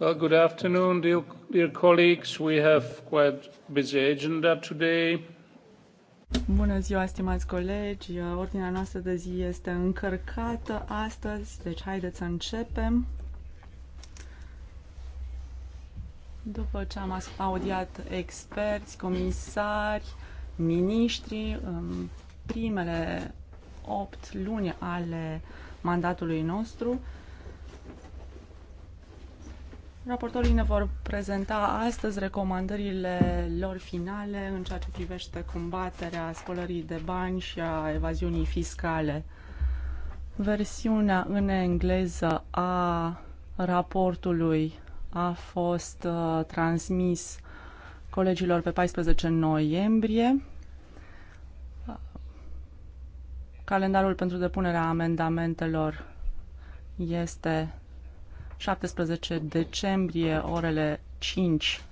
Well, good afternoon, dear, dear colleagues. We have quite busy agenda today. Bună ziua, stimați colegi. Ordinea noastră de zi este încărcată astăzi, deci haideți să începem. După ce am audiat experți, comisari, miniștri, în primele opt luni ale mandatului nostru, Raportorii ne vor prezenta astăzi recomandările lor finale în ceea ce privește combaterea spălării de bani și a evaziunii fiscale. Versiunea în engleză a raportului a fost uh, transmis colegilor pe 14 noiembrie. Calendarul pentru depunerea amendamentelor este 17 decembrie, orele 5,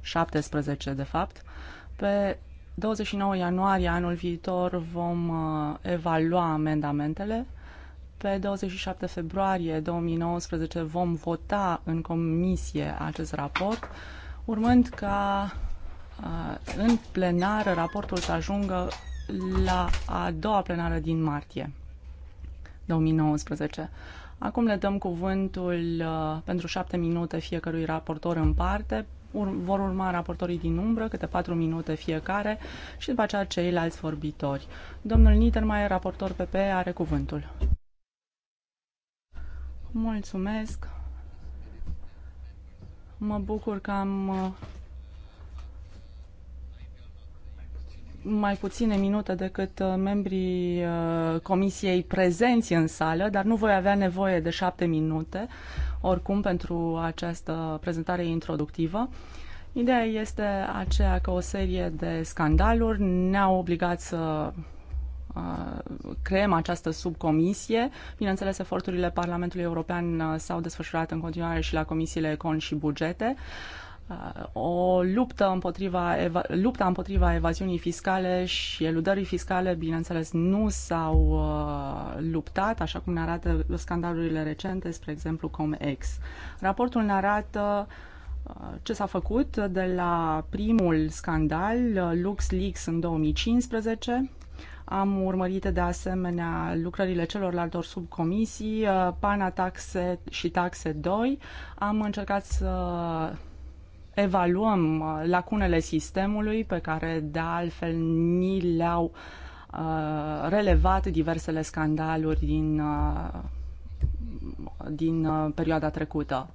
17 de fapt. Pe 29 ianuarie anul viitor vom uh, evalua amendamentele. Pe 27 februarie 2019 vom vota în comisie acest raport, urmând ca uh, în plenară raportul să ajungă la a doua plenară din martie 2019. Acum le dăm cuvântul uh, pentru șapte minute fiecărui raportor în parte. Vor urma raportorii din umbră, câte patru minute fiecare, și după aceea ceilalți vorbitori. Domnul Niedermayer, raportor PP, are cuvântul. Mulțumesc! Mă bucur că am uh, mai puține minute decât uh, membrii uh, comisiei prezenți în sală, dar nu voi avea nevoie de șapte minute, oricum, pentru această prezentare introductivă. Ideea este aceea că o serie de scandaluri ne-au obligat să uh, creăm această subcomisie. Bineînțeles, eforturile Parlamentului European s-au desfășurat în continuare și la comisiile Econ și Bugete. Uh, Uh, o luptă împotriva, eva, lupta împotriva evaziunii fiscale și eludării fiscale, bineînțeles, nu s-au uh, luptat, așa cum ne arată scandalurile recente, spre exemplu ComEx. Raportul ne arată uh, ce s-a făcut de la primul scandal, uh, LuxLeaks în 2015, am urmărit de asemenea lucrările celorlalte subcomisii, PANA taxe și taxe 2. Am încercat să evaluăm uh, lacunele sistemului pe care de altfel ni le-au uh, relevat diversele scandaluri din, uh, din uh, perioada trecută.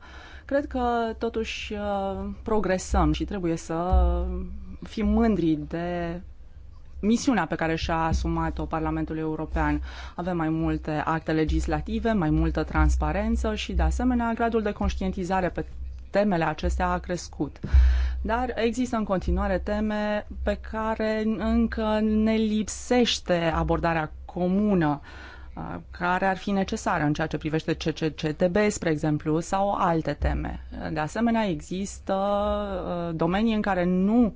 Cred că totuși uh, progresăm și trebuie să fim mândri de misiunea pe care și-a asumat-o Parlamentul European. Avem mai multe acte legislative, mai multă transparență și, de asemenea, gradul de conștientizare pe temele acestea a crescut. Dar există în continuare teme pe care încă ne lipsește abordarea comună uh, care ar fi necesară în ceea ce privește CCCTB, spre exemplu, sau alte teme. De asemenea, există uh, domenii în care nu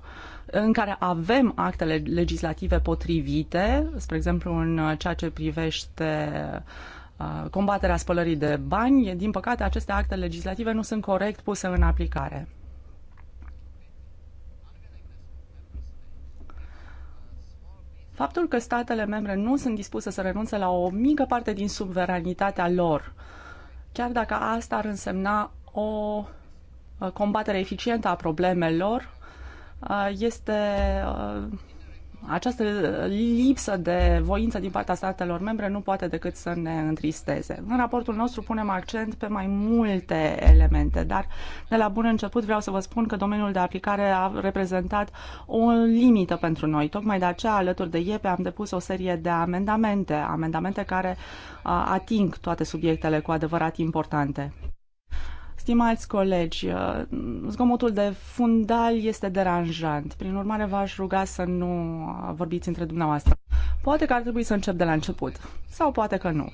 în care avem actele legislative potrivite, spre exemplu în ceea ce privește uh, combaterea spălării de bani. Din păcate, aceste acte legislative nu sunt corect puse în aplicare. Faptul că statele membre nu sunt dispuse să renunțe la o mică parte din suveranitatea lor, chiar dacă asta ar însemna o combatere eficientă a problemelor, este această lipsă de voință din partea statelor membre nu poate decât să ne întristeze. În raportul nostru punem accent pe mai multe elemente, dar de la bun început vreau să vă spun că domeniul de aplicare a reprezentat o limită pentru noi. Tocmai de aceea, alături de IEPE, am depus o serie de amendamente, amendamente care uh, ating toate subiectele cu adevărat importante. Stimați colegi, uh, zgomotul de fundal este deranjant. Prin urmare, v-aș ruga să nu uh, vorbiți între dumneavoastră. Poate că ar trebui să încep de la început, sau poate că nu.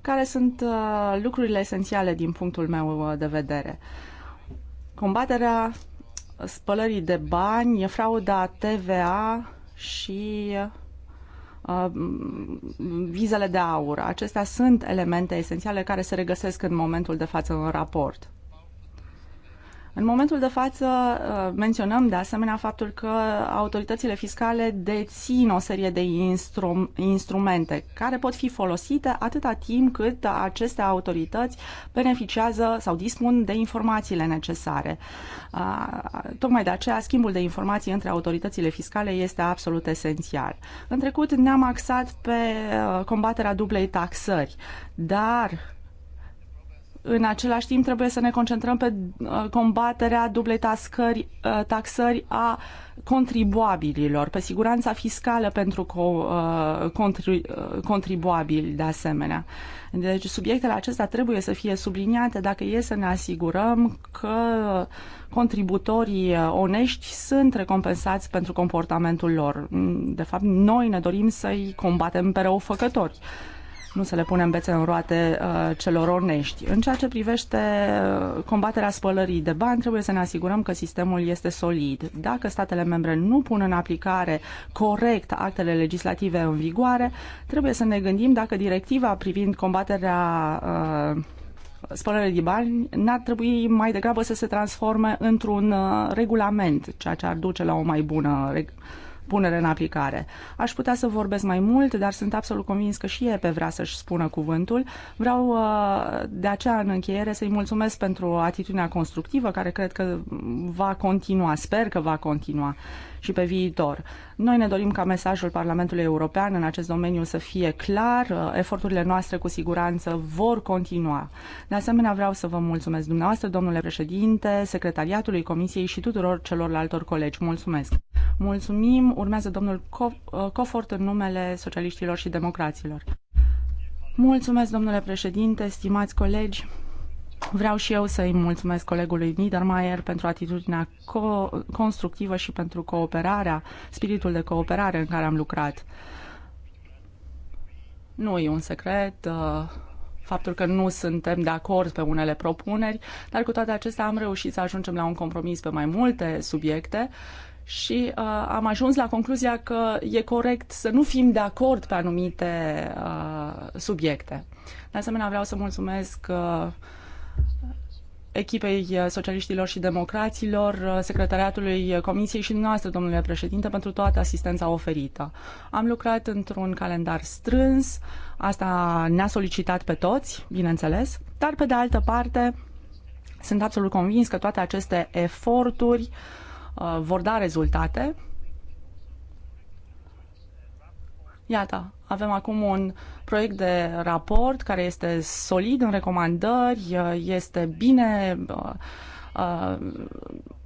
Care sunt uh, lucrurile esențiale din punctul meu de vedere? Combaterea spălării de bani, frauda TVA și Uh, vizele de aur. Acestea sunt elemente esențiale care se regăsesc în momentul de față în raport. În momentul de față uh, menționăm de asemenea faptul că autoritățile fiscale dețin o serie de instrum, instrumente care pot fi folosite atâta timp cât aceste autorități beneficiază sau dispun de informațiile necesare. Uh, tocmai de aceea schimbul de informații între autoritățile fiscale este absolut esențial. În trecut ne-am axat pe uh, combaterea dublei taxări, dar în același timp trebuie să ne concentrăm pe uh, combaterea dublei tascări, uh, taxări a contribuabililor, pe siguranța fiscală pentru uh, contribuabili de asemenea. Deci subiectele acestea trebuie să fie subliniate dacă e să ne asigurăm că contributorii onești sunt recompensați pentru comportamentul lor. De fapt, noi ne dorim să-i combatem pe răufăcători nu să le punem bețe în roate uh, celor ornești. În ceea ce privește uh, combaterea spălării de bani, trebuie să ne asigurăm că sistemul este solid. Dacă statele membre nu pun în aplicare corect actele legislative în vigoare, trebuie să ne gândim dacă directiva privind combaterea uh, spălării de bani n-ar trebui mai degrabă să se transforme într-un uh, regulament, ceea ce ar duce la o mai bună reg- punere în aplicare. Aș putea să vorbesc mai mult, dar sunt absolut convins că și EPE vrea să-și spună cuvântul. Vreau uh, de aceea în încheiere să-i mulțumesc pentru atitudinea constructivă care cred că va continua, sper că va continua și pe viitor. Noi ne dorim ca mesajul Parlamentului European în acest domeniu să fie clar, uh, eforturile noastre cu siguranță vor continua. De asemenea, vreau să vă mulțumesc dumneavoastră, domnule președinte, secretariatului Comisiei și tuturor celorlaltor colegi. Mulțumesc! Mulțumim! Urmează domnul uh, Cofort în numele socialiștilor și democraților. Mulțumesc, domnule președinte, stimați colegi! Vreau și eu să-i mulțumesc colegului Niedermayer pentru atitudinea co- constructivă și pentru cooperarea, spiritul de cooperare în care am lucrat. Nu e un secret uh, faptul că nu suntem de acord pe unele propuneri, dar cu toate acestea am reușit să ajungem la un compromis pe mai multe subiecte și uh, am ajuns la concluzia că e corect să nu fim de acord pe anumite uh, subiecte. De asemenea, vreau să mulțumesc uh, echipei eh, socialiștilor și democraților, eh, secretariatului Comisiei și noastră, domnule președinte, pentru toată asistența oferită. Am lucrat într-un calendar strâns, asta ne-a solicitat pe toți, bineînțeles, dar pe de altă parte sunt absolut convins că toate aceste eforturi uh, vor da rezultate Iată, avem acum un proiect de raport care este solid în recomandări, este bine uh, uh,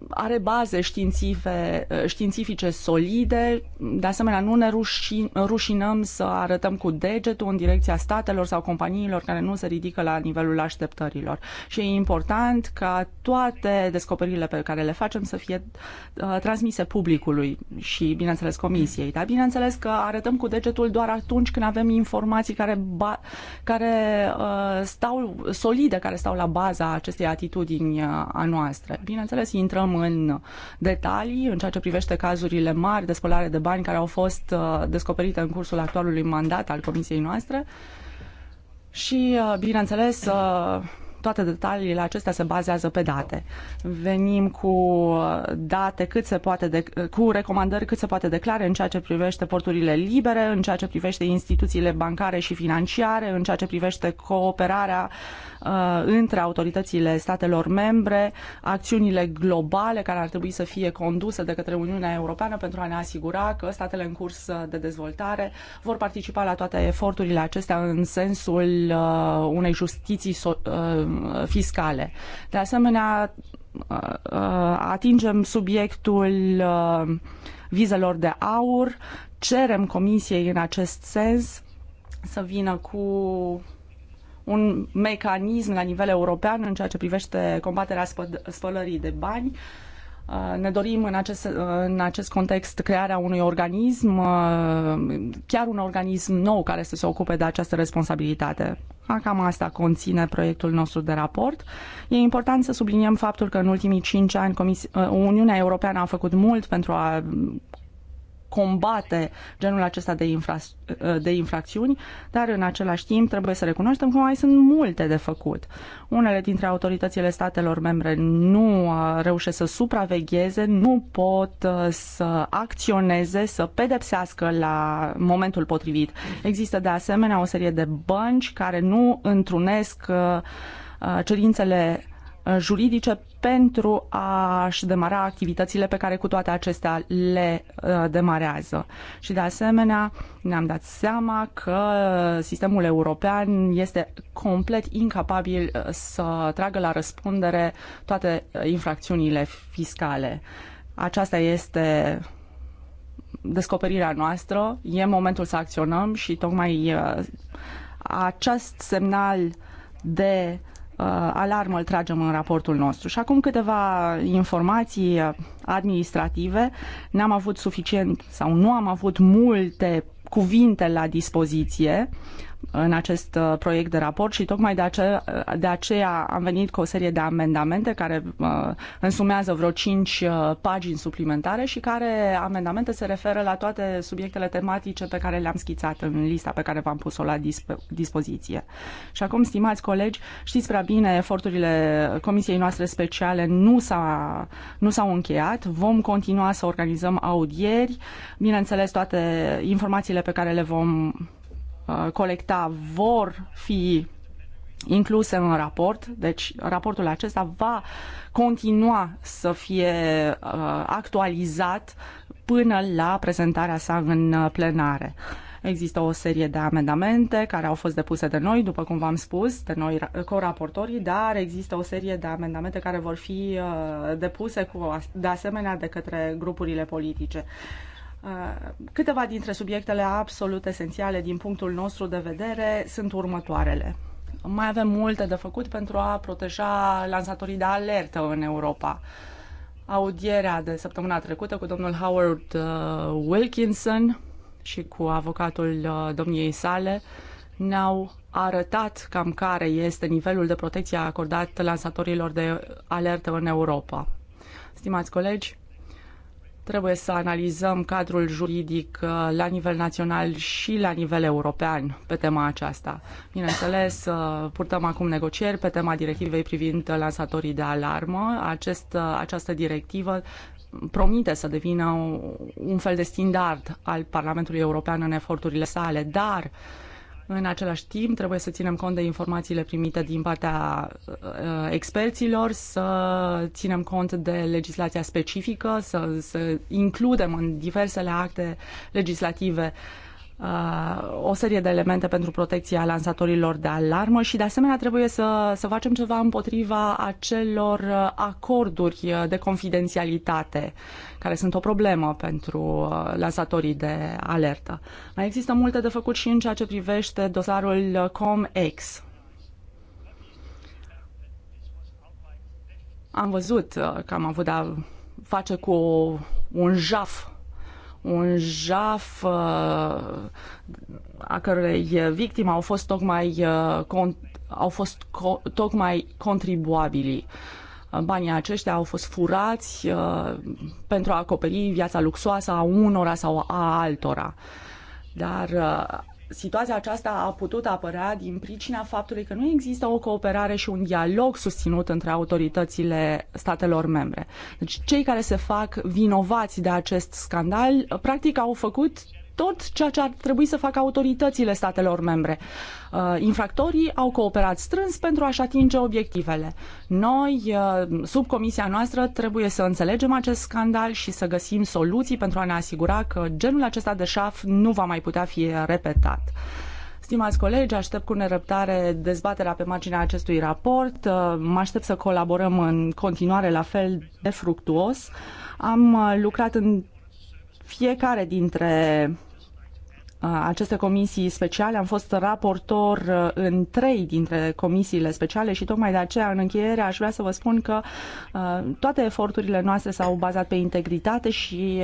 are baze științife, eh, științifice solide, de asemenea nu ne rușinăm să arătăm cu degetul în direcția statelor sau companiilor care nu se ridică la nivelul așteptărilor. Și e important ca toate descoperirile pe care le facem să fie uh, transmise publicului și, bineînțeles, comisiei. Dar, bineînțeles, că arătăm cu degetul doar atunci când avem informații care, ba, care uh, stau solide, care stau la baza acestei atitudini a noastre. Bineînțeles, intrăm intrăm în detalii în ceea ce privește cazurile mari de spălare de bani care au fost uh, descoperite în cursul actualului mandat al comisiei noastre. Și, uh, bineînțeles, uh, toate detaliile acestea se bazează pe date. Venim cu date cât se poate de, cu recomandări cât se poate declare în ceea ce privește porturile libere, în ceea ce privește instituțiile bancare și financiare, în ceea ce privește cooperarea Uh, între autoritățile statelor membre, acțiunile globale care ar trebui să fie conduse de către Uniunea Europeană pentru a ne asigura că statele în curs uh, de dezvoltare vor participa la toate eforturile acestea în sensul uh, unei justiții fiscale. De asemenea, atingem subiectul vizelor de aur, cerem Comisiei în acest sens să vină cu un mecanism la nivel european în ceea ce privește combaterea spălării de bani. Uh, ne dorim în acest, uh, în acest context crearea unui organism, uh, chiar un organism nou care să se ocupe de această responsabilitate. Cam asta conține proiectul nostru de raport. E important să subliniem faptul că în ultimii cinci ani Comisia, Uniunea Europeană a făcut mult pentru a combate genul acesta de, infra- de infracțiuni, dar în același timp trebuie să recunoaștem că mai sunt multe de făcut. Unele dintre autoritățile statelor membre nu uh, reușesc să supravegheze, nu pot uh, să acționeze, să pedepsească la momentul potrivit. Există de asemenea o serie de bănci care nu întrunesc uh, cerințele Uh, juridice pentru a-și demara activitățile pe care cu toate acestea le uh, demarează. Și de asemenea ne-am dat seama că sistemul european este complet incapabil uh, să tragă la răspundere toate infracțiunile fiscale. Aceasta este descoperirea noastră, e momentul să acționăm și tocmai acest semnal de uh, Uh, alarmă îl tragem în raportul nostru. Și acum câteva informații uh, administrative. N-am avut suficient sau nu am avut multe cuvinte la dispoziție în acest uh, proiect de raport și tocmai de aceea, de aceea am venit cu o serie de amendamente care uh, însumează vreo 5 uh, pagini suplimentare și care amendamente se referă la toate subiectele tematice pe care le-am schițat în lista pe care v-am pus-o la disp- dispoziție. Și acum, stimați colegi, știți prea bine, eforturile Comisiei noastre speciale nu, s-a, nu s-au încheiat. Vom continua să organizăm audieri. Bineînțeles, toate informațiile pe care le vom Uh, colecta vor fi incluse în raport, deci raportul acesta va continua să fie uh, actualizat până la prezentarea sa în uh, plenare. Există o serie de amendamente care au fost depuse de noi, după cum v-am spus, de noi coraportorii, dar există o serie de amendamente care vor fi depuse cu, de asemenea de către grupurile politice. Uh, Uh, câteva dintre subiectele absolut esențiale din punctul nostru de vedere sunt următoarele. Mai avem multe de făcut pentru a proteja lansatorii de alertă în Europa. Audierea de săptămâna trecută cu domnul Howard uh, Wilkinson și cu avocatul uh, domniei sale ne-au arătat cam care este nivelul de protecție acordat lansatorilor de alertă în Europa. Stimați colegi, Trebuie să analizăm cadrul juridic uh, la nivel național și la nivel european pe tema aceasta. Bineînțeles, uh, purtăm acum negocieri pe tema directivei privind lansatorii de alarmă. Acest, uh, această directivă promite să devină un fel de standard al Parlamentului European în eforturile sale, dar uh, în același timp, trebuie să ținem cont de informațiile primite din partea uh, experților, să ținem cont de legislația specifică, să, să includem în diversele acte legislative uh, Uh, o serie de elemente pentru protecția lansatorilor de alarmă și de asemenea trebuie să, să facem ceva împotriva acelor uh, acorduri uh, de confidențialitate care sunt o problemă pentru lansatorii de alertă. Mai există multe de făcut și în ceea ce privește dosarul COMEX. Am văzut că am avut de a face cu un jaf un jaf uh, a cărei victime au fost tocmai, uh, au fost tocmai contribuabilii. Uh, banii aceștia au fost furați pentru a acoperi viața luxoasă a unora sau a altora. Dar situația aceasta a putut apărea din pricina faptului că nu există o cooperare și un dialog susținut între autoritățile statelor membre. Deci cei care se fac vinovați de acest scandal, practic au făcut tot ceea ce ar trebui să facă autoritățile statelor membre. Uh, infractorii au cooperat strâns pentru a-și atinge obiectivele. Noi, uh, sub comisia noastră, trebuie să înțelegem acest scandal și să găsim soluții pentru a ne asigura că genul acesta de șaf nu va mai putea fi repetat. Stimați colegi, aștept cu nerăbdare dezbaterea pe marginea acestui raport. Uh, mă aștept să colaborăm în continuare la fel de fructuos. Am lucrat în fiecare dintre uh, aceste comisii speciale. Am fost raportor uh, în trei dintre comisiile speciale și tocmai de aceea, în încheiere, aș vrea să vă spun că uh, toate eforturile noastre s-au bazat pe integritate și,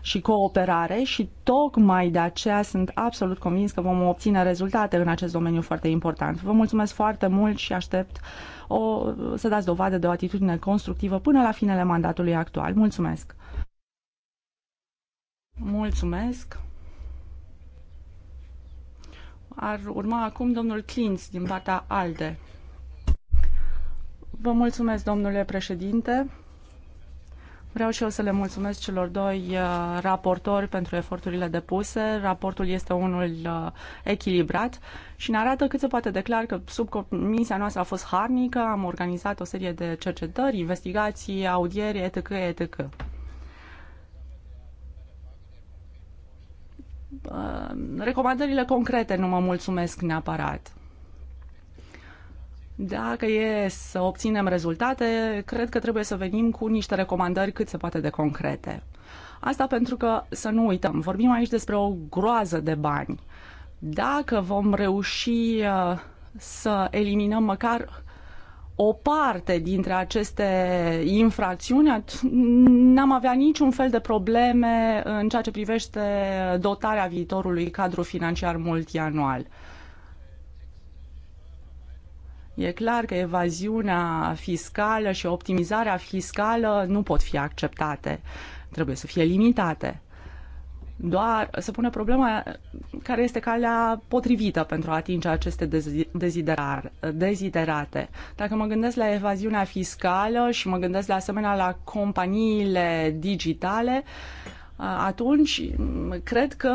și cooperare și tocmai de aceea sunt absolut convins că vom obține rezultate în acest domeniu foarte important. Vă mulțumesc foarte mult și aștept o, să dați dovadă de o atitudine constructivă până la finele mandatului actual. Mulțumesc! Mulțumesc. Ar urma acum domnul Klintz din partea ALDE. Vă mulțumesc, domnule președinte. Vreau și eu să le mulțumesc celor doi uh, raportori pentru eforturile depuse. Raportul este unul uh, echilibrat și ne arată cât se poate declar că subcomisia noastră a fost harnică, am organizat o serie de cercetări, investigații, audieri, etc., etc. Uh, recomandările concrete nu mă mulțumesc neapărat. Dacă e să obținem rezultate, cred că trebuie să venim cu niște recomandări cât se poate de concrete. Asta pentru că, să nu uităm, vorbim aici despre o groază de bani. Dacă vom reuși uh, să eliminăm măcar o parte dintre aceste infracțiuni, n-am avea niciun fel de probleme în ceea ce privește dotarea viitorului cadru financiar multianual. E clar că evaziunea fiscală și optimizarea fiscală nu pot fi acceptate. Trebuie să fie limitate doar se pune problema care este calea potrivită pentru a atinge aceste deziderate. Dacă mă gândesc la evaziunea fiscală și mă gândesc de asemenea la companiile digitale, atunci cred că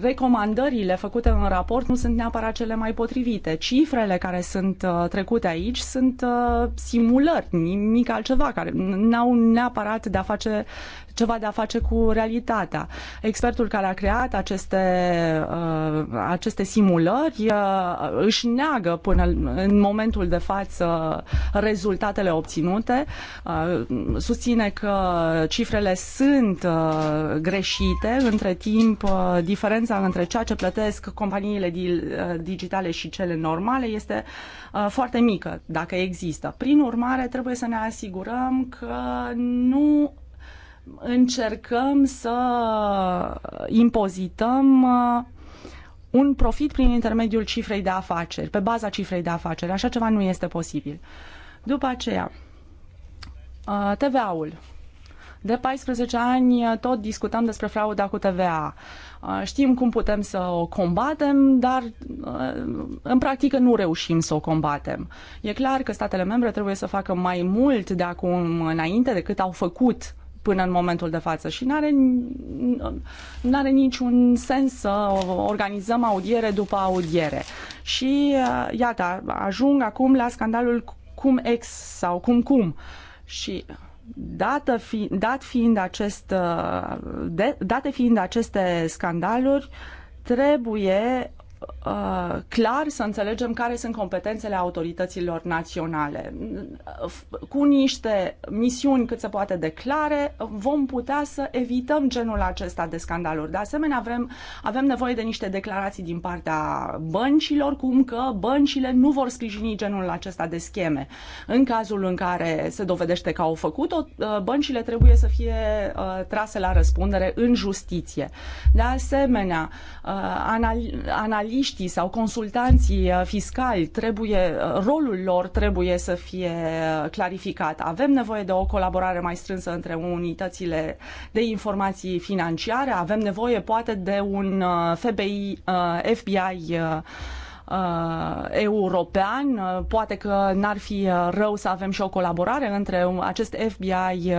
recomandările făcute în raport nu sunt neapărat cele mai potrivite. Cifrele care sunt uh, trecute aici sunt uh, simulări, nimic altceva, care n-au neapărat de a face ceva de a face cu realitatea. Expertul care a creat aceste, uh, aceste simulări uh, își neagă până în momentul de față rezultatele obținute, uh, susține că cifrele sunt greșite, între timp diferența între ceea ce plătesc companiile digitale și cele normale este foarte mică, dacă există. Prin urmare, trebuie să ne asigurăm că nu încercăm să impozităm uh, un profit prin intermediul cifrei de afaceri, pe baza cifrei de afaceri. Așa ceva nu este posibil. După aceea, uh, TVA-ul. De 14 ani uh, tot discutăm despre frauda cu TVA. Știm cum putem să o combatem, dar în practică nu reușim să o combatem. E clar că statele membre trebuie să facă mai mult de acum înainte decât au făcut până în momentul de față și nu are are niciun sens să organizăm audiere după audiere. Și uh, iată, ajung acum la scandalul cum ex sau cum cum. Și dată fi, dat fiind acest, uh, de, date fiind aceste scandaluri, trebuie Uh, clar să înțelegem care sunt competențele autorităților naționale. Cu niște misiuni cât se poate de clare, vom putea să evităm genul acesta de scandaluri. De asemenea, avem, avem nevoie de niște declarații din partea băncilor, cum că băncile nu vor sprijini genul acesta de scheme. În cazul în care se dovedește că au făcut-o, uh, băncile trebuie să fie uh, trase la răspundere în justiție. De asemenea, analiza juriștii sau consultanții uh, fiscali trebuie, uh, rolul lor trebuie să fie uh, clarificat. Avem nevoie de o colaborare mai strânsă între unitățile de informații financiare, avem nevoie poate de un FBI, FBI uh, european. Uh, poate că n-ar fi uh, rău să avem și o colaborare între acest FBI uh,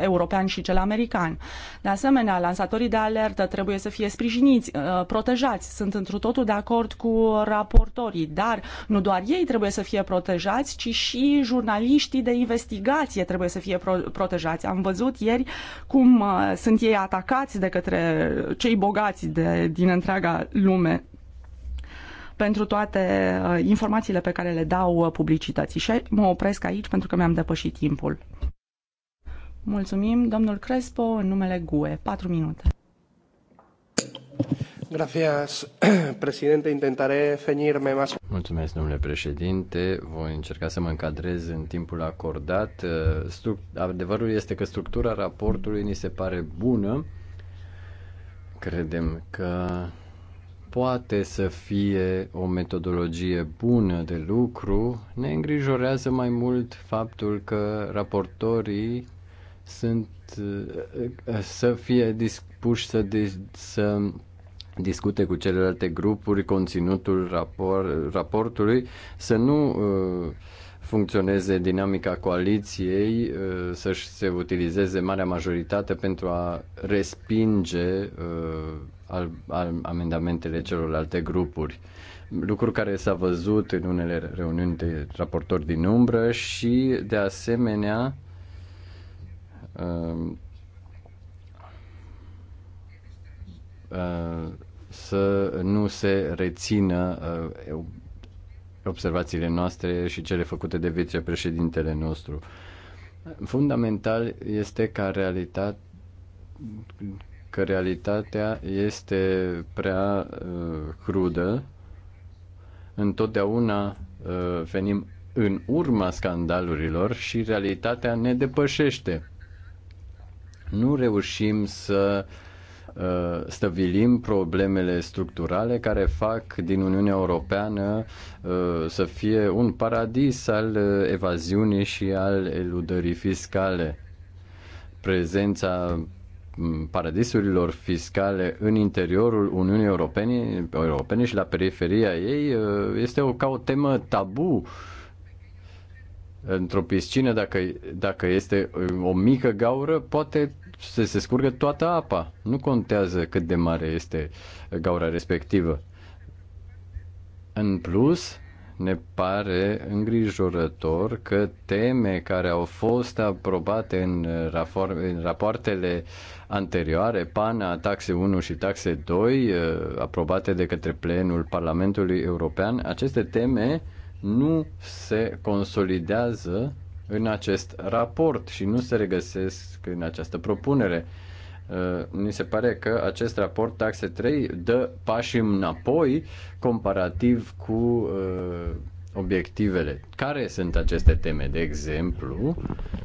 european și cel american. De asemenea, lansatorii de alertă trebuie să fie sprijiniți, uh, protejați. Sunt într totul de acord cu raportorii, dar nu doar ei trebuie să fie protejați, ci și jurnaliștii de investigație trebuie să fie pro- protejați. Am văzut ieri cum uh, sunt ei atacați de către cei bogați de, din întreaga lume pentru toate uh, informațiile pe care le dau uh, publicității. Și mă opresc aici pentru că mi-am depășit timpul. Mulțumim, domnul Crespo, în numele GUE. Patru minute. Gracias, presidente. Intentaré ceñirme más. Mulțumesc, domnule președinte. Voi încerca să mă încadrez în timpul acordat. Uh, adevărul este că structura raportului ni se pare bună. Credem că poate să fie o metodologie bună de lucru, ne îngrijorează mai mult faptul că raportorii sunt uh, să fie dispuși să, să discute cu celelalte grupuri conținutul rapor, raportului, să nu uh, funcționeze dinamica coaliției, uh, să se utilizeze marea majoritate pentru a respinge uh, al, al amendamentele celorlalte grupuri. Lucru care s-a văzut în unele reuniuni de raportori din umbră și, de asemenea, um, uh, să nu se rețină uh, observațiile noastre și cele făcute de vicepreședintele nostru. Fundamental este ca realitate că realitatea este prea uh, crudă. Întotdeauna uh, venim în urma scandalurilor și realitatea ne depășește. Nu reușim să uh, stăvilim problemele structurale care fac din Uniunea Europeană uh, să fie un paradis al uh, evaziunii și al eludării fiscale. Prezența paradisurilor fiscale în interiorul Uniunii Europene, Europene și la periferia ei uh, este o, ca o temă tabu într-o piscină, dacă, dacă este uh, o mică gaură, poate să se scurgă toată apa. Nu contează cât de mare este gaura respectivă. În plus, ne pare îngrijorător că teme care au fost aprobate în, în rapoartele anterioare, PANA, taxe 1 și taxe 2, uh, aprobate de către plenul Parlamentului European, aceste teme nu se consolidează în acest raport și nu se regăsesc în această propunere. Uh, mi se pare că acest raport taxe 3 dă pași înapoi comparativ cu uh, obiectivele. Care sunt aceste teme? De exemplu,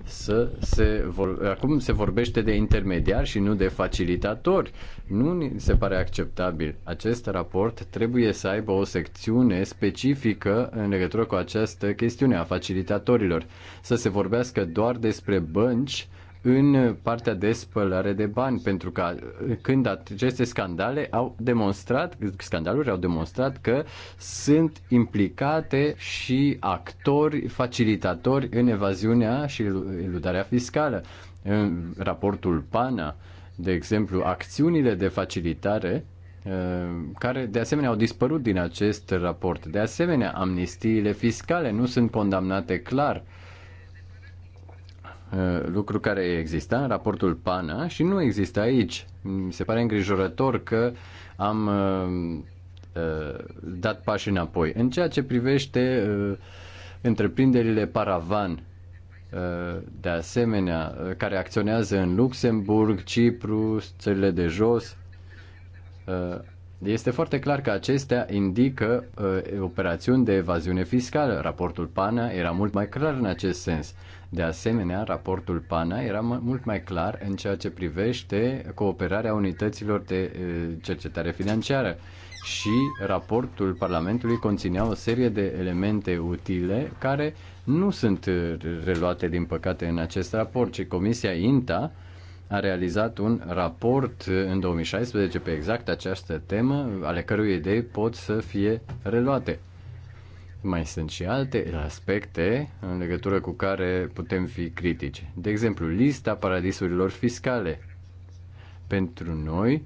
să se vor... acum se vorbește de intermediari și nu de facilitatori. Nu ni se pare acceptabil. Acest raport trebuie să aibă o secțiune specifică în legătură cu această chestiune a facilitatorilor. Să se vorbească doar despre bănci în partea de spălare de bani, pentru că uh, când aceste scandale au demonstrat, scandaluri au demonstrat că sunt implicate și actori facilitatori în evaziunea și eludarea fiscală. În raportul PANA, de exemplu, acțiunile de facilitare uh, care de asemenea au dispărut din acest raport. De asemenea, amnistiile fiscale nu sunt condamnate clar Eh, lucru care exista în raportul PANA și nu există aici. Mi se pare îngrijorător că am eh, eh, dat pași înapoi. În ceea ce privește întreprinderile Paravan, de asemenea, care acționează în Luxemburg, Cipru, țările de jos, este foarte clar că acestea indică uh, operațiuni de evaziune fiscală. Raportul PANA era mult mai clar în acest sens. De asemenea, raportul PANA era mult mai clar în ceea ce privește cooperarea unităților de cercetare financiară și raportul Parlamentului conținea o serie de elemente utile care nu sunt reluate, din păcate, în acest raport, ci Comisia INTA a realizat un raport în 2016 pe exact această temă, ale cărui idei pot să fie reluate. Mai sunt și alte aspecte în legătură cu care putem fi critici. De exemplu, lista paradisurilor fiscale. Pentru noi,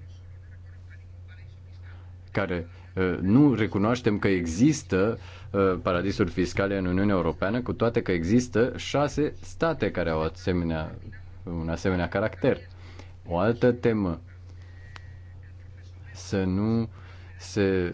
care ă, nu recunoaștem că există ă, paradisuri fiscale în Uniunea Europeană, cu toate că există șase state care au asemenea, un asemenea caracter. O altă temă, să nu se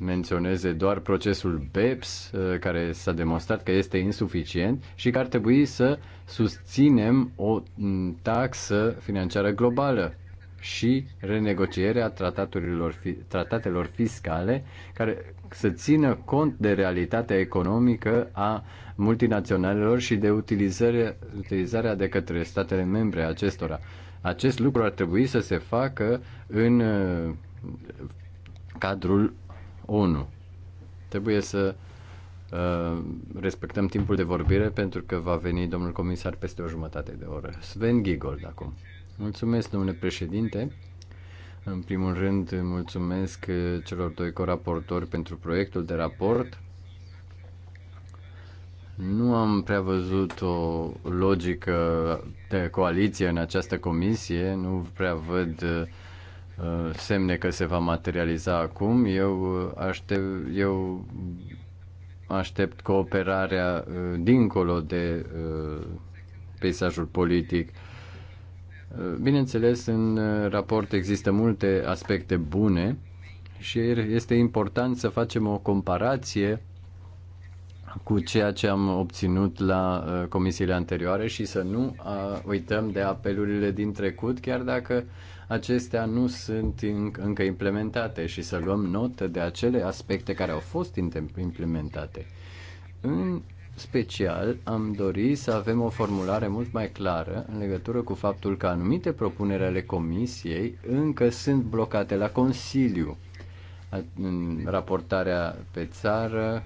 menționeze doar procesul BEPS, uh, care s-a demonstrat că este insuficient și că ar trebui să susținem o mm, taxă financiară globală și renegocierea tratatelor tratatelor fiscale care să țină cont de realitatea economică a multinaționalelor și de utilizarea utilizarea de către statele membre acestora. Acest lucru ar trebui să se facă în uh, cadrul 1. Trebuie să uh, respectăm timpul de vorbire pentru că va veni domnul comisar peste o jumătate de oră. Sven Gigold acum. Mulțumesc, domnule președinte. În primul rând, mulțumesc uh, celor doi coraportori pentru proiectul de raport. Nu am prea văzut o logică de coaliție în această comisie, nu prea văd uh, Uh, semne că se va materializa acum. Eu uh, aștept, eu aștept cooperarea uh, dincolo de peisajul politic. Bineînțeles, în raport există multe aspecte bune și este important să facem o comparație cu ceea ce am obținut la comisiile anterioare și să nu uităm de apelurile din trecut, chiar dacă acestea nu sunt încă implementate și să luăm notă de acele aspecte care au fost implementate. În special, am dorit să avem o formulare mult mai clară în legătură cu faptul că anumite propuneri ale Comisiei încă sunt blocate la Consiliu. În raportarea pe țară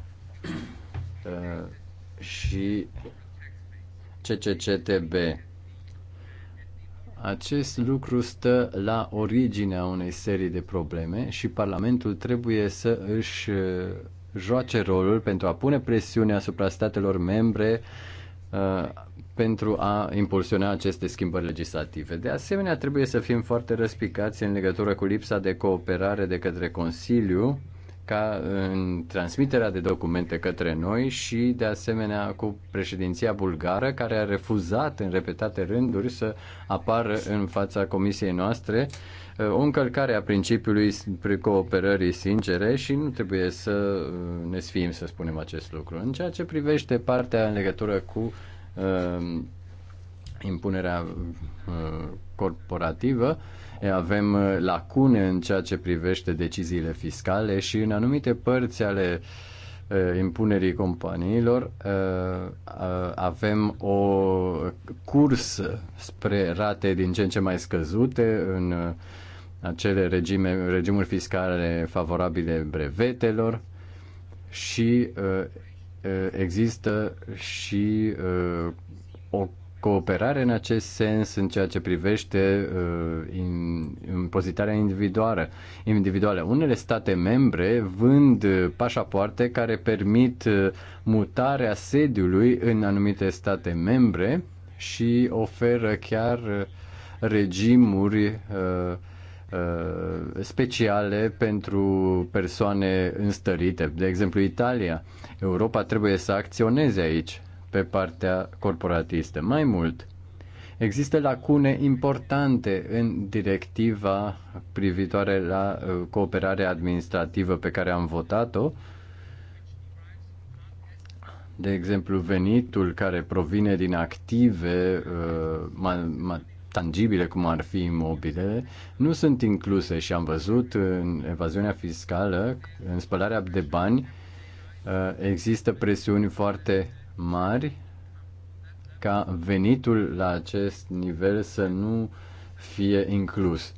uh, și CCCTB acest lucru stă la originea unei serii de probleme și Parlamentul trebuie să își uh, joace rolul pentru a pune presiune asupra statelor membre uh, pentru a impulsiona aceste schimbări legislative. De asemenea, trebuie să fim foarte răspicați în legătură cu lipsa de cooperare de către Consiliu ca în transmiterea de documente către noi și de asemenea cu președinția bulgară care a refuzat în repetate rânduri să apară în fața comisiei noastre uh, o încălcare a principiului cooperării sincere și nu trebuie să uh, ne sfim să spunem acest lucru. În ceea ce privește partea în legătură cu uh, impunerea uh, corporativă, uh, Eh, avem eh, lacune în ceea ce privește deciziile fiscale și în anumite părți ale eh, impunerii companiilor avem o cursă spre rate din ce în ce mai scăzute în acele regime, regimuri fiscale favorabile brevetelor și există și o cooperare în acest sens în ceea ce privește uh, impozitarea individuală. individuală. Unele state membre vând pașapoarte care permit uh, mutarea sediului în anumite state membre și oferă chiar uh, regimuri uh, uh, speciale pentru persoane înstărite. De exemplu, Italia. Europa trebuie să acționeze aici pe partea corporatistă. Mai mult, există lacune importante în directiva privitoare la uh, cooperarea administrativă pe care am votat-o, de exemplu, venitul care provine din active uh, tangibile, cum ar fi imobilele, nu sunt incluse și am văzut în evaziunea fiscală, în spălarea de bani, uh, există presiuni foarte mari ca venitul la acest nivel să nu fie inclus.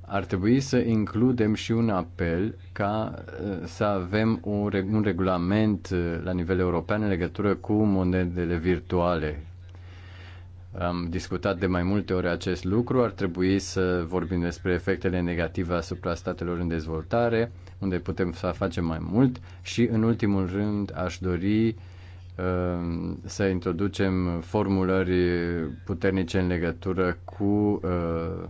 Ar trebui să includem și un apel ca uh, să avem un regulament uh, la nivel european în legătură cu monedele virtuale. Am discutat de mai multe ori acest lucru, ar trebui să vorbim despre efectele negative asupra statelor în dezvoltare, unde putem să facem mai mult și, în ultimul rând, aș dori Um, să introducem formulări puternice în legătură cu uh,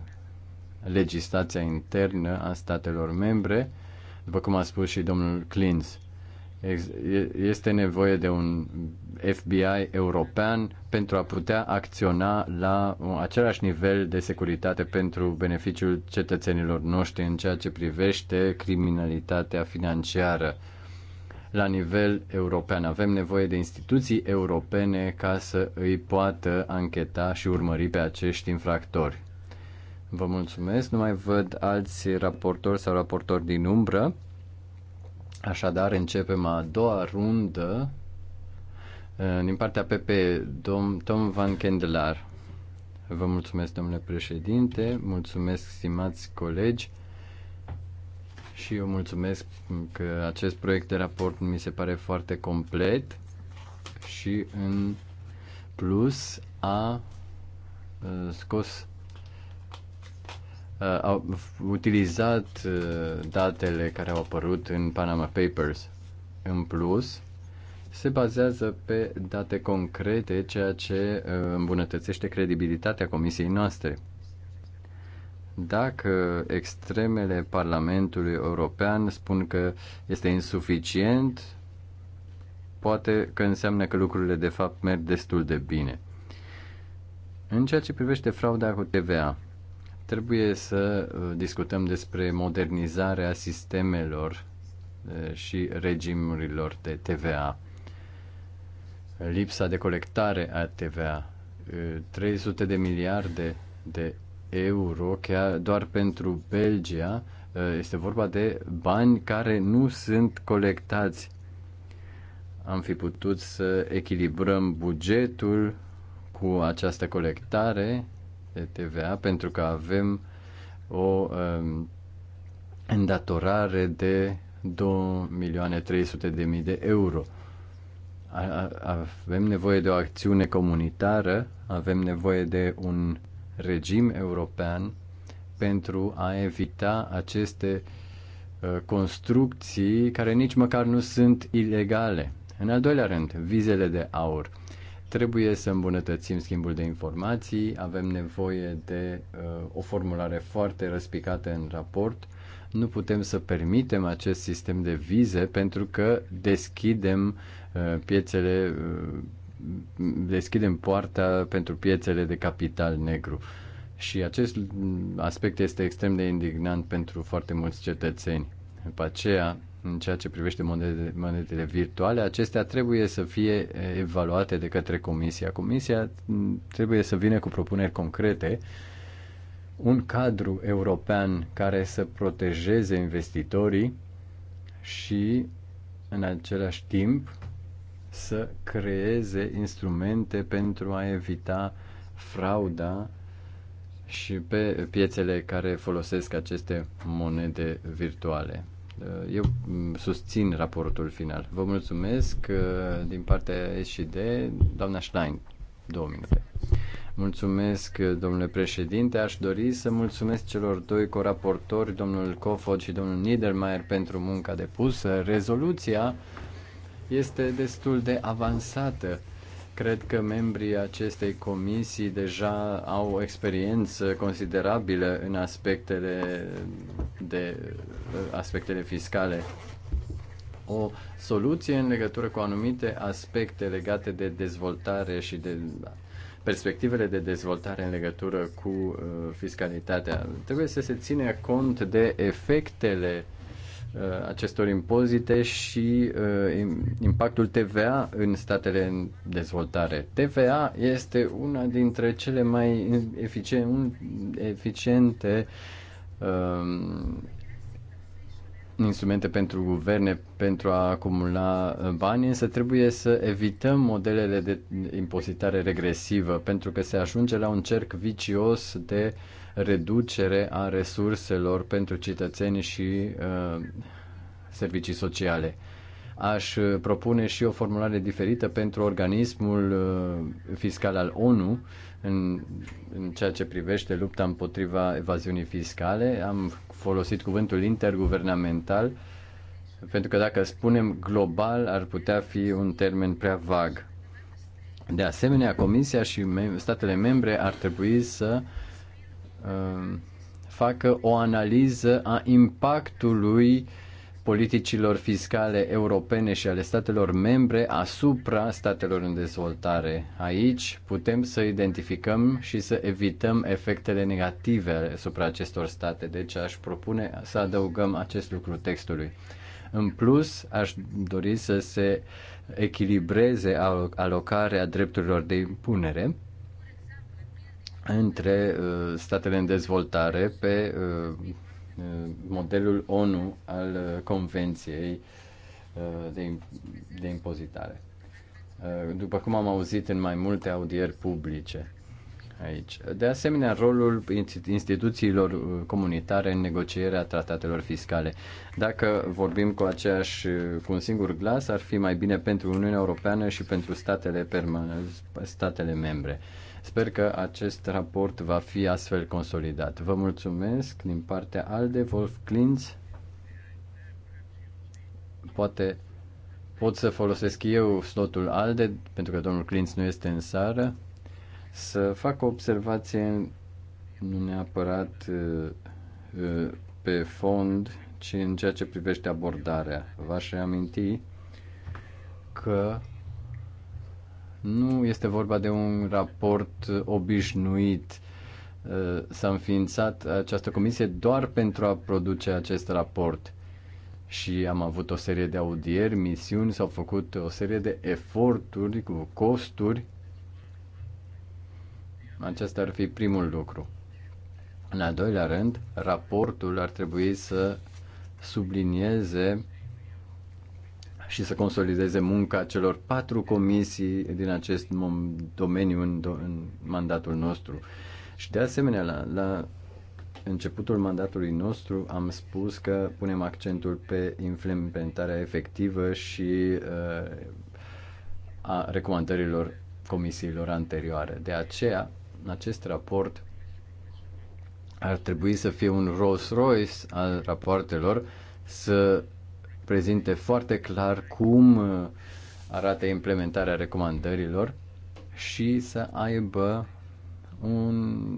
legislația internă a statelor membre, după cum a spus și domnul Clins. Este nevoie de un FBI european pentru a putea acționa la același nivel de securitate pentru beneficiul cetățenilor noștri în ceea ce privește criminalitatea financiară la nivel european. Avem nevoie de instituții europene ca să îi poată ancheta și urmări pe acești infractori. Vă mulțumesc, nu mai văd alți raportori sau raportori din umbră. Așadar, începem a doua rundă eh, din partea PP, dom, Tom Van Kendelar. Vă mulțumesc, domnule președinte, mulțumesc, stimați colegi și eu mulțumesc că acest proiect de raport mi se pare foarte complet și în plus a uh, scos uh, au utilizat uh, datele care au apărut în Panama Papers. În plus, se bazează pe date concrete, ceea ce îmbunătățește credibilitatea comisiei noastre. Dacă extremele Parlamentului European spun că este insuficient, poate că înseamnă că lucrurile de fapt merg destul de bine. În ceea ce privește frauda cu TVA, trebuie să uh, discutăm despre modernizarea sistemelor uh, și regimurilor de TVA. Lipsa de colectare a TVA, 300 uh, de miliarde de euro, chiar doar pentru Belgia, uh, este vorba de bani care nu sunt colectați. Am fi putut să echilibrăm bugetul cu această colectare de TVA pentru că avem o um, îndatorare de 2.300.000 de euro. Avem nevoie de o acțiune comunitară, avem nevoie de un regim european pentru a evita aceste uh, construcții care nici măcar nu sunt ilegale. În al doilea rând, vizele de aur. Trebuie să îmbunătățim schimbul de informații, avem nevoie de uh, o formulare foarte răspicată în raport. Nu putem să permitem acest sistem de vize pentru că deschidem uh, piețele uh, deschidem poarta pentru piețele de capital negru. Și acest aspect este extrem de indignant pentru foarte mulți cetățeni. După aceea, în ceea ce privește monedele, monedele virtuale, acestea trebuie să fie evaluate de către Comisia. Comisia trebuie să vină cu propuneri concrete, un cadru european care să protejeze investitorii și, în același timp, să creeze instrumente pentru a evita frauda și pe piețele care folosesc aceste monede virtuale. Uh, eu mm, susțin raportul final. Vă mulțumesc uh, din partea SD, doamna Schlein, două minute. Mulțumesc, uh, domnule președinte. Aș dori să mulțumesc celor doi coraportori, domnul Cofod și domnul Niedermayer, pentru munca depusă. Rezoluția este destul de avansată. Cred că membrii acestei comisii deja au o experiență considerabilă în aspectele, de, aspectele fiscale. O soluție în legătură cu anumite aspecte legate de dezvoltare și de perspectivele de dezvoltare în legătură cu uh, fiscalitatea. Trebuie să se ține cont de efectele uh, Uh, acestor impozite și uh, impactul TVA în statele în dezvoltare. TVA este una dintre cele mai eficiente um, instrumente pentru guverne pentru a acumula uh, bani, însă trebuie să evităm modelele de impozitare regresivă, pentru că se ajunge la un cerc vicios de uh, reducere a resurselor pentru cetățeni și uh, servicii sociale. Aș uh, propune și o formulare diferită pentru organismul uh, fiscal al ONU în, în ceea ce privește lupta împotriva evaziunii fiscale. Am folosit cuvântul interguvernamental pentru că dacă spunem global ar putea fi un termen prea vag. De asemenea, Comisia și statele membre ar trebui să Um, facă o analiză a impactului politicilor fiscale europene și ale statelor membre asupra statelor în dezvoltare. Aici putem să identificăm și să evităm efectele negative asupra acestor state, deci aș propune să adăugăm acest lucru textului. În plus, aș dori să se echilibreze alocarea drepturilor de impunere între uh, statele în dezvoltare pe uh, uh, modelul ONU al Convenției de, de impozitare. După cum am auzit în mai multe audieri publice aici. De asemenea, rolul instituțiilor comunitare în negocierea tratatelor fiscale. Dacă vorbim cu aceeași, cu un singur glas, ar fi mai bine pentru Uniunea Europeană și pentru statele, permane, statele membre. Uh, Sper că acest raport va fi astfel consolidat. Vă mulțumesc din partea ALDE, Wolf Klintz. Poate pot să folosesc eu slotul ALDE, pentru că domnul Klintz nu este în sară, să fac o observație nu neapărat uh, uh, pe fond, ci în ceea ce privește abordarea. V-aș reaminti că nu este vorba de un raport obișnuit. Uh, s-a înființat această comisie doar pentru a produce acest raport și am avut o serie de audieri, misiuni, s-au făcut o serie de eforturi cu costuri. Acesta ar fi primul lucru. În al doilea rând, raportul ar trebui să sublinieze și să consolideze munca celor patru comisii din acest domeniu în, în mandatul nostru. Și de asemenea, la, la începutul mandatului nostru am spus că punem accentul pe implementarea efectivă și uh, a recomandărilor comisiilor anterioare. De aceea, în acest raport ar trebui să fie un Rolls Royce al rapoartelor, să prezinte foarte clar cum uh, arată implementarea recomandărilor și să aibă un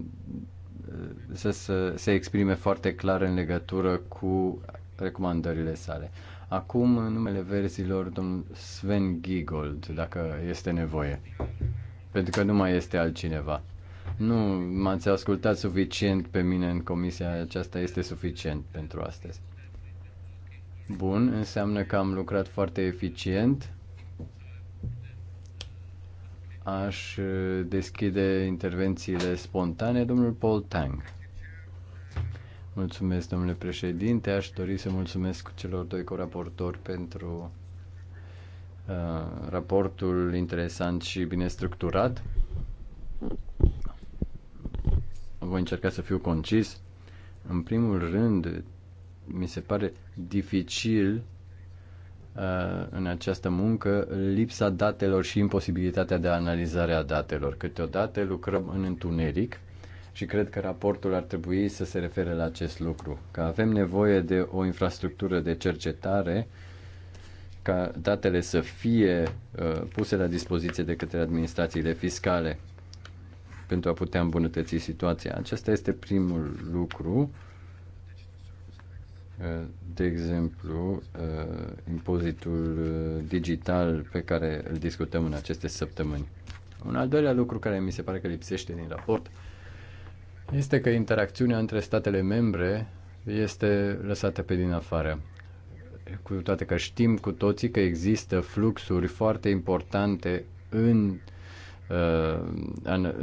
uh, să, se exprime foarte clar în legătură cu recomandările sale. Acum, în numele verzilor, domnul Sven Giegold, dacă este nevoie. Pentru că nu mai este altcineva. Nu m-ați ascultat suficient pe mine în comisia aceasta, este suficient pentru astăzi. Bun, înseamnă că am lucrat foarte eficient. Aș deschide intervențiile spontane, domnul Paul Tang. Mulțumesc, domnule președinte. Aș dori să mulțumesc celor doi coraportori pentru uh, raportul interesant și bine structurat. Voi încerca să fiu concis. În primul rând, mi se pare dificil uh, în această muncă lipsa datelor și imposibilitatea de analizare a datelor. Câteodată lucrăm în întuneric și cred că raportul ar trebui să se refere la acest lucru, că avem nevoie de o infrastructură de cercetare ca datele să fie uh, puse la dispoziție de către administrațiile fiscale pentru a putea îmbunătăți situația. Acesta este primul lucru uh, Eh, de exemplu, eh, impozitul eh, digital pe care îl discutăm în aceste săptămâni. Un al doilea lucru care mi se pare că lipsește din raport este că interacțiunea între statele membre este lăsată pe din afară. Cu toate că știm cu toții că există fluxuri foarte importante în Uh,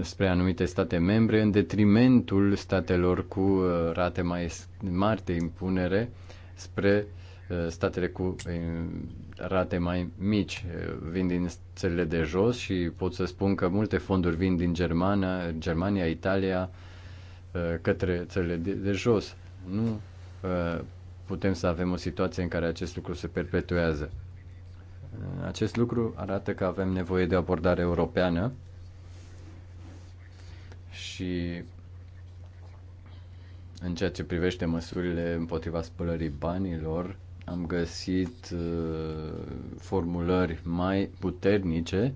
spre anumite state membre în detrimentul statelor cu uh, rate mai mari de impunere spre uh, statele cu rate mai mici. Vin din țările de jos și pot să spun că multe fonduri vin din Germania, Germania Italia, către țările de, de jos. Nu putem să avem o situație în care acest lucru se perpetuează. Acest lucru arată că avem nevoie de abordare europeană și în ceea ce privește măsurile împotriva spălării banilor, am găsit uh, formulări mai puternice.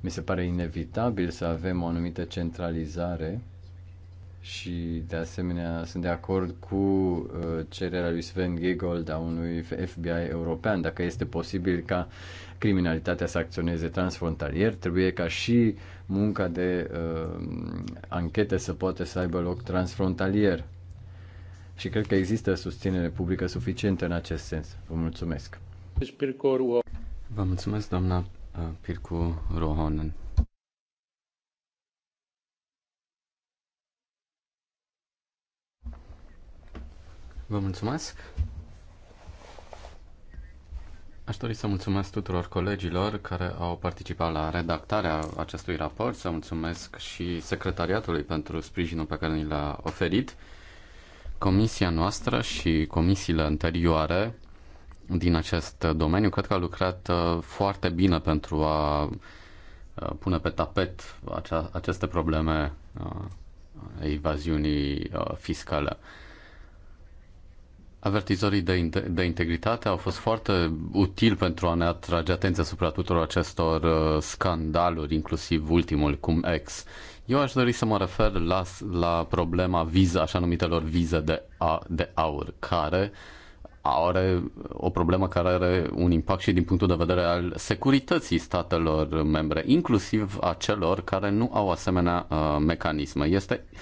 Mi se pare inevitabil să avem o anumită centralizare și de asemenea sunt de acord cu uh, cererea lui Sven Giegold a unui FBI european. Dacă este posibil ca criminalitatea să acționeze transfrontalier, trebuie ca și munca de uh, anchete să poată să aibă loc transfrontalier. Și cred că există susținere publică suficientă în acest sens. Vă mulțumesc. Deci, Vă mulțumesc, doamna uh, Pircu Rohonen. Vă mulțumesc. Aș dori să mulțumesc tuturor colegilor care au participat la redactarea acestui raport, să mulțumesc și secretariatului pentru sprijinul pe care ni l-a oferit. Comisia noastră și comisiile anterioare din acest domeniu cred că a lucrat uh, foarte bine pentru a uh, pune pe tapet aceste probleme uh, evaziunii fiscale. Avertizorii de, de integritate au fost foarte utili pentru a ne atrage atenția asupra tuturor acestor uh, scandaluri, inclusiv ultimul, cum ex. Eu aș dori să mă refer la, la problema viză, așa numitelor vize de, a, de aur, care are o problemă care are un impact și din punctul de vedere al securității statelor membre, inclusiv a celor care nu au asemenea uh, mecanisme. Este uh,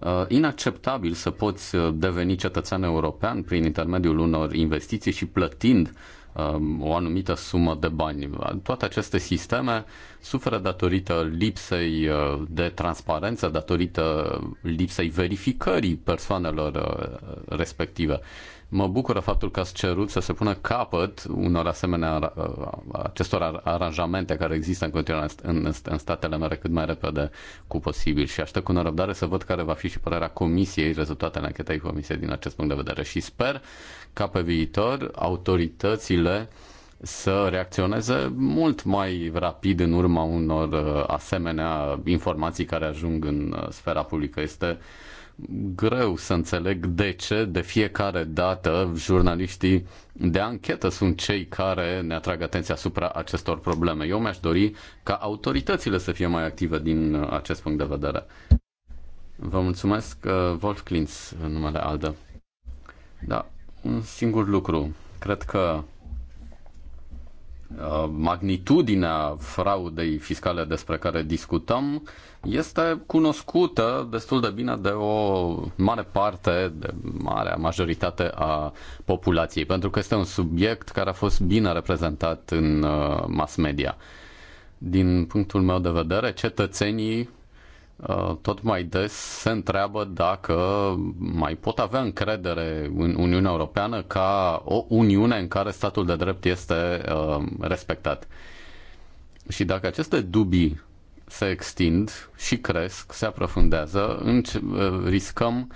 Uh, inacceptabil să poți uh, deveni cetățean european prin intermediul unor investiții și plătind um, o anumită sumă de bani. Toate aceste sisteme suferă datorită lipsei uh, de transparență, datorită lipsei verificării persoanelor respective. Mă bucură faptul că ați cerut să se pună capăt unor asemenea uh, acestor aranjamente care există în continuare în, în statele mele cât mai repede cu posibil și aștept cu nerăbdare să văd care va fi și părerea comisiei, rezultatele anchetei comisiei din acest punct de vedere și sper ca pe viitor autoritățile să reacționeze mult mai rapid în urma unor uh, asemenea informații care ajung în uh, sfera publică. Este greu să înțeleg de ce de fiecare dată jurnaliștii de anchetă sunt cei care ne atrag atenția asupra acestor probleme. Eu mi-aș dori ca autoritățile să fie mai active din acest punct de vedere. Vă mulțumesc, uh, Wolf Klintz, numele Aldă. Da, un singur lucru. Cred că Uh, magnitudinea fraudei fiscale despre care discutăm este cunoscută destul de bine de o mare parte, de marea majoritate a populației, pentru că este un subiect care a fost bine reprezentat în uh, mass media. Din punctul meu de vedere, cetățenii Uh, tot mai des se întreabă dacă mai pot avea încredere în Uniunea Europeană ca o Uniune în care statul de drept este uh, respectat. Și dacă aceste dubii se extind și cresc, se aprofundează, uh, riscăm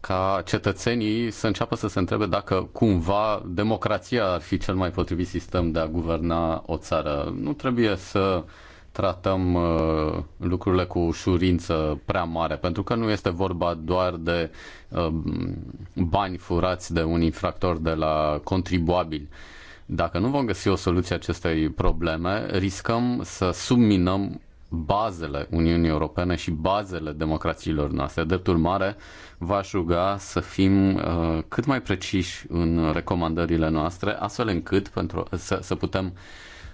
ca cetățenii să înceapă să se întrebe dacă cumva democrația ar fi cel mai potrivit sistem de a guverna o țară. Nu trebuie să uh, tratăm uh, lucrurile cu ușurință prea mare, pentru că nu este vorba doar de uh, bani furați de un infractor de la contribuabil. Dacă nu vom găsi o soluție acestei probleme, riscăm să subminăm bazele Uniunii Europene și bazele democrațiilor noastre. Drept urmare, v-aș ruga să fim uh, cât mai preciși în recomandările noastre, astfel încât pentru, să, să putem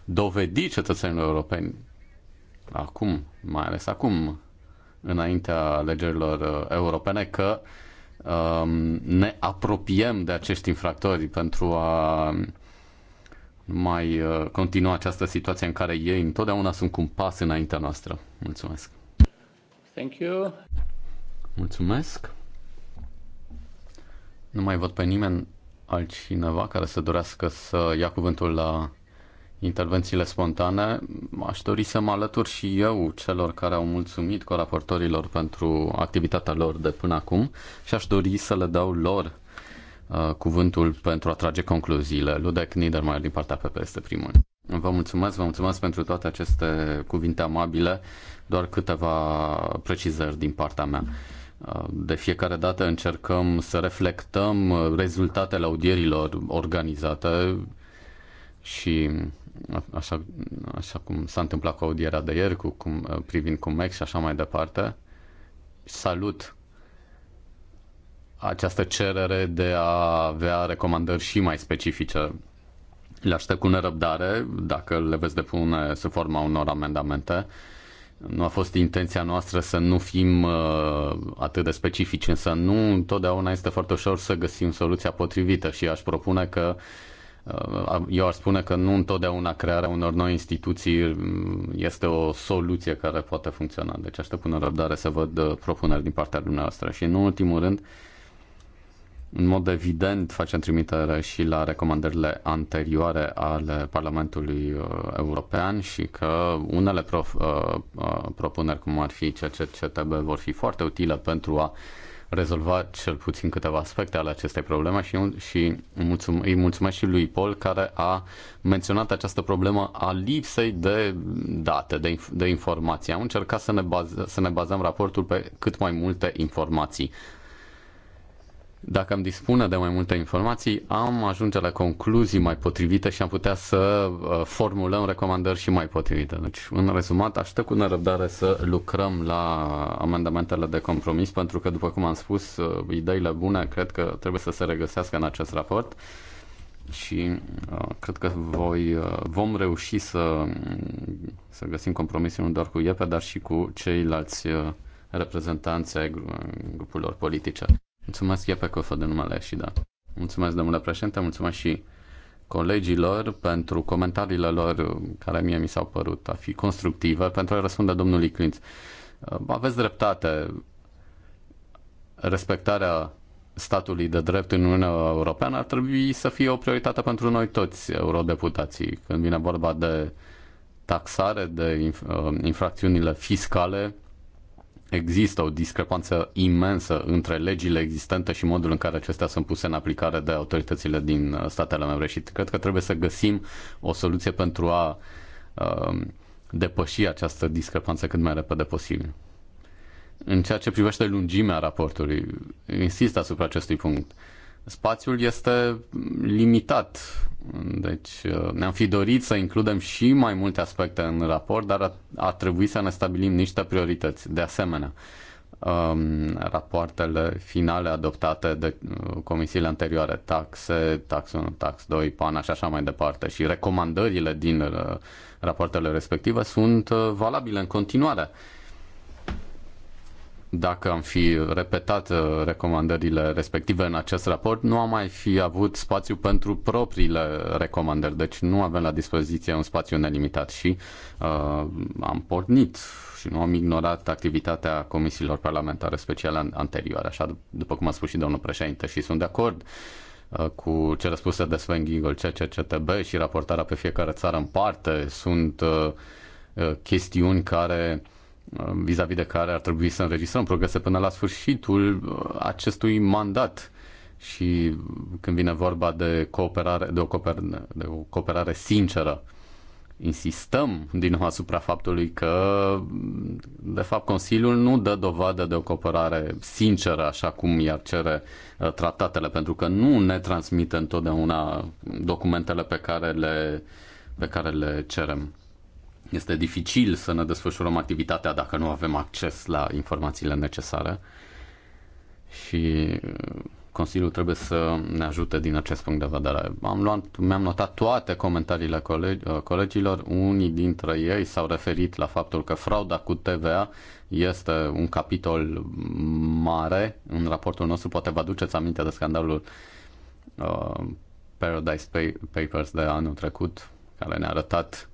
dovedi cetățenilor europeni acum, mai ales acum, înaintea alegerilor uh, europene, că um, ne apropiem de acești infractori pentru a mai uh, continua această situație în care ei întotdeauna sunt cu un pas înaintea noastră. Mulțumesc! Thank you! Mulțumesc! Nu mai văd pe nimeni altcineva care să dorească să ia cuvântul la intervențiile spontane. Aș dori să mă alătur și eu celor care au mulțumit coraportorilor pentru activitatea lor de până acum și aș dori să le dau lor uh, cuvântul pentru a trage concluziile. Ludec Niedermayer din partea PP este primul. Vă mulțumesc, vă mulțumesc pentru toate aceste cuvinte amabile, doar câteva precizări din partea mea. Uh, de fiecare dată încercăm să reflectăm rezultatele audierilor organizate și așa, așa cum s-a întâmplat cu audierea de ieri, cu, cum, uh, privind Mex și așa mai departe, salut această cerere de a avea recomandări și mai specifice. Le aștept cu nerăbdare dacă le veți depune sub forma unor amendamente. Nu a fost intenția noastră să nu fim uh, atât de specifici, însă nu întotdeauna este foarte ușor să găsim soluția potrivită și aș propune că uh, eu uh, ar spune că nu întotdeauna crearea unor noi instituții mm, este o soluție care poate funcționa. Deci aștept cu nerăbdare să văd uh, propuneri din partea dumneavoastră. Și în ultimul rând, în mod evident facem trimitere și la recomandările anterioare ale Parlamentului uh, European și că unele prof, uh, uh, propuneri, cum ar fi CCCTB, vor fi foarte utile pentru a uh, rezolva cel puțin câteva aspecte ale acestei probleme și, și mulțum, îi mulțumesc și lui Paul care a menționat această problemă a lipsei de date, de, de informații. Am încercat să ne, baz, să ne bazăm raportul pe cât mai multe informații. Dacă am dispune de mai multe informații, am ajunge la concluzii mai potrivite și am putea să uh, formulăm recomandări și mai potrivite. Deci, în rezumat, aștept cu nerăbdare să lucrăm la amendamentele de compromis, pentru că, după cum am spus, uh, ideile bune cred că trebuie să se regăsească în acest raport și uh, cred că voi, uh, vom reuși să, să găsim compromisul nu doar cu IEPE, dar și cu ceilalți uh, reprezentanți ai grupurilor politice. Mulțumesc, pe Cofă, de numele și da. Mulțumesc, domnule președinte, mulțumesc și colegilor pentru comentariile lor care mie mi s-au părut a fi constructive pentru a răspunde domnului Clint. Uh, aveți dreptate. Respectarea statului de drept în Uniunea Europeană ar trebui să fie o prioritate pentru noi toți eurodeputații. Când vine vorba de taxare, de uh, infracțiunile fiscale, există o discrepanță imensă între legile existente și modul în care acestea sunt puse în aplicare de autoritățile din uh, statele membre și cred că trebuie să găsim o soluție pentru a um, depăși această discrepanță cât mai repede posibil. În ceea ce privește lungimea raportului, insist asupra acestui punct. Uh, spațiul este limitat. Deci uh, ne-am fi dorit să includem și mai multe aspecte în raport, dar a trebuit să ne stabilim niște priorități. De asemenea, um, rapoartele finale adoptate de uh, comisiile anterioare, taxe, tax 1, tax 2, PANA și așa mai departe, și recomandările din uh, rapoartele respective sunt valabile în continuare. Uh, dacă am fi repetat uh, recomandările respective în acest raport, nu am mai fi avut spațiu pentru propriile recomandări. Deci nu avem la dispoziție un spațiu nelimitat și uh, am pornit și nu am ignorat activitatea comisiilor parlamentare speciale anterioare, așa după cum a spus și domnul președinte și sunt de acord uh, cu cele spuse de Sven Gingol, CCCTB și raportarea pe fiecare țară în parte sunt uh, uh chestiuni care uh, Um, vis-a-vis de care ar trebui să înregistrăm progrese până la sfârșitul uh, acestui mandat și când vine vorba de, cooperare, de, o, cooperare, de o cooperare sinceră, insistăm din nou asupra faptului că, de fapt, Consiliul nu dă dovadă de o cooperare sinceră, așa cum i-ar cere uh, tratatele, pentru că nu ne transmite întotdeauna documentele pe care le, pe care le cerem. Este dificil să ne desfășurăm activitatea dacă nu avem acces la informațiile necesare și uh, Consiliul trebuie să ne ajute din acest punct de vedere. Am luat, mi-am notat toate comentariile colegi, uh, colegilor. Unii dintre ei s-au referit la faptul că frauda cu TVA este un capitol mare în raportul nostru. Poate vă aduceți aminte de scandalul uh, Paradise Papers de anul trecut, care ne-a arătat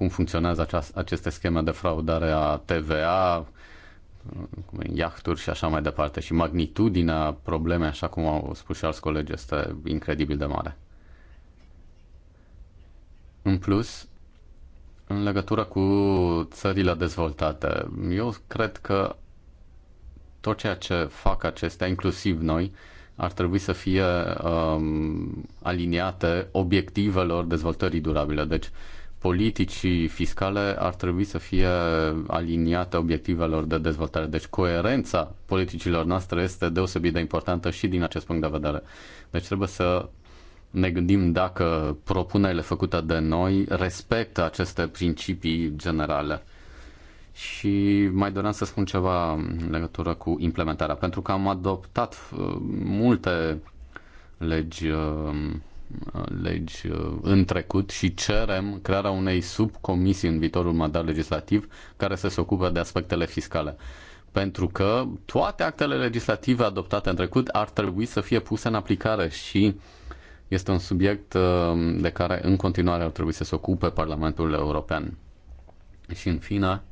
cum funcționează aceast- aceste scheme de fraudare a TVA, iahturi și așa mai departe. Și magnitudinea problemei, așa cum au spus și alți colegi, este incredibil de mare. În plus, în legătură cu țările dezvoltate, eu cred că tot ceea ce fac acestea, inclusiv noi, ar trebui să fie um, aliniate obiectivelor dezvoltării durabile. Deci, uh, politicii fiscale ar trebui să fie aliniate obiectivelor de dezvoltare. Deci coerența politicilor noastre este deosebit de importantă și din acest punct de vedere. Deci trebuie să ne gândim dacă propunerile făcute de noi respectă aceste principii generale. Și mai doream să spun ceva în legătură cu implementarea, pentru că am adoptat uh, multe legi uh, Uh, legi uh, în trecut și cerem crearea unei subcomisii în viitorul mandat legislativ care să se ocupe de aspectele fiscale. Pentru că toate actele legislative adoptate în trecut ar trebui să fie puse în aplicare și este un subiect uh, de care în continuare ar trebui să se ocupe Parlamentul European. Și în fine,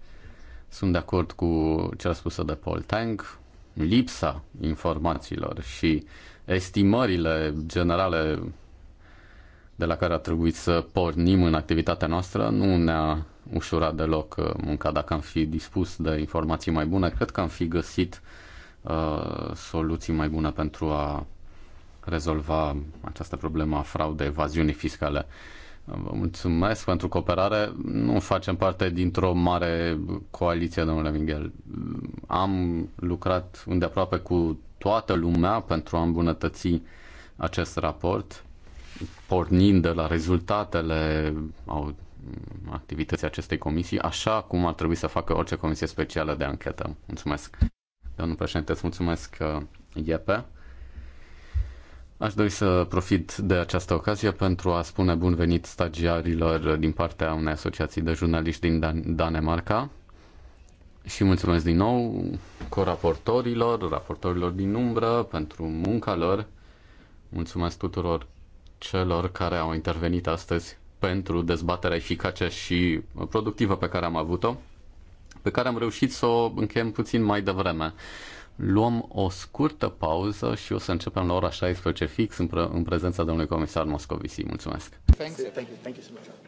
sunt de acord cu ce a spus de Paul Tang, lipsa informațiilor și estimările generale de la care a trebuit să pornim în activitatea noastră nu ne-a ușurat deloc uh, munca. Dacă am fi dispus de informații mai bune, cred că am fi găsit uh, soluții mai bune pentru a rezolva această problemă a fraudei, evaziunii fiscale. Vă mulțumesc pentru cooperare. Nu facem parte dintr-o mare coaliție, domnule Miguel. Am lucrat îndeaproape cu toată lumea pentru a îmbunătăți acest raport pornind de la rezultatele activității acestei comisii, așa cum ar trebui să facă orice comisie specială de anchetă. Mulțumesc. Domnul președinte, îți mulțumesc, uh, Iepe. Aș dori să profit de această ocazie pentru a spune bun venit stagiarilor din partea unei asociații de jurnaliști din Dan- Danemarca și mulțumesc din nou coraportorilor, raportorilor din umbră pentru munca lor. Mulțumesc tuturor celor care au intervenit astăzi pentru dezbaterea eficace și productivă pe care am avut-o, pe care am reușit să o încheiem puțin mai devreme. Luăm o scurtă pauză și o să începem la ora 16 fix în, pre- în prezența domnului comisar Moscovici. Mulțumesc! Thank you. Thank you. Thank you so much.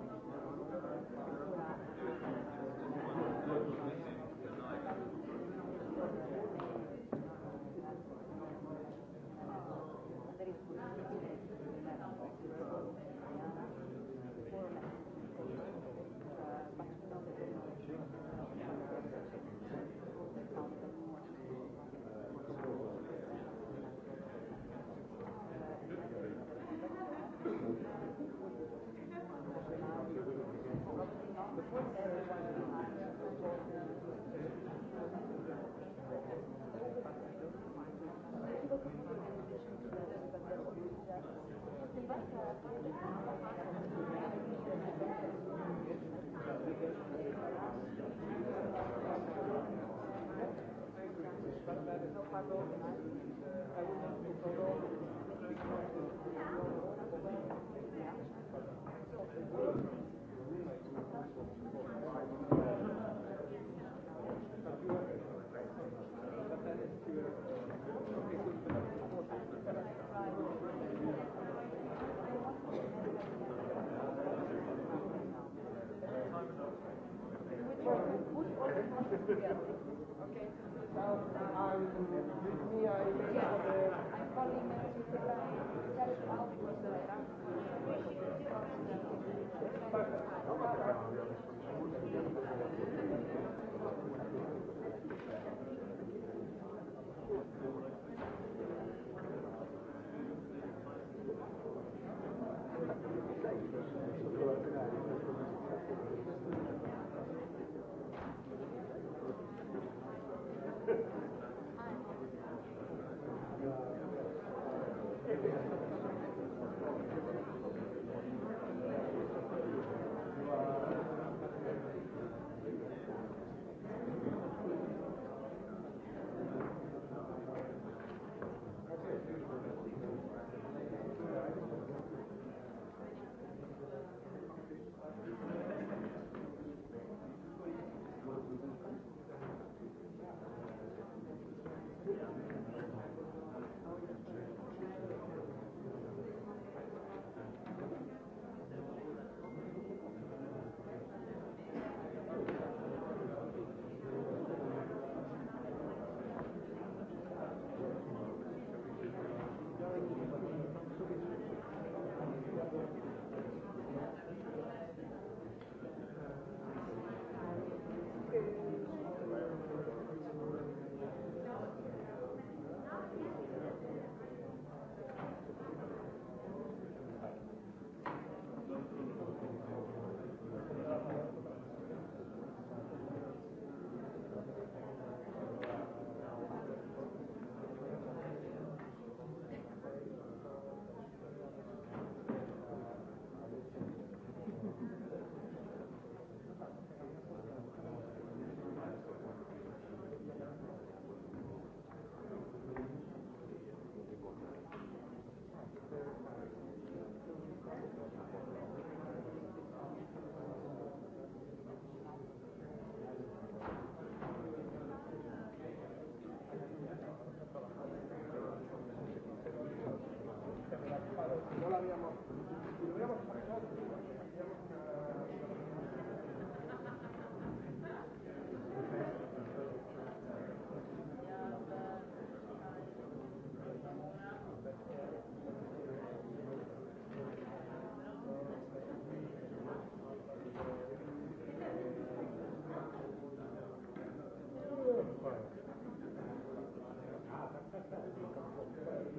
Okay. Now, um, with me, I'm calling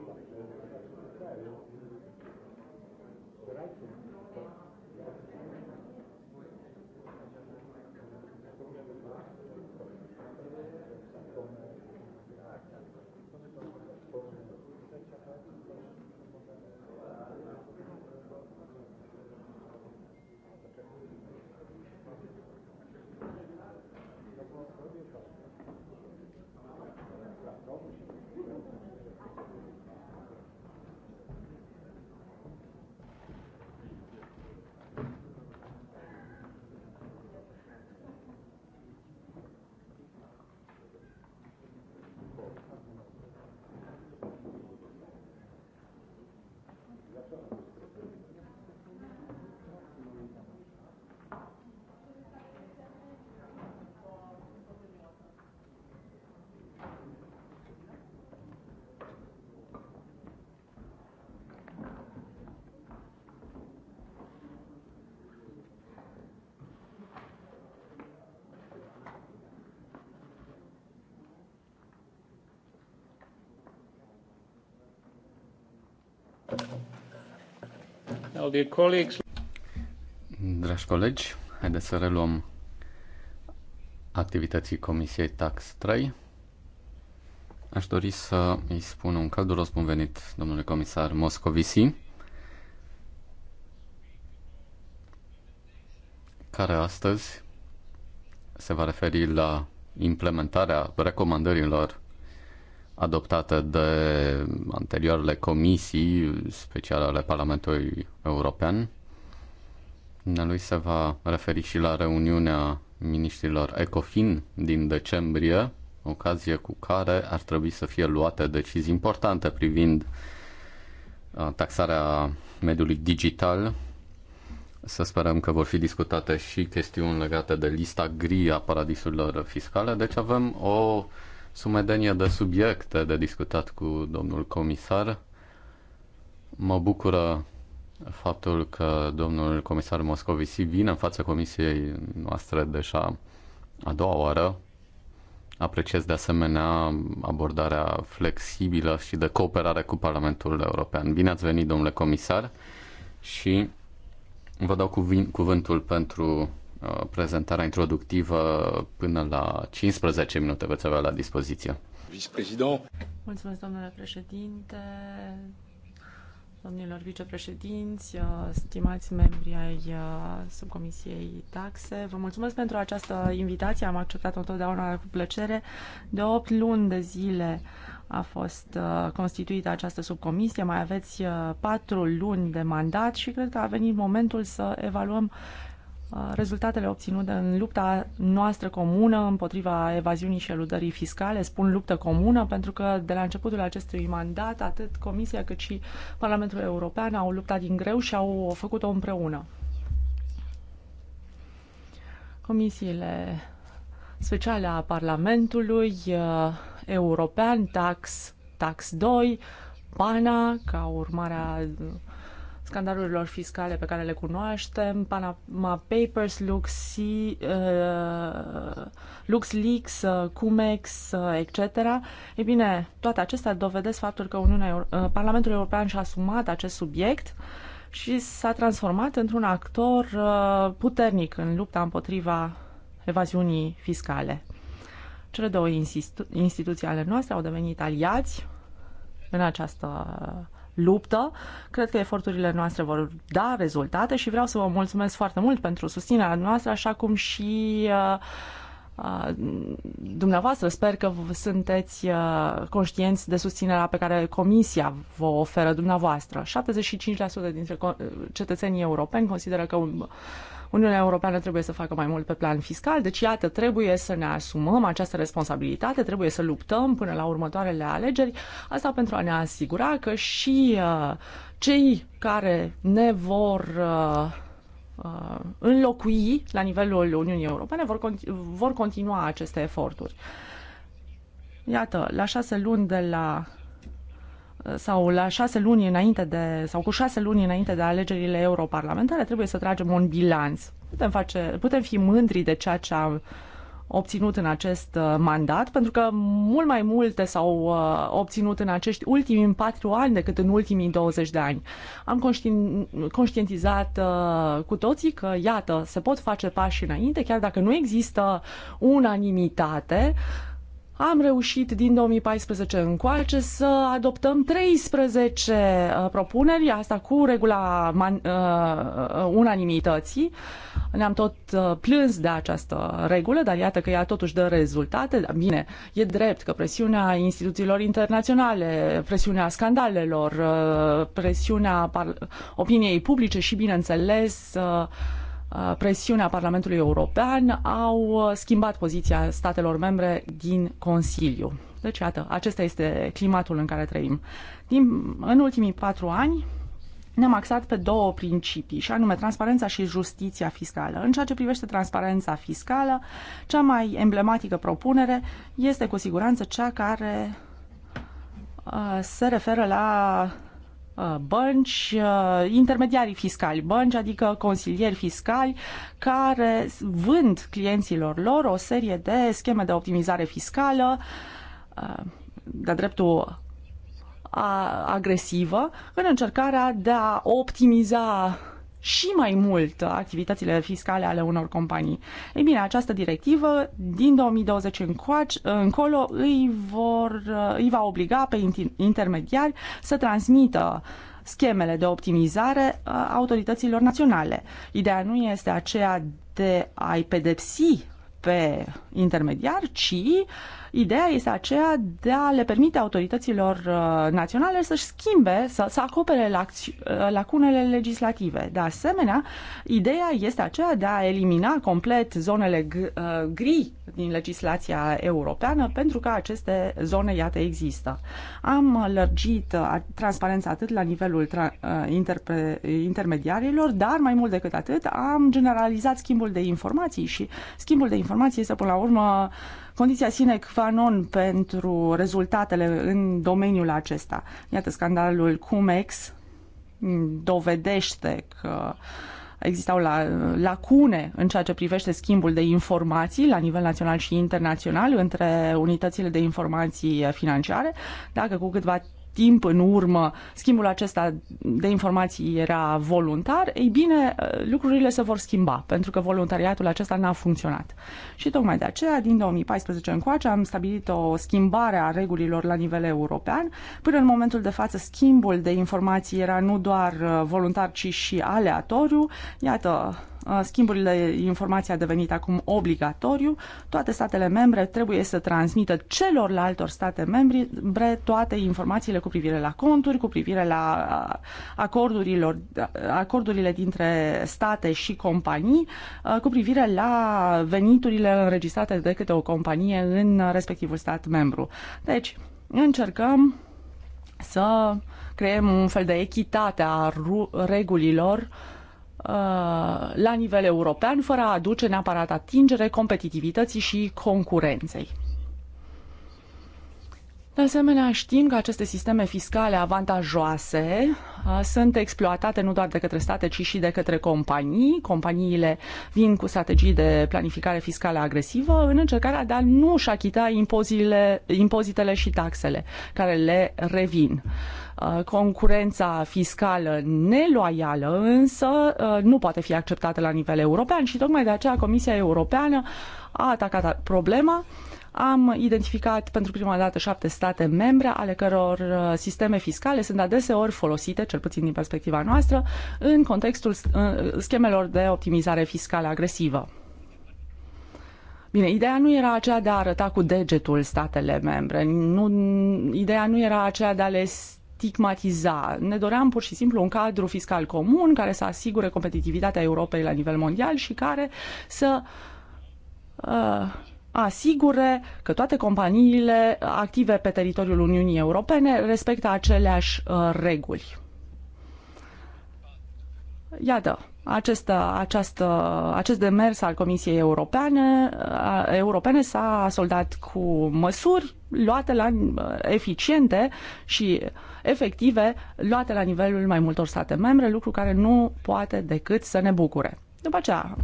Grazie. Dragi colegi, haideți să reluăm activității Comisiei Tax 3. Aș dori să îi spun un călduros bun venit domnului comisar Moscovici, care astăzi se va referi la implementarea recomandărilor adoptate de anterioarele comisii speciale ale Parlamentului European. Dumnealui se va referi și la reuniunea ministrilor ECOFIN din decembrie, ocazie cu care ar trebui să fie luate decizii importante privind uh, taxarea mediului digital. Să sperăm că vor fi discutate și chestiuni legate de lista gri a paradisurilor fiscale, deci avem o sumedenie de subiecte de discutat cu domnul comisar. Mă bucură faptul că domnul comisar Moscovici vine în fața comisiei noastre deja a doua oară. Apreciez de asemenea abordarea flexibilă și de cooperare cu Parlamentul European. Bine ați venit, domnule comisar, și vă dau cuvântul pentru Uh, prezentarea introductivă până la 15 minute veți avea la dispoziție. Vicepreședinte. Mulțumesc, domnule președinte, domnilor vicepreședinți, uh, stimați membri ai uh, subcomisiei taxe. Vă mulțumesc pentru această invitație, am acceptat-o întotdeauna cu plăcere. De 8 luni de zile a fost constituită această subcomisie, mai aveți 4 luni de mandat și cred că a venit momentul să evaluăm rezultatele obținute în lupta noastră comună împotriva evaziunii și eludării fiscale. Spun luptă comună pentru că de la începutul acestui mandat atât Comisia cât și Parlamentul European au luptat din greu și au făcut-o împreună. Comisiile speciale a Parlamentului European, TAX, TAX 2, PANA, ca urmare a scandalurilor fiscale pe care le cunoaștem, Panama Papers, Lux, uh, LuxLeaks, uh, Cumex, uh, etc. Ei bine, toate acestea dovedesc faptul că Uniunea, uh, Parlamentul European și-a asumat acest subiect și s-a transformat într-un actor uh, puternic în lupta împotriva evaziunii fiscale. Cele două institu- instituții ale noastre au devenit aliați în această luptă. Cred că eforturile noastre vor da rezultate și vreau să vă mulțumesc foarte mult pentru susținerea noastră, așa cum și uh, uh dumneavoastră. Sper că sunteți uh, conștienți de susținerea pe care Comisia vă oferă dumneavoastră. 75% dintre cetățenii europeni consideră că Uniunea Europeană trebuie să facă mai mult pe plan fiscal, deci iată, trebuie să ne asumăm această responsabilitate, trebuie să luptăm până la următoarele alegeri, asta pentru a ne asigura că și uh, cei care ne vor uh, uh, înlocui la nivelul Uniunii Europene vor, continu- vor continua aceste eforturi. Iată, la șase luni de la sau la șase luni înainte de, sau cu șase luni înainte de alegerile europarlamentare, trebuie să tragem un bilanț. Putem, face, putem fi mândri de ceea ce am obținut în acest uh, mandat, pentru că mult mai multe s-au uh, obținut în acești ultimii patru ani decât în ultimii 20 de ani. Am conștientizat uh, cu toții că, iată, se pot face pași înainte, chiar dacă nu există unanimitate, am reușit din 2014 încoace să adoptăm 13 uh, propuneri, asta cu regula man, uh, uh, unanimității. Ne-am tot uh, plâns de această regulă, dar iată că ea totuși dă rezultate. Bine, e drept că presiunea instituțiilor internaționale, presiunea scandalelor, uh, presiunea opiniei publice și, bineînțeles, uh, Uh, presiunea Parlamentului European au uh, schimbat poziția statelor membre din Consiliu. Deci, iată, acesta este climatul în care trăim. Din, în ultimii patru ani ne-am axat pe două principii, și anume transparența și justiția fiscală. În ceea ce privește transparența fiscală, cea mai emblematică propunere este cu siguranță cea care uh, se referă la Uh, bănci, uh, intermediarii fiscali, bănci, adică consilieri fiscali, care vând clienților lor o serie de scheme de optimizare fiscală, uh, de-a dreptul agresivă, în încercarea de a optimiza și mai mult activitățile fiscale ale unor companii. Ei bine, această directivă din 2020 încoace, încolo îi, vor, îi va obliga pe intermediari să transmită schemele de optimizare autorităților naționale. Ideea nu este aceea de a-i pedepsi pe intermediar, ci uh, Ideea este aceea de a le permite autorităților uh, naționale să-și schimbe, să, să acopere uh, lacunele legislative. De asemenea, ideea este aceea de a elimina complet zonele uh, gri din legislația europeană pentru că aceste zone, iată, există. Am lărgit transparența atât la nivelul intermediarilor, dar mai mult decât atât am generalizat schimbul de informații și schimbul de informații este până la urmă uh, condiția sine qua non pentru rezultatele în domeniul acesta. Iată, scandalul Cumex mm, dovedește că existau la, lacune în ceea ce privește schimbul de informații la nivel național și internațional între unitățile de informații financiare. Dacă cu câtva timp în urmă schimbul acesta de informații era voluntar, ei bine, lucrurile se vor schimba, pentru că voluntariatul acesta n-a funcționat. Și tocmai de aceea, din 2014 încoace, am stabilit o schimbare a regulilor la nivel european. Până în momentul de față, schimbul de informații era nu doar uh, voluntar, ci și aleatoriu. Iată, Uh, schimbul de informații a devenit acum obligatoriu, toate statele membre trebuie să transmită celorlaltor state membre toate informațiile cu privire la conturi, cu privire la uh, acordurilor, uh, acordurile dintre state și companii, cu privire la veniturile înregistrate de către o companie în respectivul stat membru. Deci, încercăm să creăm un fel de echitate a regulilor uh, Uh, la nivel european, fără a aduce neapărat atingere competitivității și concurenței. De asemenea, știm că aceste sisteme fiscale avantajoase uh, sunt exploatate nu doar de către state, ci și de către companii. Companiile vin cu strategii de planificare fiscală agresivă în încercarea de a nu-și achita impozitele și taxele care le revin. Uh, Uh, concurența fiscală neloială însă uh, nu poate fi acceptată la nivel european și tocmai de aceea Comisia Europeană a atacat problema am identificat pentru prima dată șapte state membre ale căror uh, sisteme fiscale sunt adeseori folosite, cel puțin din perspectiva noastră, în contextul schemelor de optimizare fiscală agresivă. Bine, ideea nu era aceea de a arăta cu degetul statele membre, nu, ideea nu era aceea de a le stigmatiza. Ne doream pur și simplu un cadru fiscal comun care să asigure competitivitatea Europei la nivel mondial și care să uh, asigure că toate companiile active pe teritoriul Uniunii Europene respectă aceleași uh, reguli. Iată, această, această, acest demers al Comisiei Europene, uh, Europene s-a soldat cu măsuri luate la, uh, eficiente și uh, efective luate la nivelul mai multor state membre, lucru care nu poate decât să ne bucure. După aceea,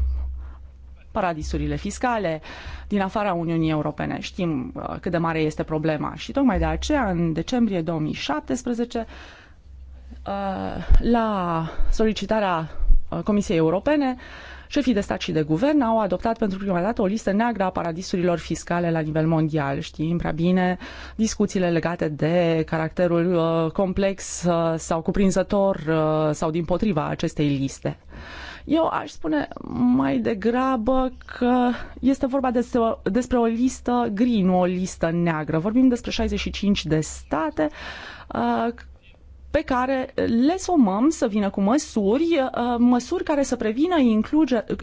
paradisurile fiscale din afara Uniunii Europene. Știm uh, cât de mare este problema și tocmai de aceea, în decembrie 2017, uh, la solicitarea uh, Comisiei Europene, Șefii de stat și de guvern au adoptat pentru prima dată o listă neagră a paradisurilor fiscale la nivel mondial. Știm prea bine discuțiile legate de caracterul uh, complex uh, sau cuprinzător uh, sau din potriva acestei liste. Eu aș spune mai degrabă că este vorba despre, despre o listă gri, nu o listă neagră. Vorbim despre 65 de state uh, pe care le somăm să vină cu măsuri, uh, măsuri care să prevină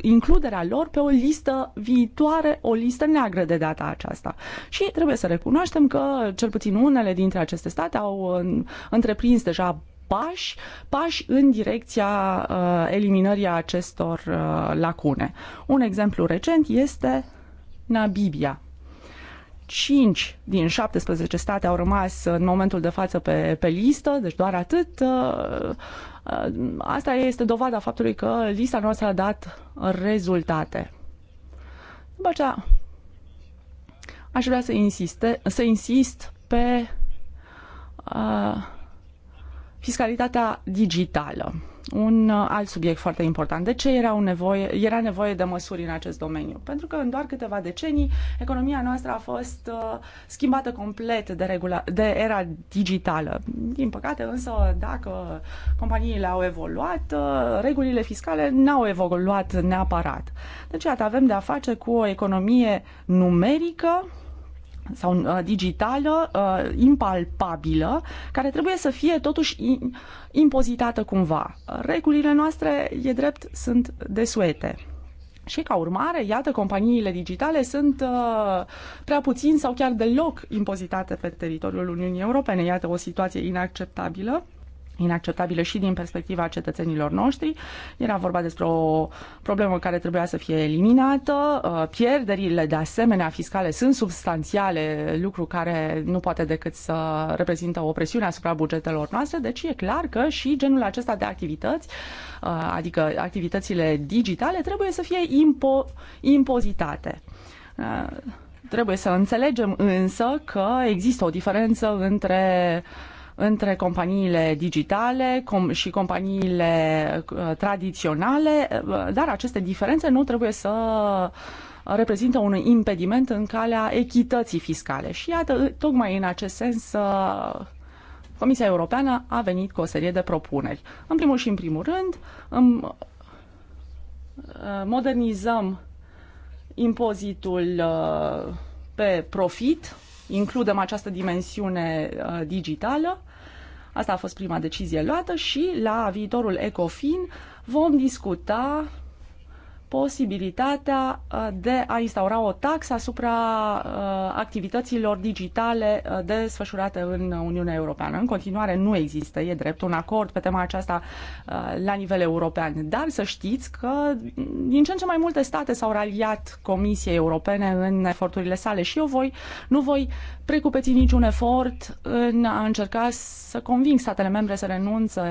includerea lor pe o listă viitoare, o listă neagră de data aceasta. Și trebuie să recunoaștem că cel puțin unele dintre aceste state au întreprins deja pași, pași în direcția uh, eliminării acestor uh, lacune. Un exemplu recent este Nabibia. 5 din 17 state au rămas în momentul de față pe, pe listă, deci doar atât. Uh, uh, asta este dovada faptului că lista noastră a dat rezultate. După aceea, aș vrea să, insiste, să insist pe uh, fiscalitatea digitală un uh, alt subiect foarte important. De ce erau nevoie, era nevoie de măsuri în acest domeniu? Pentru că în doar câteva decenii economia noastră a fost uh, schimbată complet de, regula, de era digitală. Din păcate însă, dacă companiile au evoluat, uh, regulile fiscale n-au evoluat neapărat. Deci, iată, avem de a face cu o economie numerică sau uh, digitală, uh, impalpabilă, care trebuie să fie totuși impozitată cumva. Regulile noastre, e drept, sunt desuete. Și ca urmare, iată, companiile digitale sunt uh, prea puțin sau chiar deloc impozitate pe teritoriul Uniunii Europene. Iată o situație inacceptabilă inacceptabilă și din perspectiva cetățenilor noștri. Era vorba despre o problemă care trebuia să fie eliminată. Uh, pierderile, de asemenea, fiscale sunt substanțiale, lucru care nu poate decât să reprezintă o presiune asupra bugetelor noastre, deci e clar că și genul acesta de activități, uh, adică activitățile digitale, trebuie să fie impo- impozitate. Uh, trebuie să înțelegem însă că există o diferență între uh, între companiile digitale com- și companiile uh, tradiționale, uh, dar aceste diferențe nu trebuie să uh, reprezintă un impediment în calea echității fiscale. Și iată, tocmai în acest sens, Comisia Europeană a venit cu o serie de propuneri. În primul și în primul rând, modernizăm impozitul pe profit includem această dimensiune uh, digitală. Asta a fost prima decizie luată și la viitorul ECOFIN vom discuta posibilitatea uh, de a instaura o taxă asupra uh, activităților digitale uh, desfășurate în Uniunea Europeană. În continuare nu există, e drept, un acord pe tema aceasta la nivel european, dar să știți că din ce în ce mai multe state s-au raliat Comisiei Europene în eforturile sale și eu voi, nu voi precupeți niciun efort în a încerca să conving statele membre să renunțe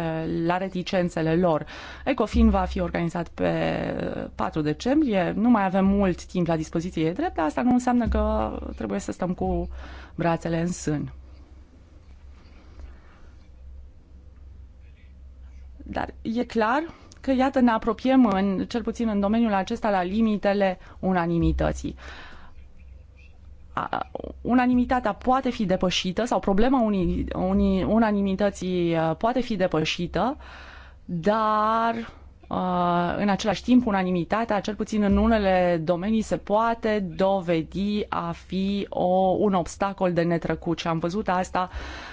la reticențele lor. Ecofin va fi organizat pe 4 4 decembrie, nu mai avem mult timp la dispoziție, e drept, dar asta nu înseamnă că trebuie să stăm cu brațele în sân. Dar e clar că, iată, ne apropiem, în, cel puțin în domeniul acesta, la limitele unanimității. Unanimitatea poate fi depășită sau problema unii, unii, unanimității uh, poate fi depășită, dar Uh, în același timp, unanimitatea, cel puțin în unele domenii, se poate dovedi a fi o, un obstacol de netrăcut. Și am văzut asta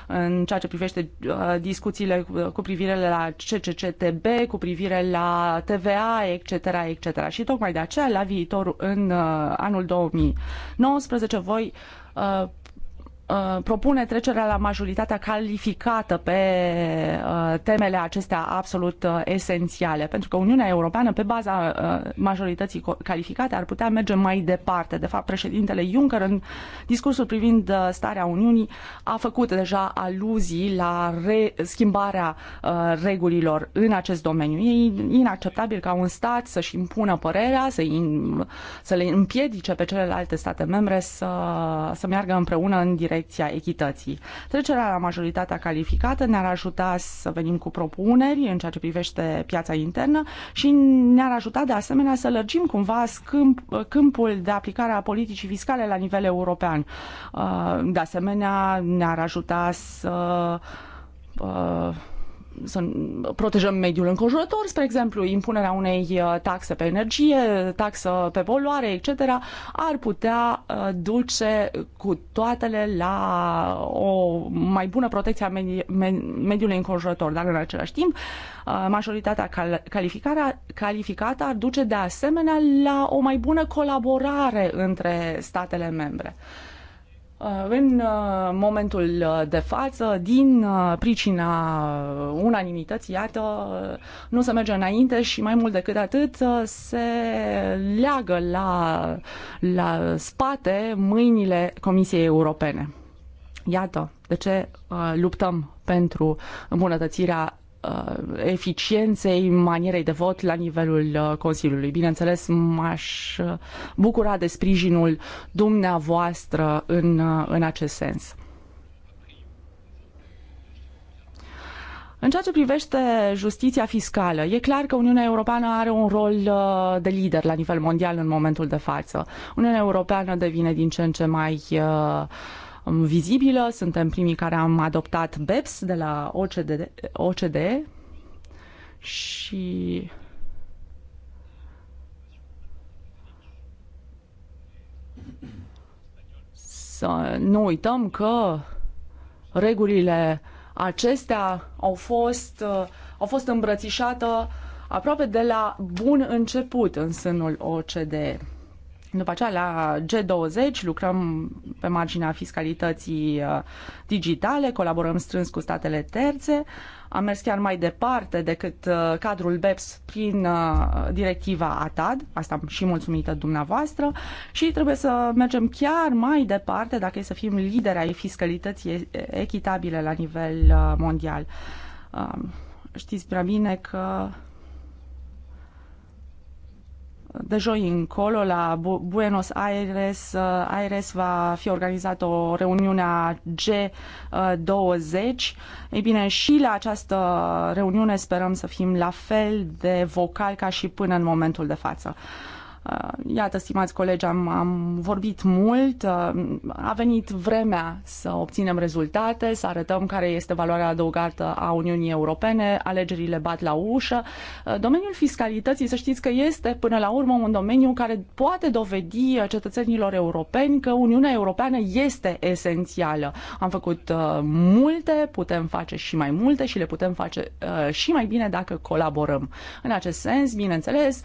în ceea ce privește uh, discuțiile cu privire la CCCTB, cu privire la TVA, etc., etc. Și tocmai de aceea, la viitor, în uh, anul 2019, voi Uh, propune trecerea la majoritatea calificată pe uh, temele acestea absolut uh, esențiale, pentru că Uniunea Europeană, pe baza majorității calificate, ar putea merge mai departe. De fapt, președintele Juncker, în discursul privind starea Uniunii, a făcut deja aluzii la schimbarea regulilor în acest domeniu. E inacceptabil ca un stat să-și impună părerea, să, să le împiedice pe celelalte state membre să, să meargă împreună în direcție direcția echității. Trecerea la majoritatea calificată ne-ar ajuta să venim cu propuneri în ceea ce privește piața internă și ne-ar ajuta de asemenea să lărgim cumva scâmp, câmpul de aplicare a politicii fiscale la nivel european. Uh, de asemenea, ne-ar ajuta să uh, să protejăm mediul înconjurător, spre exemplu, impunerea unei uh, taxe pe energie, taxă pe poluare, etc., ar putea uh, duce cu toatele la o mai bună protecție a medi- mediului înconjurător, dar în același timp uh, majoritatea calificarea, calificată ar duce de asemenea la o mai bună colaborare între statele membre. Uh, Uh, în uh, momentul uh, de față, din pricina unanimității, iată, nu se merge înainte și mai mult decât atât se leagă la, la spate mâinile Comisiei Europene. Iată de ce luptăm pentru îmbunătățirea Uh, eficienței manierei de vot la nivelul uh, Consiliului. Bineînțeles, m-aș uh, bucura de sprijinul dumneavoastră în, în acest sens. În ceea ce privește justiția fiscală, e clar că Uniunea Europeană are un rol de lider la nivel mondial în momentul de față. Uniunea Europeană devine din ce în ce mai uh, Um, vizibilă. Suntem primii care am adoptat BEPS de la OCD, OCD și să nu uităm că regulile acestea au fost, uh, au fost îmbrățișate aproape de la bun început în sânul OCDE. După aceea, la G20 lucrăm pe marginea fiscalității uh, digitale, colaborăm strâns cu statele terțe, am mers chiar mai departe decât uh, cadrul BEPS prin uh, directiva ATAD, asta am și mulțumită dumneavoastră, și trebuie să mergem chiar mai departe dacă e să fim lideri ai fiscalității echitabile la nivel mondial. Um, știți prea bine că de joi încolo, la Buenos Aires, uh, Aires va fi organizată o reuniune a G20. Uh, Ei bine, și la această reuniune sperăm să fim la fel de vocal ca și până în momentul de față. Uh, iată, stimați colegi, am, am vorbit mult, uh, a venit vremea să obținem rezultate, să arătăm care este valoarea adăugată a Uniunii Europene, alegerile bat la ușă. Uh, domeniul fiscalității, să știți că este până la urmă un domeniu care poate dovedi cetățenilor europeni că Uniunea Europeană este esențială. Am făcut multe, putem face și mai multe și le putem face și mai bine dacă colaborăm. În acest sens, bineînțeles,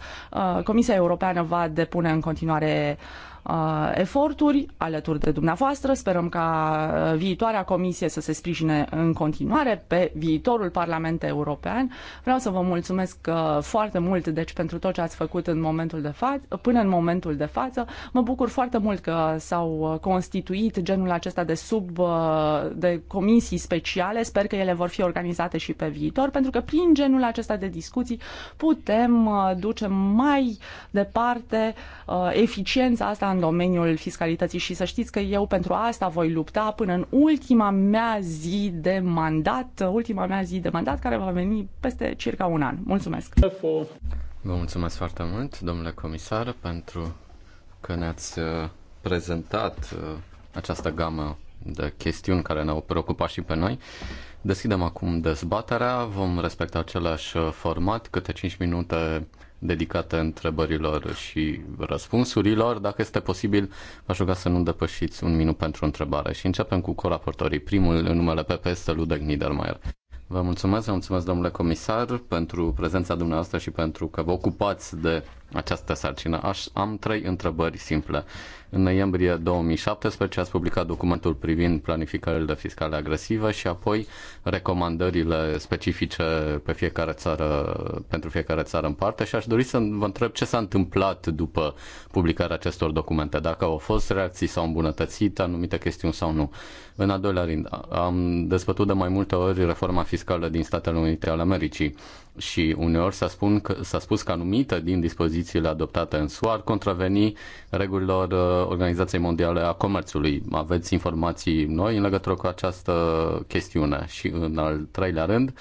Comisia Europeană va depune în continuare Uh, eforturi alături de dumneavoastră. Sperăm ca uh, viitoarea comisie să se sprijine în continuare pe viitorul Parlament European. Vreau să vă mulțumesc uh, foarte mult deci, pentru tot ce ați făcut în momentul de față, până în momentul de față. Mă bucur foarte mult că s-au constituit genul acesta de sub de comisii speciale. Sper că ele vor fi organizate și pe viitor, pentru că prin genul acesta de discuții putem duce mai departe eficiența asta în în domeniul fiscalității și să știți că eu pentru asta voi lupta până în ultima mea zi de mandat, ultima mea zi de mandat care va veni peste circa un an. Mulțumesc! Vă mulțumesc foarte mult, domnule comisar, pentru că ne-ați uh, prezentat uh, această gamă de chestiuni care ne-au preocupat și pe noi. Deschidem acum dezbaterea, vom respecta același uh, format, câte 5 minute dedicate întrebărilor și răspunsurilor. Dacă este posibil, v-aș ruga să nu depășiți un minut pentru întrebare. Și începem cu coraportorii. Primul în numele PP este Ludek Niedermayer. Vă mulțumesc, vă mulțumesc, domnule comisar, pentru prezența dumneavoastră și pentru că vă ocupați de această sarcină. Aș, am trei întrebări simple. În noiembrie 2017 ați publicat documentul privind planificările fiscale agresive și apoi recomandările specifice pe fiecare țară, pentru fiecare țară în parte și aș dori să vă întreb ce s-a întâmplat după publicarea acestor documente, dacă au fost reacții sau îmbunătățit anumite chestiuni sau nu. În al doilea rând, am dezbătut de mai multe ori reforma fiscală din Statele Unite ale Americii și uneori s-a, spun că, s-a spus că anumită din dispozițiile adoptate în SUA ar contraveni regulilor uh, Organizației Mondiale a Comerțului. Aveți informații noi în legătură cu această chestiune? Și în al treilea rând,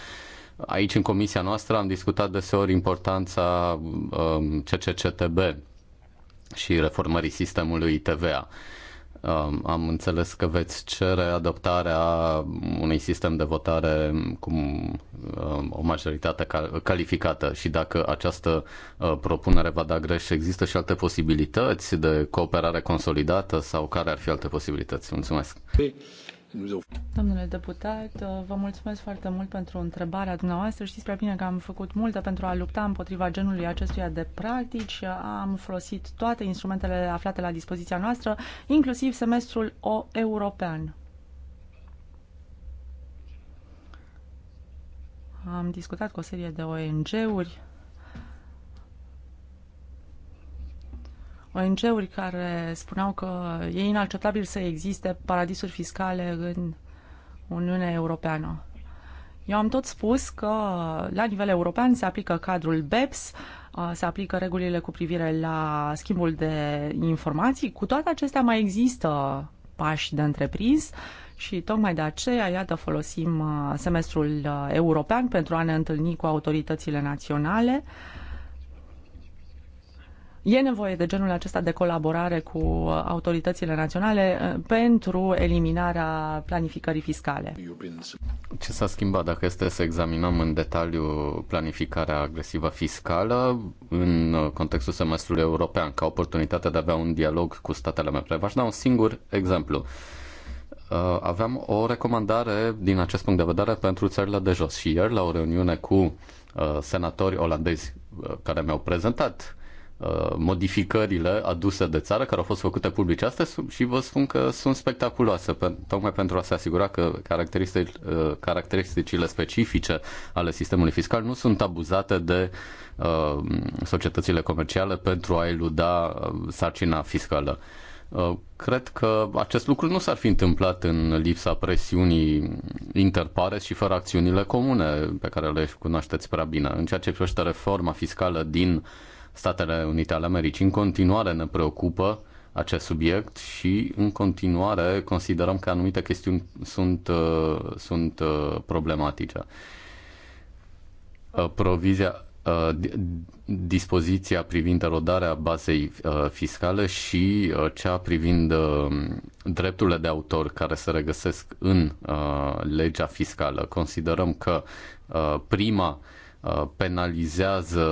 aici în comisia noastră am discutat deseori importanța um, CCCTB și reformării sistemului TVA. Uh, Um, am înțeles că veți cere adoptarea unui sistem de votare cu um, o majoritate calificată și dacă această uh, propunere va da greș, există și alte posibilități de cooperare consolidată sau care ar fi alte posibilități? Mulțumesc! Păi, Domnule deputat, vă mulțumesc foarte mult pentru întrebarea dumneavoastră. Știți prea bine că am făcut multe pentru a lupta împotriva genului acestuia de practici. Am folosit toate instrumentele aflate la dispoziția noastră, inclusiv semestrul o european. Am discutat cu o serie de ONG-uri ONG-uri care spuneau că e inacceptabil să existe paradisuri fiscale în Uniunea Europeană. Eu am tot spus că la nivel european se aplică cadrul BEPS, uh, se aplică regulile cu privire la schimbul de informații. Cu toate acestea mai există pași de întreprins și tocmai de aceea, iată, folosim uh, semestrul uh, european pentru a ne întâlni cu autoritățile naționale. E nevoie de genul acesta de colaborare cu autoritățile naționale eh, pentru eliminarea planificării fiscale. Ce s-a schimbat dacă este să examinăm în detaliu planificarea agresivă fiscală în eh, contextul semestrului european ca oportunitatea de a avea un dialog cu statele membre? V-aș da un singur exemplu eh, aveam o recomandare din acest punct de vedere pentru țările de jos și ieri la o reuniune cu senatori olandezi care mi-au prezentat Uh, modificările aduse de țară care au fost făcute publice astăzi și vă spun că sunt spectaculoase, pe, tocmai pentru a se asigura că uh, caracteristicile specifice ale sistemului fiscal nu sunt abuzate de uh, societățile comerciale pentru a eluda uh, sarcina fiscală. Cred că acest lucru nu s-ar fi întâmplat în lipsa presiunii interpare și fără acțiunile comune pe care le cunoașteți prea bine. În ceea ce privește reforma fiscală din uh, Statele Unite ale Americii. În continuare ne preocupă acest subiect și în continuare considerăm că anumite chestiuni sunt, uh, sunt uh, problematice. Uh, provizia, dispoziția privind erodarea bazei fiscale și cea privind drepturile de autor care se regăsesc în legea fiscală. Considerăm că prima Uh, penalizează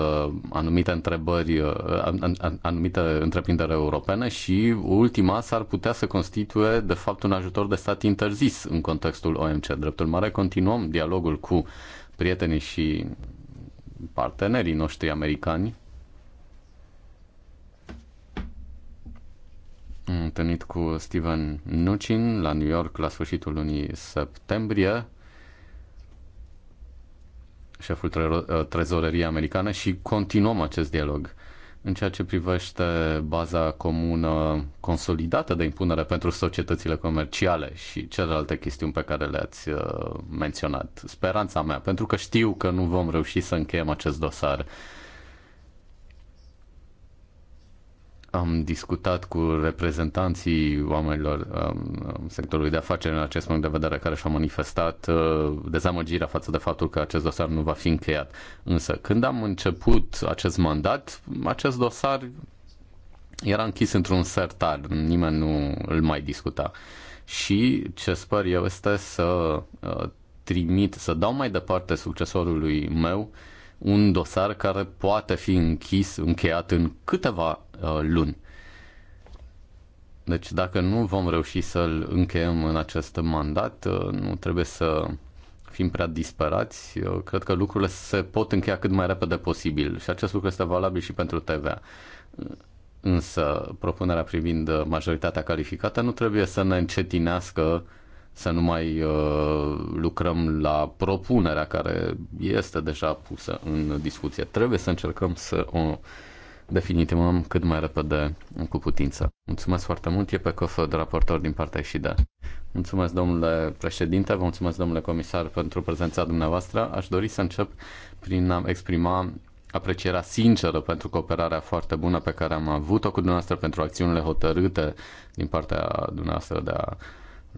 anumite întrebări, uh, anumite întreprinderi europene și ultima s-ar putea să constituie de fapt un ajutor de stat interzis în contextul OMC. Dreptul mare continuăm dialogul cu prietenii și partenerii noștri americani. Am întâlnit cu Steven Nucin la New York la sfârșitul lunii septembrie șeful ă, trezoreriei americane și continuăm acest dialog. În ceea ce privește baza comună consolidată de impunere pentru societățile comerciale și celelalte chestiuni pe care le-ați ă, menționat, speranța mea, pentru că știu că nu vom reuși să încheiem acest dosar Am discutat cu reprezentanții oamenilor um, um sectorului de afaceri în acest moment de vedere care și-au manifestat uh, dezamăgirea față de faptul că acest dosar nu va fi încheiat. Însă, când am început acest mandat, acest dosar era închis într-un sertar, nimeni nu îl mai discuta. Și ce sper eu este să uh, trimit, să dau mai departe succesorului meu uh, un dosar care poate fi închis, încheiat în câteva uh, luni. Deci dacă nu vom reuși să-l încheiem în acest mandat, uh, nu trebuie să fim prea disperați. Eu cred că lucrurile se pot încheia cât mai repede posibil și acest lucru este valabil și pentru TVA. Însă propunerea privind uh, majoritatea calificată nu trebuie să ne încetinească să nu mai uh, lucrăm la propunerea care este deja pusă în discuție. Trebuie să încercăm să o definitivăm cât mai repede cu putință. Mulțumesc foarte mult, e pe cofă de raportor din partea și de. Mulțumesc, domnule președinte, vă mulțumesc, domnule comisar, pentru prezența dumneavoastră. Aș dori să încep prin a exprima aprecierea sinceră pentru cooperarea foarte bună pe care am avut-o cu dumneavoastră, pentru acțiunile hotărâte din partea dumneavoastră de a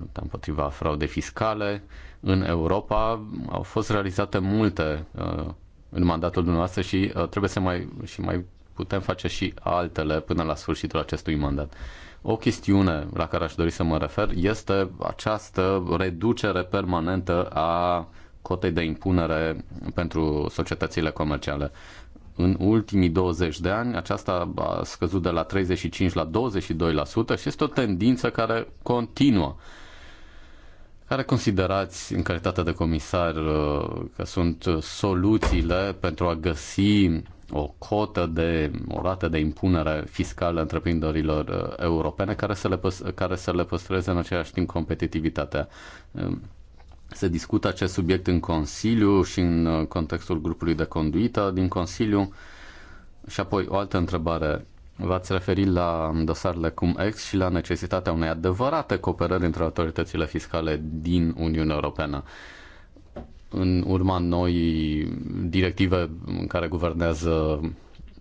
lupta împotriva fraudei fiscale în Europa. Au fost realizate multe uh, în mandatul dumneavoastră și uh, trebuie să mai, și mai putem face și altele până la sfârșitul acestui mandat. O chestiune la care aș dori să mă refer este această reducere permanentă a cotei de impunere pentru societățile comerciale. În ultimii 20 de ani aceasta a scăzut de la 35 la 22% și este o tendință care continuă. Care considerați, în calitate de comisar, uh, că sunt soluțiile pentru a găsi o cotă de, o rată de impunere fiscală întreprinderilor uh, europene care să le, care să le păstreze în același timp competitivitatea? Um, se discută acest subiect în Consiliu și în uh, contextul grupului de conduită din Consiliu. Și apoi o altă întrebare V-ați referit la dosarele cum ex și la necesitatea unei adevărate cooperări între autoritățile fiscale din Uniunea Europeană. În urma noi directive care guvernează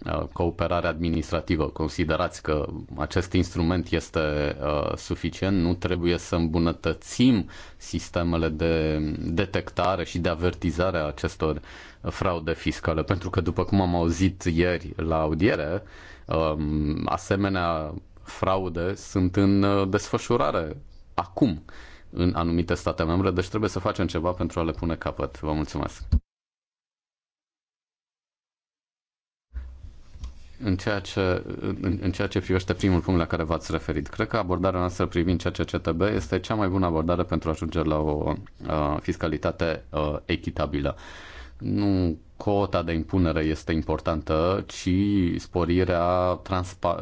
uh, cooperarea administrativă, considerați că acest instrument este uh, suficient, nu trebuie să îmbunătățim sistemele de detectare și de avertizare a acestor fraude fiscale, pentru că, după cum am auzit ieri la audiere, Um, asemenea fraude sunt în uh, desfășurare acum în anumite state membre, deci trebuie să facem ceva pentru a le pune capăt. Vă mulțumesc! În ceea, ce, în, în ceea ce privește primul punct la care v-ați referit, cred că abordarea noastră privind CTB este cea mai bună abordare pentru a ajunge la o uh, fiscalitate uh, echitabilă. Uh, nu cota de impunere este importantă, ci sporirea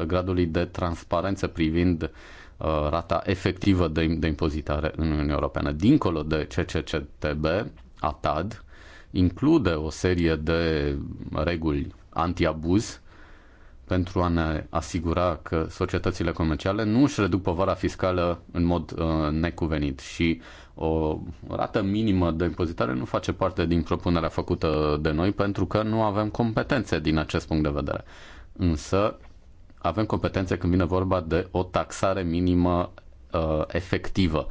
gradului de transparență privind uh, rata efectivă de, de impozitare în Uniunea Europeană. Dincolo de CCCTB, ATAD include o serie de reguli antiabuz pentru a ne asigura că societățile comerciale nu își reduc povara fiscală în mod uh, necuvenit și o rată minimă de impozitare nu face parte din propunerea făcută de noi pentru că nu avem competențe din acest punct de vedere. Însă avem competențe când vine vorba de o taxare minimă uh, efectivă.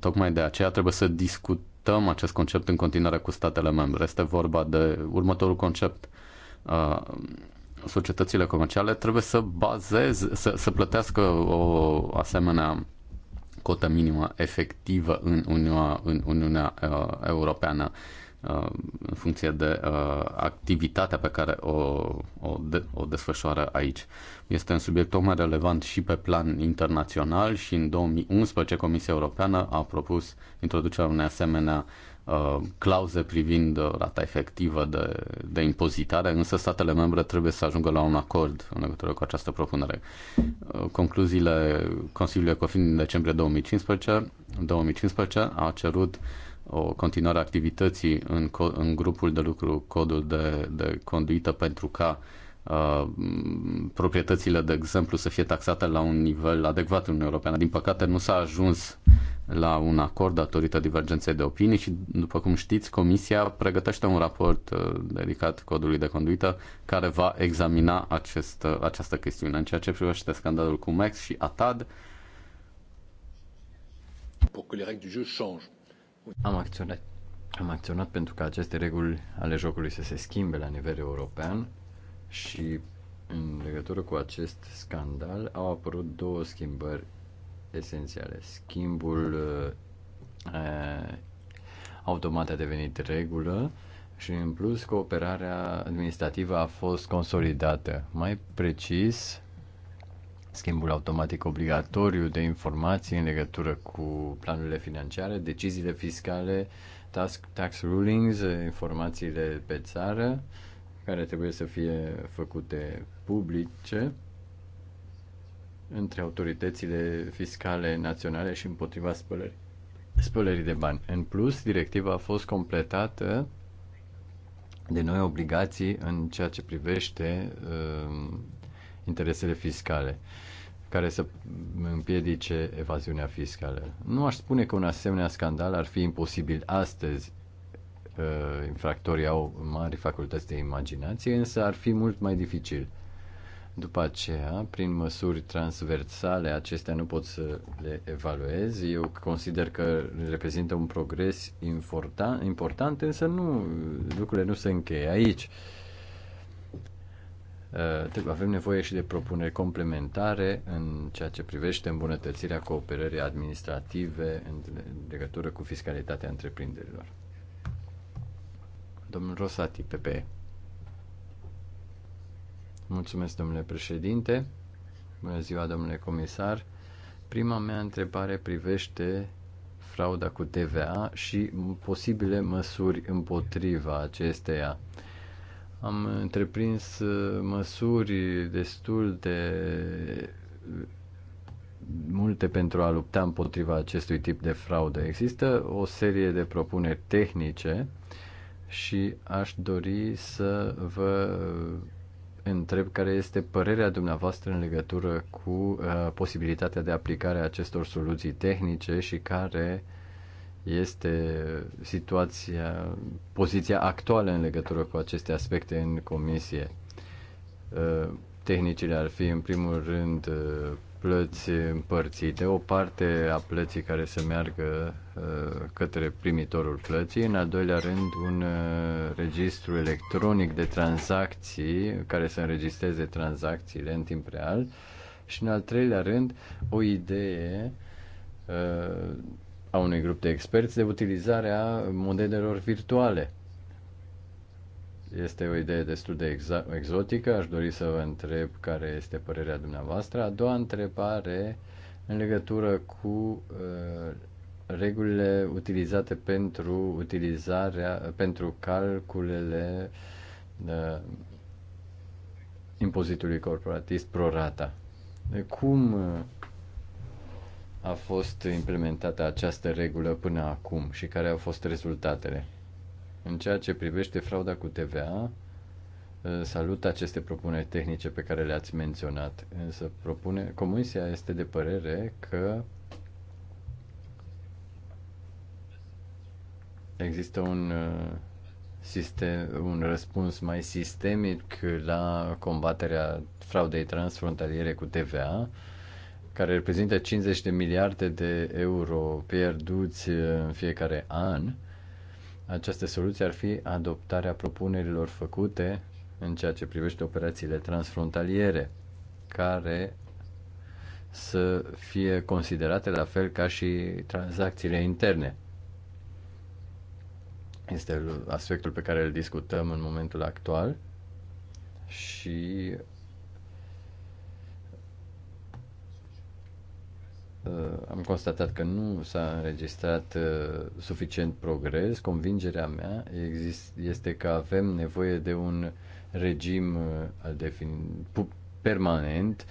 Tocmai de aceea trebuie să discutăm acest concept în continuare cu statele membre. Este vorba de următorul concept. Uh, societățile comerciale trebuie să bazeze, să, să plătească o asemenea cotă minimă efectivă în Uniunea, în Uniunea uh, Europeană uh, în funcție de uh, activitatea pe care o, o, de, o desfășoară aici. Este un subiect mai relevant și pe plan internațional și în 2011 Comisia Europeană a propus introducerea unei asemenea uh, Uh, clauze privind uh, rata efectivă de, de impozitare, însă statele membre trebuie să ajungă la un acord în legătură cu această propunere. Uh, concluziile Consiliului Ecofin din decembrie 2015, 2015 a cerut o continuare a activității în, în grupul de lucru codul de, de conduită pentru ca Uh, proprietățile, de exemplu, să fie taxate la un nivel adecvat în Europeană. Din păcate, nu s-a ajuns la un acord datorită divergenței de opinii și, după cum știți, Comisia pregătește un raport uh, dedicat codului de conduită care va examina acest, uh, această chestiune. În ceea ce privește scandalul cu Max și ATAD, am acționat. Am acționat pentru ca aceste reguli ale jocului să se schimbe la nivel european și în legătură cu acest scandal au apărut două schimbări esențiale. Schimbul uh, automat a devenit regulă și în plus cooperarea administrativă a fost consolidată. Mai precis, schimbul automatic obligatoriu de informații în legătură cu planurile financiare, deciziile fiscale, tax, tax rulings, informațiile pe țară, care trebuie să fie făcute publice între autoritățile fiscale naționale și împotriva spălării, spălării de bani. În plus, directiva a fost completată de noi obligații în ceea ce privește uh, interesele fiscale care să împiedice evaziunea fiscală. Nu aș spune că un asemenea scandal ar fi imposibil astăzi. Uh, infractorii au mari facultăți de imaginație, însă ar fi mult mai dificil. După aceea, prin măsuri transversale, acestea nu pot să le evaluez. Eu consider că reprezintă un progres important, important însă nu, lucrurile nu se încheie aici. Uh, avem nevoie și de propuneri complementare în ceea ce privește îmbunătățirea cooperării administrative în legătură cu fiscalitatea întreprinderilor. Domnul Rosati, PPE. Mulțumesc, domnule președinte. Bună ziua, domnule comisar. Prima mea întrebare privește frauda cu TVA și posibile măsuri împotriva acesteia. Am întreprins uh, măsuri destul de multe pentru a lupta împotriva acestui tip de fraudă. Există o serie de propuneri tehnice și aș dori să vă întreb care este părerea dumneavoastră în legătură cu uh, posibilitatea de aplicare a acestor soluții tehnice și care este situația, poziția actuală în legătură cu aceste aspecte în comisie. Uh, tehnicile ar fi, în primul rând, uh, plăți împărțite, o parte a plății care să meargă uh, către primitorul plății, în al doilea rând un uh, registru electronic de tranzacții care să înregistreze tranzacțiile în timp real și în al treilea rând o idee uh, a unui grup de experți de utilizarea modelelor virtuale este o idee destul de exotică. Aș dori să vă întreb care este părerea dumneavoastră. A doua întrebare în legătură cu uh, regulile utilizate pentru utilizarea, pentru calculele uh, impozitului corporatist prorata. Cum uh, a fost implementată această regulă până acum și care au fost rezultatele? În ceea ce privește frauda cu TVA, ă, salut aceste propuneri tehnice pe care le-ați menționat, însă propune, Comisia este de părere că există un ă, sistem, un răspuns mai sistemic la combaterea fraudei transfrontaliere cu TVA, care reprezintă 50 de miliarde de euro pierduți ă, în fiecare an această soluție ar fi adoptarea propunerilor făcute în ceea ce privește operațiile transfrontaliere, care să fie considerate la fel ca și tranzacțiile interne. Este aspectul pe care îl discutăm în momentul actual și Uh, am constatat că nu s-a înregistrat uh, suficient progres. Convingerea mea este că avem nevoie de un regim uh, permanent.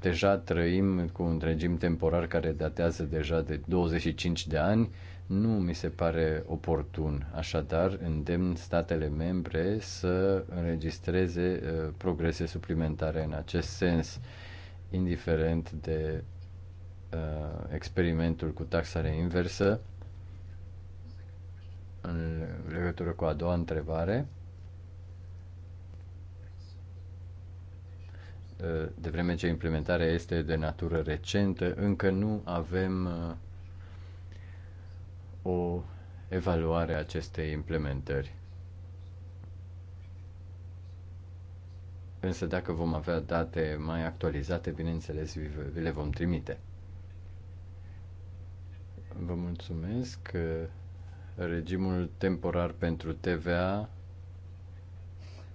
Deja trăim cu un regim temporar care datează deja de 25 de ani. Nu mi se pare oportun. Așadar, îndemn statele membre să înregistreze progrese suplimentare în acest sens indiferent de Uh, experimentul cu taxare inversă în legătură cu a doua întrebare. Uh, de vreme ce implementarea este de natură recentă, încă nu avem uh, o evaluare a acestei implementări. Însă dacă vom avea date mai actualizate, bineînțeles, vi le vom trimite. Vă mulțumesc. Regimul temporar pentru TVA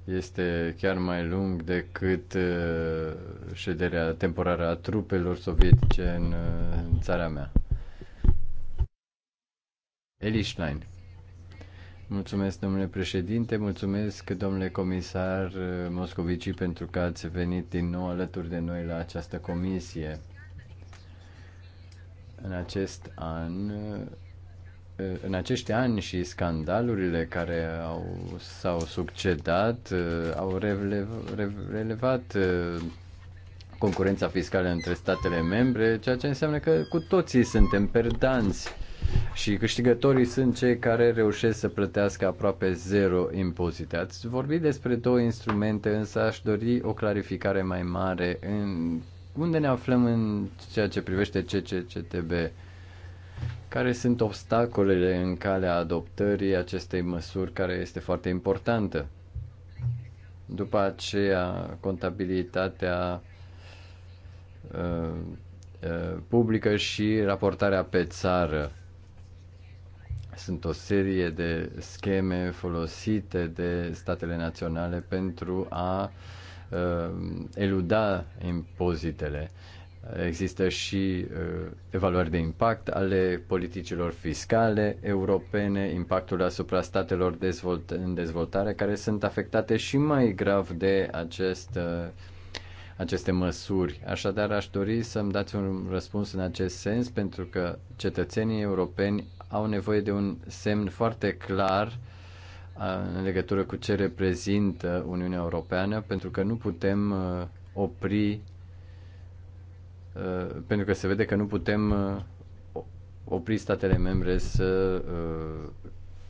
este chiar mai lung decât uh, șederea temporară a trupelor sovietice în, uh, în țara mea. Eli Schlein. Mulțumesc, domnule președinte, mulțumesc, domnule comisar uh, Moscovici, pentru că ați venit din nou alături de noi la această comisie în acest an eh, în acești ani și scandalurile care au, s-au succedat eh, au relevat, relevat eh, concurența fiscală între statele membre, ceea ce înseamnă că cu toții suntem perdanți și câștigătorii sunt cei care reușesc să plătească aproape zero impozite. Ați vorbit despre două instrumente, însă aș dori o clarificare mai mare în unde ne aflăm în ceea ce privește CCCTB? Care sunt obstacolele în calea adoptării acestei măsuri care este foarte importantă? După aceea, contabilitatea uh, uh, publică și raportarea pe țară. Sunt o serie de scheme folosite de statele naționale pentru a uh, Uh, eluda impozitele. Există și uh, evaluări de impact ale politicilor fiscale europene, impactul asupra statelor dezvolt- în dezvoltare, care sunt afectate și mai grav de acest, uh, aceste măsuri. Așadar, aș dori să-mi dați un răspuns în acest sens, pentru că cetățenii europeni au nevoie de un semn foarte clar în legătură cu ce reprezintă Uniunea Europeană, pentru că nu putem uh, opri, uh, pentru că se vede că nu putem uh, opri statele membre să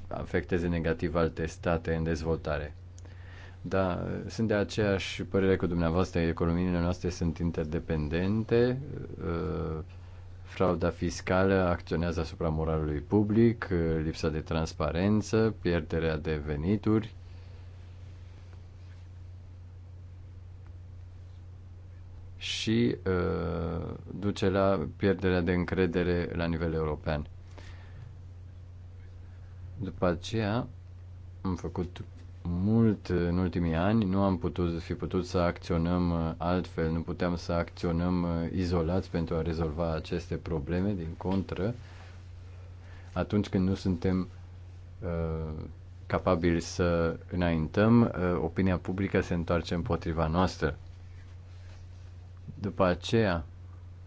afecteze negativ alte state în dezvoltare. Da, sunt de aceeași părere cu dumneavoastră. Economiile noastre sunt interdependente. Uh, Frauda fiscală acționează asupra moralului public, lipsa de transparență, pierderea de venituri. și uh, duce la pierderea de încredere la nivel european. După aceea am făcut mult în ultimii ani, nu am putut fi putut să acționăm uh, altfel, nu puteam să acționăm uh, izolați pentru a rezolva aceste probleme, din contră, atunci când nu suntem uh, capabili să înaintăm, uh, opinia publică se întoarce împotriva noastră. După aceea,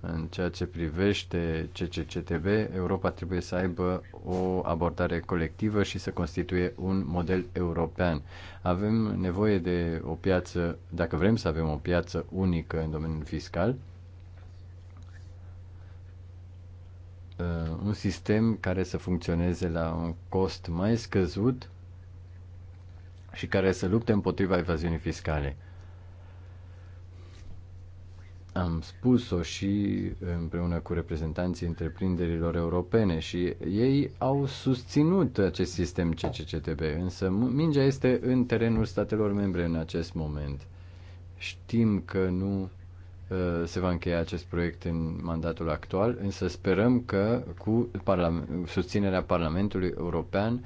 în ceea ce privește CCCTB, Europa trebuie să aibă o abordare colectivă și să constituie un model european. Avem nevoie de o piață, dacă vrem să avem o piață unică în domeniul fiscal, uh, un sistem care să funcționeze la un cost mai scăzut și care să lupte împotriva evaziunii fiscale. Am spus-o și împreună cu reprezentanții întreprinderilor europene și ei au susținut acest sistem CCCTB, însă mingea este în terenul statelor membre în acest moment. Știm că nu uh, se va încheia acest proiect în mandatul actual, însă sperăm că cu susținerea Parlamentului European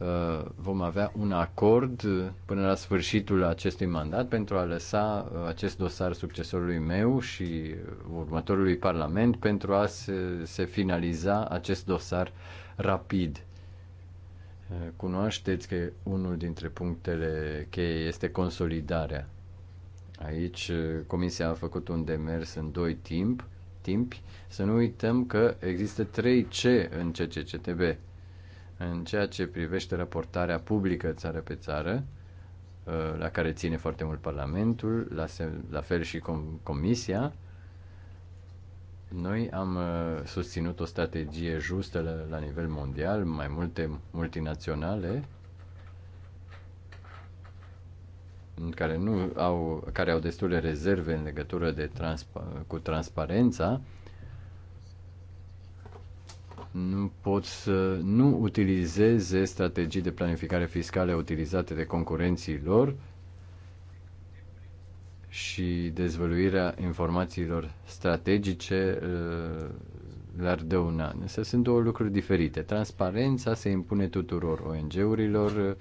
Uh, vom avea un acord uh, până la sfârșitul acestui mandat pentru a lăsa uh, acest dosar succesorului meu și următorului Parlament pentru a se, se finaliza acest dosar rapid. Cunoașteți că unul dintre punctele cheie este consolidarea. Aici Comisia a făcut un demers în doi timp, timpi. Să nu uităm că există 3C în CCCTB în ceea ce privește raportarea publică țară pe țară, uh, la care ține foarte mult Parlamentul, la, la fel și com- Comisia, noi am uh, susținut o strategie justă la, la nivel mondial, mai multe multinaționale care nu au, care au destule rezerve în legătură de transpa- cu transparența, nu pot să nu utilizeze strategii de planificare fiscală utilizate de concurenții lor și dezvăluirea informațiilor strategice uh, le-ar dăuna. Însă sunt două lucruri diferite. Transparența se impune tuturor ONG-urilor, uh,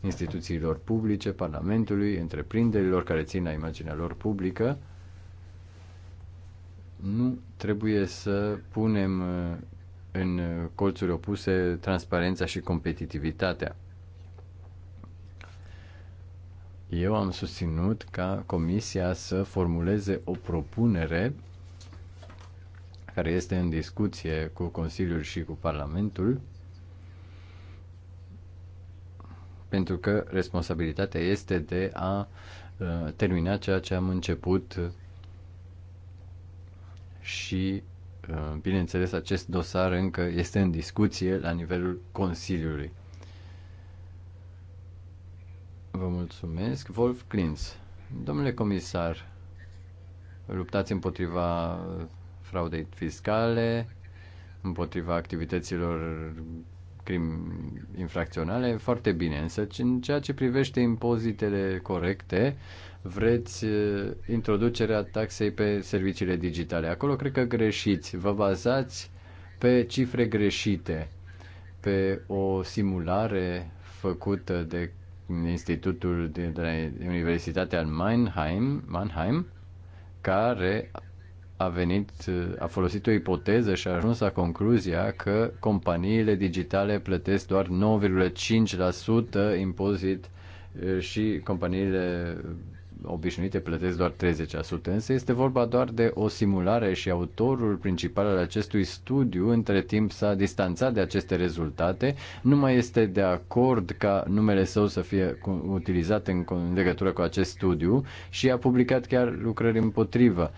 instituțiilor publice, Parlamentului, întreprinderilor care țin la imaginea lor publică. Nu trebuie să punem uh, în uh, colțuri opuse transparența și competitivitatea. Eu am susținut ca Comisia să formuleze o propunere care este în discuție cu Consiliul și cu Parlamentul, pentru că responsabilitatea este de a uh, termina ceea ce am început și Uh, bineînțeles, acest dosar încă este în discuție la nivelul Consiliului. Vă mulțumesc. Wolf Klins. Domnule comisar, luptați împotriva fraudei fiscale, împotriva activităților crim infracționale, foarte bine. Însă, în ceea ce privește impozitele corecte, vreți introducerea taxei pe serviciile digitale. Acolo cred că greșiți. Vă bazați pe cifre greșite, pe o simulare făcută de Institutul de, de la Universitatea Mannheim, Mannheim, care a venit, a folosit o ipoteză și a ajuns la concluzia că companiile digitale plătesc doar 9,5% impozit și companiile obișnuite plătesc doar 30%, însă este vorba doar de o simulare și autorul principal al acestui studiu între timp s-a distanțat de aceste rezultate, nu mai este de acord ca numele său să fie utilizat în legătură cu acest studiu și a publicat chiar lucrări împotrivă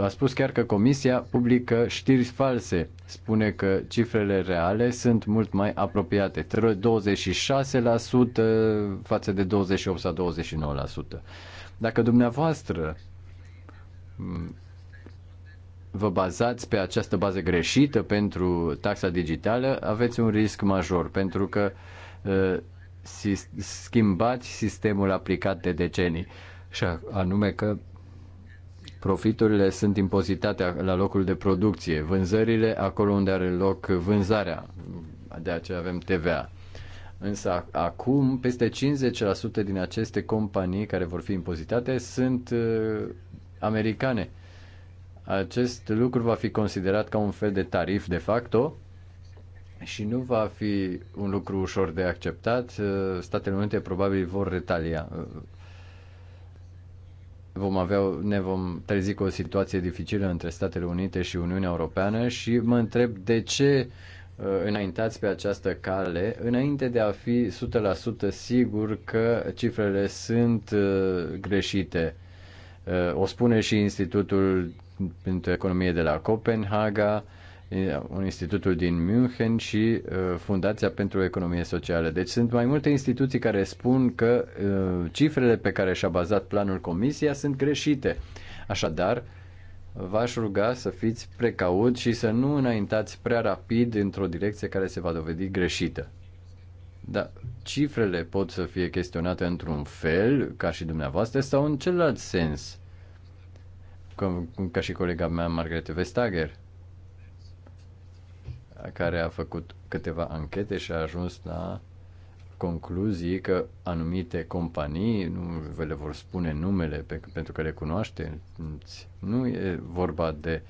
a spus chiar că Comisia publică știri false. Spune că cifrele reale sunt mult mai apropiate, 26% față de 28 sau 29%. Dacă dumneavoastră vă bazați pe această bază greșită pentru taxa digitală, aveți un risc major, pentru că schimbați sistemul aplicat de decenii. Și anume că Profiturile sunt impozitate la locul de producție, vânzările acolo unde are loc vânzarea, de aceea avem TVA. Însă acum peste 50% din aceste companii care vor fi impozitate sunt uh, americane. Acest lucru va fi considerat ca un fel de tarif de facto și nu va fi un lucru ușor de acceptat. Uh, Statele Unite probabil vor retalia, uh, vom avea, ne vom trezi cu o situație dificilă între Statele Unite și Uniunea Europeană și mă întreb de ce uh, înaintați pe această cale înainte de a fi 100% sigur că cifrele sunt uh, greșite. Uh, o spune și Institutul pentru Economie de la Copenhaga, un institutul din München și uh, Fundația pentru Economie Socială. Deci sunt mai multe instituții care spun că uh, cifrele pe care și-a bazat planul Comisia sunt greșite. Așadar, v-aș ruga să fiți precaut și să nu înaintați prea rapid într-o direcție care se va dovedi greșită. Da, cifrele pot să fie chestionate într-un fel, ca și dumneavoastră, sau în celălalt sens, ca, ca și colega mea, Margarete Vestager care a făcut câteva anchete și a ajuns la concluzii că anumite companii, nu vă le vor spune numele pe, pentru că le cunoaște, nu e vorba de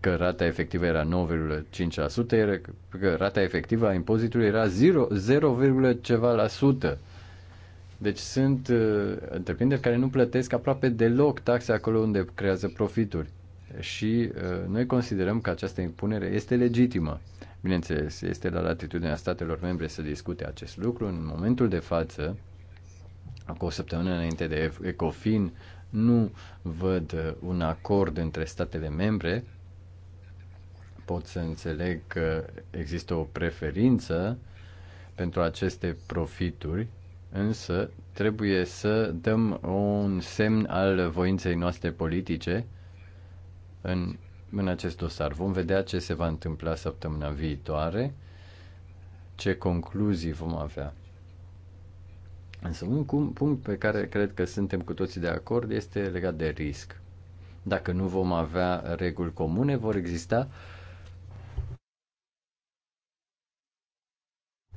că rata efectivă era 9,5%, era că rata efectivă a impozitului era 0, 0, ceva la sută. Deci sunt uh, întreprinderi care nu plătesc aproape deloc taxe acolo unde creează profituri. Și uh, noi considerăm că această impunere este legitimă. Bineînțeles, este la latitudinea statelor membre să discute acest lucru. În momentul de față, cu o săptămână înainte de ECOFIN, nu văd uh, un acord între statele membre. Pot să înțeleg că există o preferință pentru aceste profituri, însă trebuie să dăm un semn al voinței noastre politice în în acest dosar. Vom vedea ce se va întâmpla săptămâna viitoare, ce concluzii vom avea. Însă un punct pe care cred că suntem cu toții de acord este legat de risc. Dacă nu vom avea reguli comune, vor exista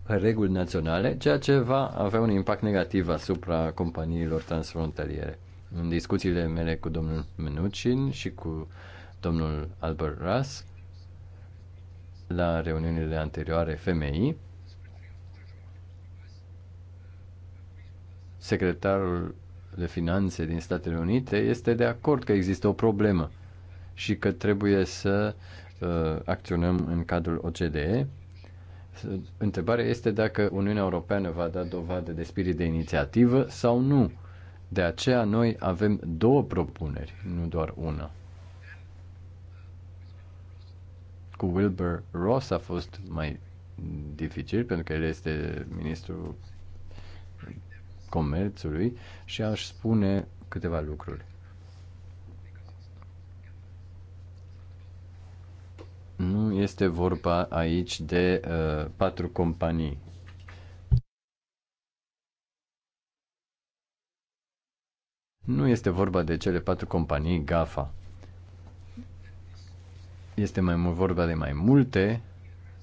reguli naționale, ceea ce va avea un impact negativ asupra companiilor transfrontaliere. În discuțiile mele cu domnul Menucin și cu domnul Albert Russ la reuniunile anterioare FMI. Secretarul de Finanțe din Statele Unite este de acord că există o problemă și că trebuie să uh, acționăm în cadrul OCDE. Întrebarea este dacă Uniunea Europeană va da dovadă de spirit de inițiativă sau nu. De aceea noi avem două propuneri, nu doar una. cu Wilbur Ross a fost mai dificil pentru că el este ministrul comerțului și aș spune câteva lucruri. Nu este vorba aici de uh, patru companii. Nu este vorba de cele patru companii GAFA este mai mult vorba de mai multe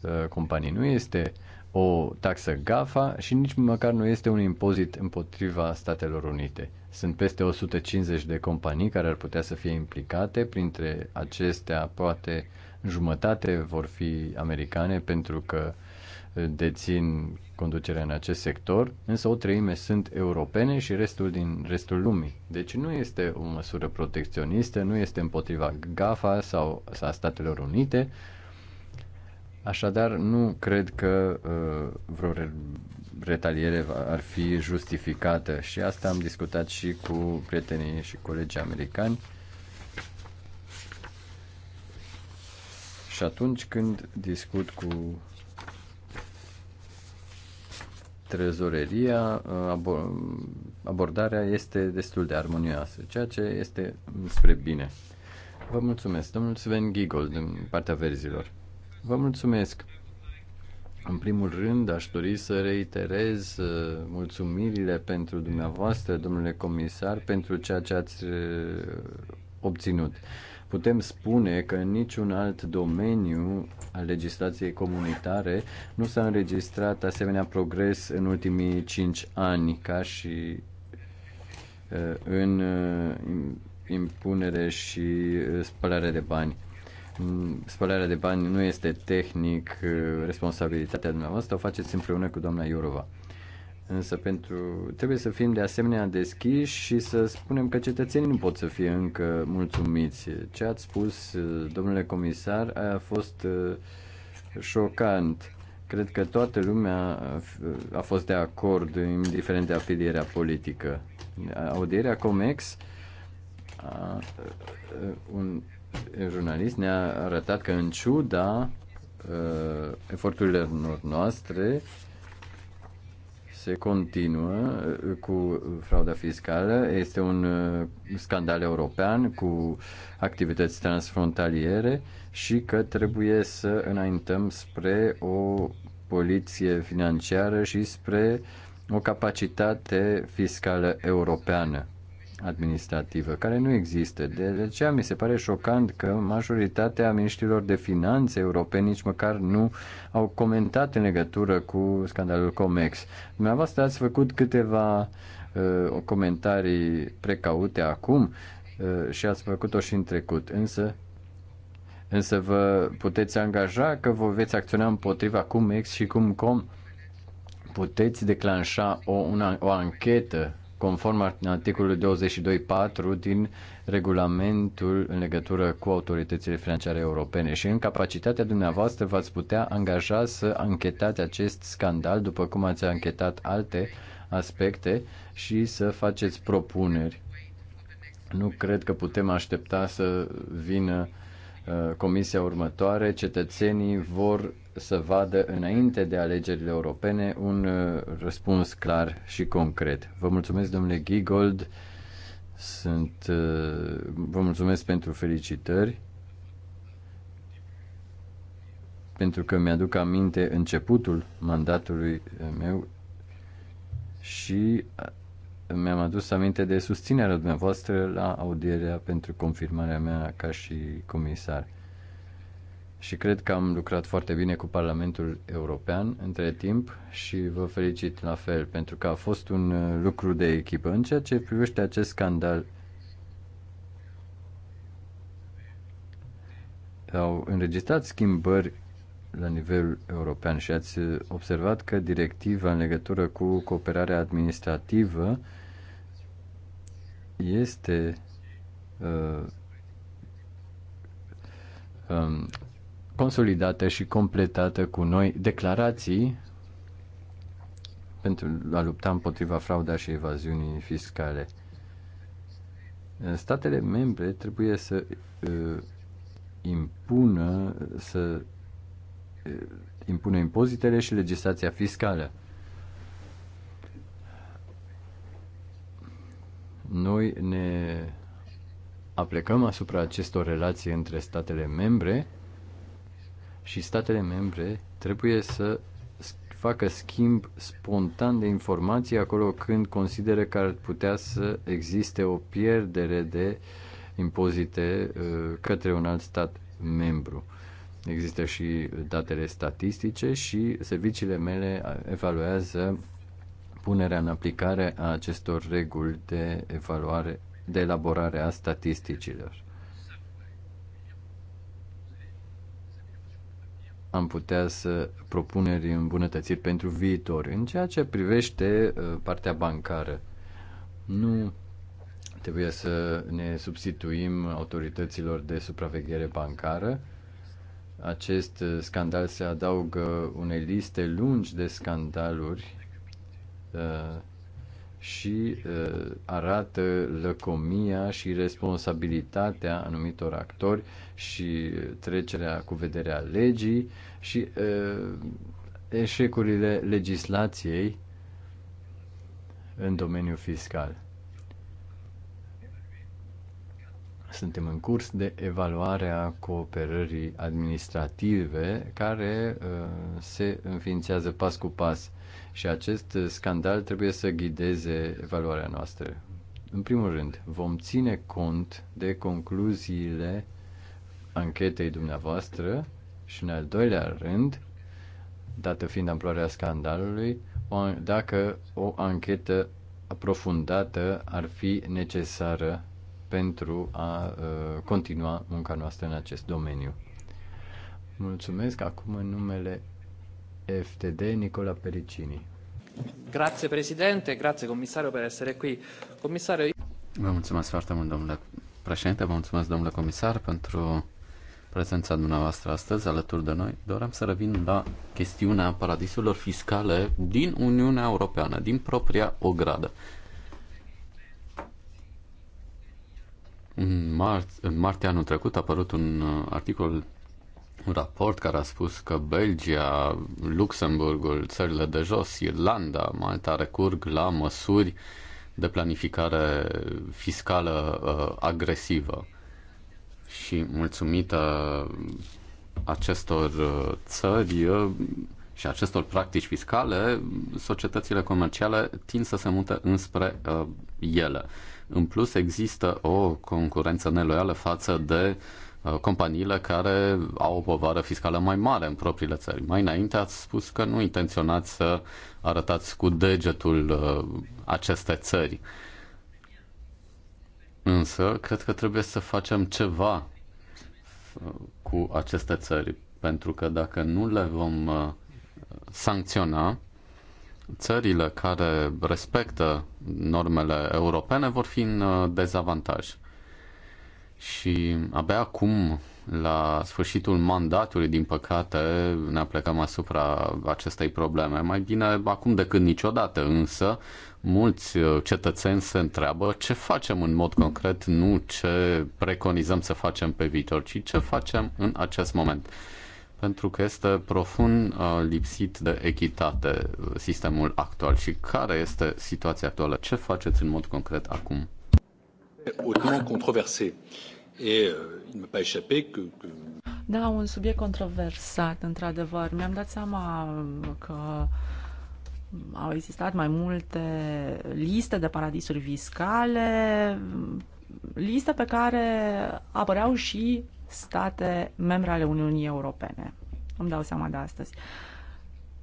uh, companii. Nu este o taxă GAFA și nici măcar nu este un impozit împotriva Statelor Unite. Sunt peste 150 de companii care ar putea să fie implicate, printre acestea poate jumătate vor fi americane pentru că uh, dețin conducerea în acest sector, însă o treime sunt europene și restul din restul lumii. Deci nu este o măsură protecționistă, nu este împotriva GAFA sau, sau a Statelor Unite. Așadar, nu cred că uh, vreo retaliere ar fi justificată și asta am discutat și cu prietenii și colegii americani. Și atunci când discut cu trezoreria, uh, abordarea este destul de armonioasă, ceea ce este spre bine. Vă mulțumesc, domnul Sven Gigol, din partea verzilor. Vă mulțumesc. În primul rând, aș dori să reiterez uh, mulțumirile pentru dumneavoastră, domnule comisar, pentru ceea ce ați uh, obținut. Putem spune că în niciun alt domeniu al legislației comunitare nu s-a înregistrat asemenea progres în ultimii cinci ani, ca și uh, în uh, impunere și uh, spălare de bani. Mm, spălarea de bani nu este tehnic responsabilitatea dumneavoastră, o faceți împreună cu doamna Iurova. Însă pentru, trebuie să fim de asemenea deschiși și să spunem că cetățenii nu pot să fie încă mulțumiți. Ce ați spus, domnule comisar, a fost uh, șocant. Cred că toată lumea uh, a fost de acord, indiferent de afilierea politică. Audierea COMEX, a, uh, un jurnalist ne-a arătat că în ciuda eforturilor noastre, se continuă uh, cu frauda fiscală. Este un uh, scandal european cu activități transfrontaliere și că trebuie să înaintăm spre o poliție financiară și spre o capacitate fiscală europeană administrativă, care nu există. De aceea mi se pare șocant că majoritatea ministrilor de finanțe europeni nici măcar nu au comentat în legătură cu scandalul COMEX. Dumneavoastră ați făcut câteva uh, comentarii precaute acum uh, și ați făcut-o și în trecut, însă însă vă puteți angaja că vă veți acționa împotriva COMEX și cum com puteți declanșa o, una, o anchetă conform articolului 22.4 din regulamentul în legătură cu autoritățile financiare europene și în capacitatea dumneavoastră v-ați putea angaja să anchetați acest scandal după cum ați anchetat alte aspecte și să faceți propuneri. Nu cred că putem aștepta să vină uh, comisia următoare. Cetățenii vor să vadă înainte de alegerile europene un uh, răspuns clar și concret. Vă mulțumesc, domnule Gigold. Sunt, uh, vă mulțumesc pentru felicitări pentru că mi-aduc aminte începutul mandatului uh, meu și mi-am adus aminte de susținerea dumneavoastră la audierea pentru confirmarea mea ca și comisar și cred că am lucrat foarte bine cu Parlamentul European între timp și vă felicit la fel pentru că a fost un uh, lucru de echipă. În ceea ce privește acest scandal, au înregistrat schimbări la nivel european și ați uh, observat că directiva în legătură cu cooperarea administrativă este uh, um, consolidată și completată cu noi declarații pentru a lupta împotriva frauda și evaziunii fiscale. Statele membre trebuie să uh, impună să uh, impună impozitele și legislația fiscală. Noi ne aplicăm asupra acestor relații între statele membre și statele membre trebuie să facă schimb spontan de informații acolo când consideră că ar putea să existe o pierdere de impozite uh, către un alt stat membru. Există și datele statistice și serviciile mele uh, evaluează punerea în aplicare a acestor reguli de evaluare, de elaborare a statisticilor. am putea să propuneri îmbunătățiri pentru viitor. În ceea ce privește uh, partea bancară, nu trebuie să ne substituim autorităților de supraveghere bancară. Acest uh, scandal se adaugă unei liste lungi de scandaluri uh, și uh, arată lăcomia și responsabilitatea anumitor actori și trecerea cu vederea legii și uh, eșecurile legislației în domeniul fiscal. Suntem în curs de evaluare a cooperării administrative care uh, se înființează pas cu pas și acest scandal trebuie să ghideze evaluarea noastră. În primul rând, vom ține cont de concluziile anchetei dumneavoastră și, în al doilea rând, dată fiind amploarea scandalului, o, dacă o anchetă aprofundată ar fi necesară pentru a uh, continua munca noastră în acest domeniu. Mulțumesc acum în numele FTD Nicola Pericini. Grazie Presidente, grazie Commissario per essere qui. Commissario... Vă mulțumesc foarte mult, domnule președinte, vă mulțumesc, domnule comisar, pentru prezența dumneavoastră astăzi alături de noi. Doream să revin la chestiunea paradisurilor fiscale din Uniunea Europeană, din propria ogradă. În, mar- în martie anul trecut a apărut un uh, articol un raport care a spus că Belgia, Luxemburgul, țările de jos, Irlanda, Malta recurg la măsuri de planificare fiscală uh, agresivă. Și mulțumită acestor uh, țări uh, și acestor practici fiscale, societățile comerciale tind să se mute înspre uh, ele. În plus, există o concurență neloială față de uh, Uh, companiile care au o povară fiscală mai mare în propriile țări. Mai înainte ați spus că nu intenționați să arătați cu degetul uh, aceste țări. Însă, cred că trebuie să facem ceva uh, cu aceste țări, pentru că dacă nu le vom sancționa, țările care respectă normele europene vor fi în dezavantaj și abia acum, la sfârșitul mandatului, din păcate, ne aplecăm asupra acestei probleme. Mai bine acum decât niciodată, însă mulți uh, cetățeni se întreabă ce facem în mod concret, nu ce preconizăm să facem pe viitor, ci ce facem în acest moment. Pentru că este profund uh, lipsit de echitate uh, sistemul actual și care este situația actuală. Ce faceți în mod concret acum? hautement controversé. Et euh, il ne m'a pas échappé que, que... Da, un subiect controversat, într-adevăr. Mi-am dat seama uh, că um, au existat mai multe liste de paradisuri fiscale, liste pe care apăreau și state membre ale Uniunii Europene. Îmi dau seama de astăzi. Uh,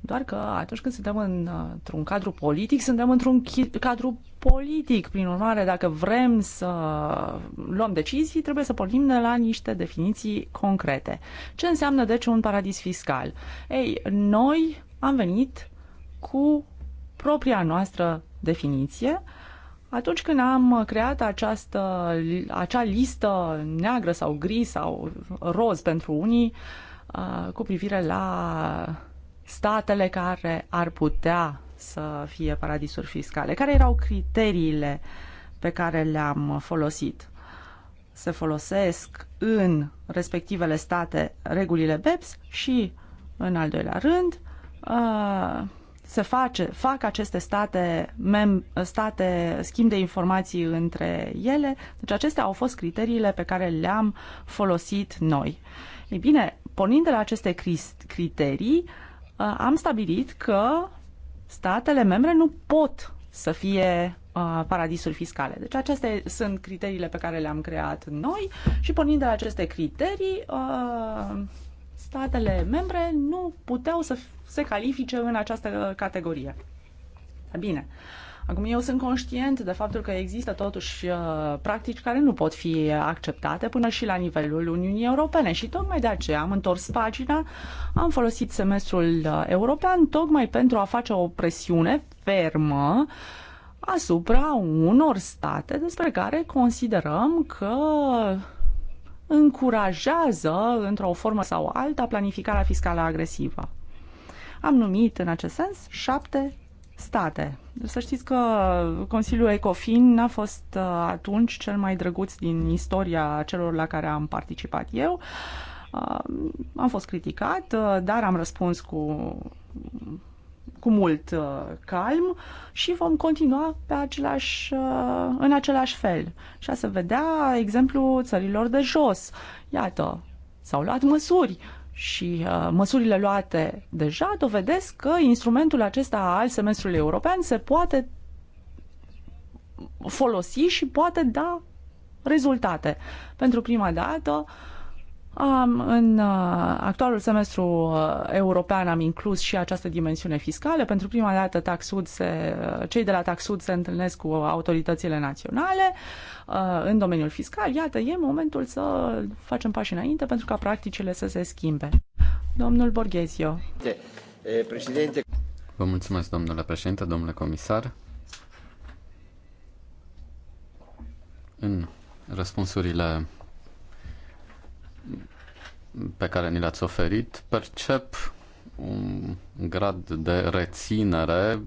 doar că atunci când suntem într-un cadru politic, suntem într-un cadru politic. Prin urmare, dacă vrem să luăm decizii, trebuie să pornim de la niște definiții concrete. Ce înseamnă, deci, un paradis fiscal? Ei, noi am venit cu propria noastră definiție atunci când am creat această, acea listă neagră sau gri sau roz pentru unii uh, cu privire la statele care ar putea să fie paradisuri fiscale. Care erau criteriile pe care le-am folosit? Se folosesc în respectivele state regulile BEPS și, în al doilea rând, uh, se face, fac aceste state, mem, state schimb de informații între ele. Deci acestea au fost criteriile pe care le-am folosit noi. Ei bine, pornind de la aceste criterii, Uh, am stabilit că statele membre nu pot să fie uh, paradisuri fiscale. Deci acestea sunt criteriile pe care le-am creat noi și pornind de la aceste criterii, uh, statele membre nu puteau să se califice în această categorie. Bine. Uh, Acum, eu sunt conștient de faptul că există totuși uh, practici care nu pot fi acceptate până și la nivelul Uniunii Europene și tocmai de aceea am întors pagina, am folosit semestrul uh, european tocmai pentru a face o presiune fermă asupra unor state despre care considerăm că încurajează, într-o formă sau alta, planificarea fiscală agresivă. Am numit în acest sens șapte state. Să știți că Consiliul Ecofin n-a fost uh, atunci cel mai drăguț din istoria celor la care am participat eu. Uh, am fost criticat, uh, dar am răspuns cu cu mult uh, calm și vom continua pe același, uh, în același fel. Și a se vedea exemplul țărilor de jos. Iată, s-au luat măsuri. Uh, și uh, măsurile luate deja dovedesc că instrumentul acesta al semestrului european se poate folosi și poate da rezultate. Pentru prima dată, uh, am, în uh, actualul semestru uh, european am inclus și această dimensiune fiscală. Pentru prima dată taxud se, uh, cei de la Taxud se întâlnesc cu autoritățile naționale uh, în domeniul fiscal. Iată, e momentul să facem pași înainte pentru ca practicile să se schimbe. Domnul Borghezio. Președinte. Vă mulțumesc, domnule președinte, domnule comisar. În răspunsurile pe care ni le-ați oferit, percep un grad de reținere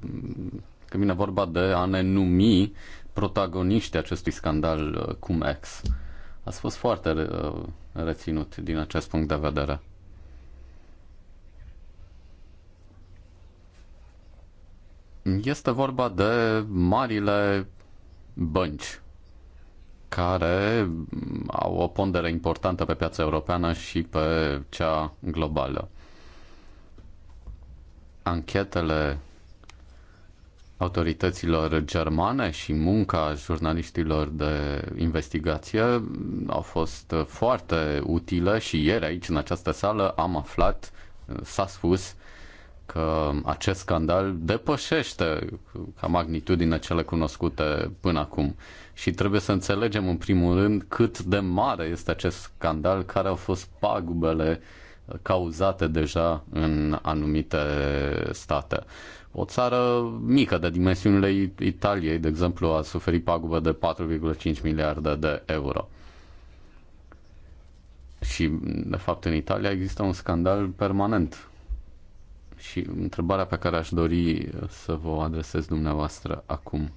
când vine vorba de a ne numi protagoniștii acestui scandal uh, cum ex. Ați fost foarte uh, reținut din acest punct de vedere. Este vorba de marile bănci care mm, au o pondere importantă pe piața europeană și pe cea globală. Anchetele autorităților germane și munca jurnaliștilor de investigație mm, au fost foarte utile și ieri aici în această sală am aflat, s-a spus că acest scandal depășește ca magnitudine cele cunoscute până acum și trebuie să înțelegem în primul rând cât de mare este acest scandal, care au fost pagubele cauzate deja în anumite state. O țară mică de dimensiunile Italiei, de exemplu, a suferit pagubă de 4,5 miliarde de euro. Și, de fapt, în Italia există un scandal permanent. Și întrebarea pe care aș dori să vă adresez dumneavoastră acum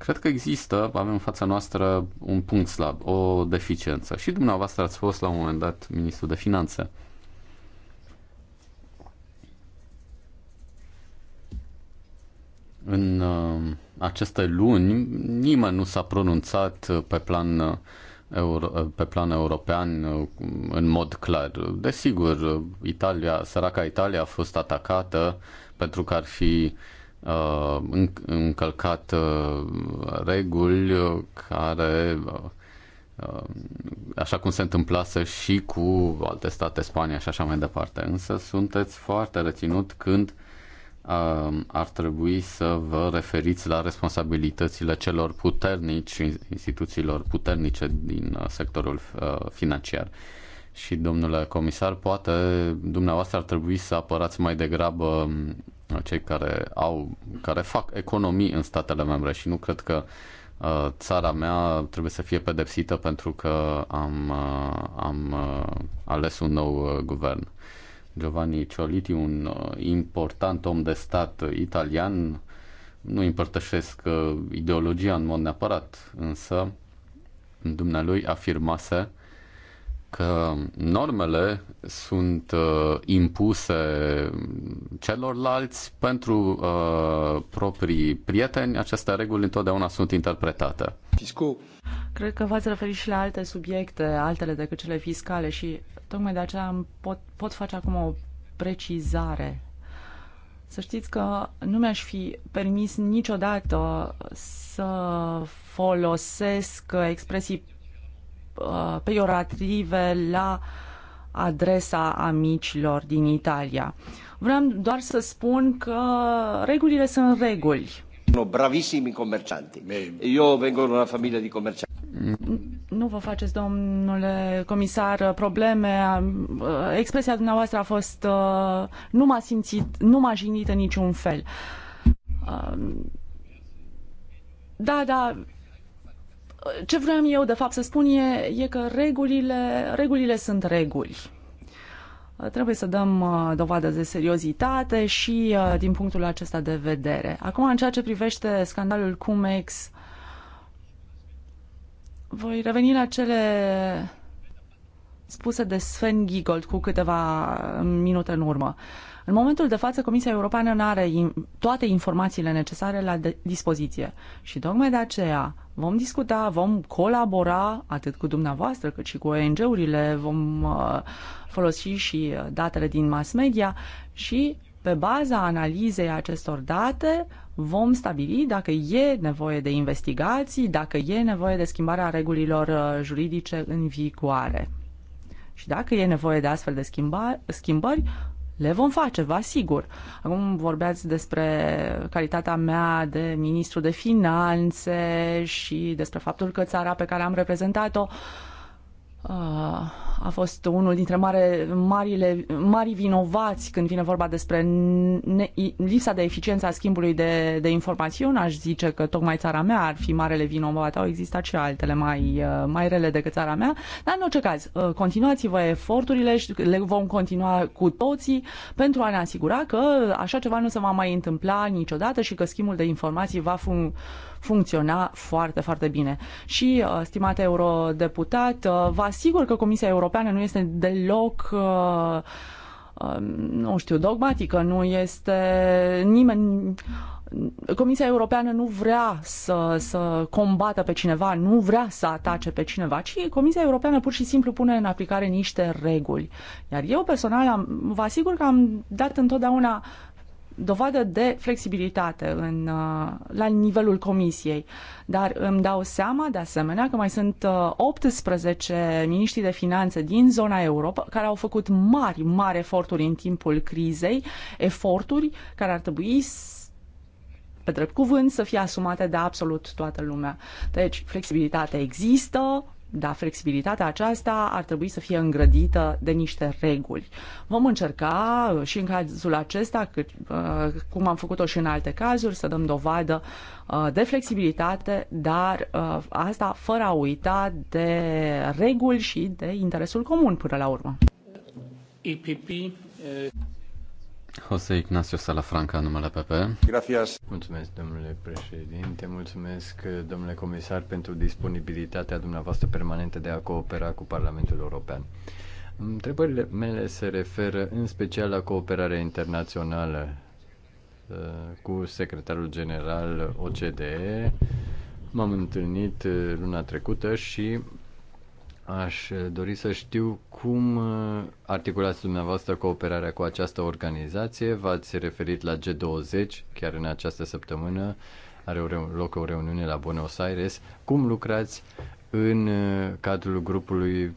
Cred că există, avem în fața noastră un punct slab, o deficiență. Și dumneavoastră ați fost la un moment dat ministru de finanțe. În uh, aceste luni nimeni nu s-a pronunțat pe plan uh, euro, uh, pe plan european uh, în mod clar. Desigur, Italia, săraca Italia a fost atacată pentru că ar fi uh, Uh, încălcat uh, reguli uh, care, așa cum se întâmplase și cu alte state, Spania și așa mai departe. Însă sunteți foarte reținut când ar trebui să vă referiți la responsabilitățile celor puternici, instituțiilor puternice din sectorul financiar. Și, domnule comisar, poate dumneavoastră ar trebui să apărați mai degrabă cei care au, care fac economii în statele membre și nu cred că uh, țara mea trebuie să fie pedepsită pentru că am, uh, am uh, ales un nou guvern. Giovanni Cioliti, un important om de stat italian, nu împărtășesc ideologia în mod neapărat, însă dumnealui afirmase că normele sunt uh, impuse celorlalți pentru uh, proprii prieteni, aceste reguli întotdeauna sunt interpretate. Fiscu. Cred că v-ați referit și la alte subiecte, altele decât cele fiscale și tocmai de aceea pot, pot face acum o precizare. Să știți că nu mi-aș fi permis niciodată să folosesc expresii Uh, peiorative la adresa amicilor din Italia. Vreau doar să spun că regulile sunt reguli. No, bravissimi comercianti. Eu vengo de da una familie di commercianti. Nu vă faceți, domnule comisar, probleme. Uh, expresia dumneavoastră a fost uh, nu m-a simțit, nu m-a jignit în niciun fel. Da, da, ce vreau eu, de fapt, să spun e, e că regulile, regulile sunt reguli. Trebuie să dăm uh, dovadă de seriozitate și uh, din punctul acesta de vedere. Acum, în ceea ce privește scandalul Cumex, voi reveni la cele spuse de Sven Giegold cu câteva uh, minute în urmă. În momentul de față, Comisia Europeană nu are toate informațiile necesare la dispoziție și tocmai de aceea vom discuta, vom colabora atât cu dumneavoastră cât și cu ONG-urile, vom uh, folosi și uh, datele din mass media și pe baza analizei acestor date vom stabili dacă e nevoie de investigații, dacă e nevoie de schimbarea regulilor juridice în vigoare. Și dacă e nevoie de astfel de schimba, schimbări, le vom face, vă asigur. Acum vorbeați despre calitatea mea de ministru de finanțe și despre faptul că țara pe care am reprezentat-o uh, Ah, a fost unul dintre mare, marile, mari vinovați când vine vorba despre ne, lipsa de eficiență a schimbului de, de informațiuni. Aș zice că tocmai țara mea ar fi marele vinovat. Au existat și altele mai, ah, mai rele decât țara mea. Dar în orice caz, ah, continuați-vă eforturile și le vom continua cu toții pentru a ne asigura că așa ceva nu se va mai întâmpla niciodată și că schimbul de informații va funcționa funcționa foarte, foarte bine. Și, uh, stimate eurodeputat, uh, vă asigur că Comisia Europeană nu este deloc uh, um, nu știu, dogmatică, nu este nimeni Comisia Europeană nu vrea să, să combată pe cineva, nu vrea să atace pe cineva, ci Comisia Europeană pur și simplu pune în aplicare niște reguli. Iar eu personal am, vă asigur că am dat întotdeauna dovadă de flexibilitate în, uh, la nivelul comisiei. Dar îmi dau seama, de asemenea, că mai sunt 18 uh, miniștri de finanțe din zona Europa care au făcut mari, mari eforturi în timpul crizei, eforturi care ar trebui pe drept cuvânt, să fie asumate de absolut toată lumea. Deci, flexibilitatea există, dar flexibilitatea aceasta ar trebui să fie îngrădită de niște reguli. Vom încerca uh, și în cazul acesta, uh, cum am făcut-o și în alte cazuri, să dăm dovadă uh, de flexibilitate, dar asta fără a uita de reguli și de interesul comun până la urmă. EPP, Jose Ignacio Salafranca, numele PP. Gracias. Mulțumesc, domnule președinte, mulțumesc, domnule comisar, pentru disponibilitatea dumneavoastră permanentă de a coopera cu Parlamentul European. Întrebările mele se referă în special la cooperarea internațională uh, cu secretarul general OCDE. M-am întâlnit uh, luna trecută și Aș eh, dori să știu cum eh, articulați dumneavoastră cooperarea cu această organizație. V-ați referit la G20 chiar în această săptămână. Are loc o reuniune la Buenos Aires. Cum lucrați în eh, cadrul grupului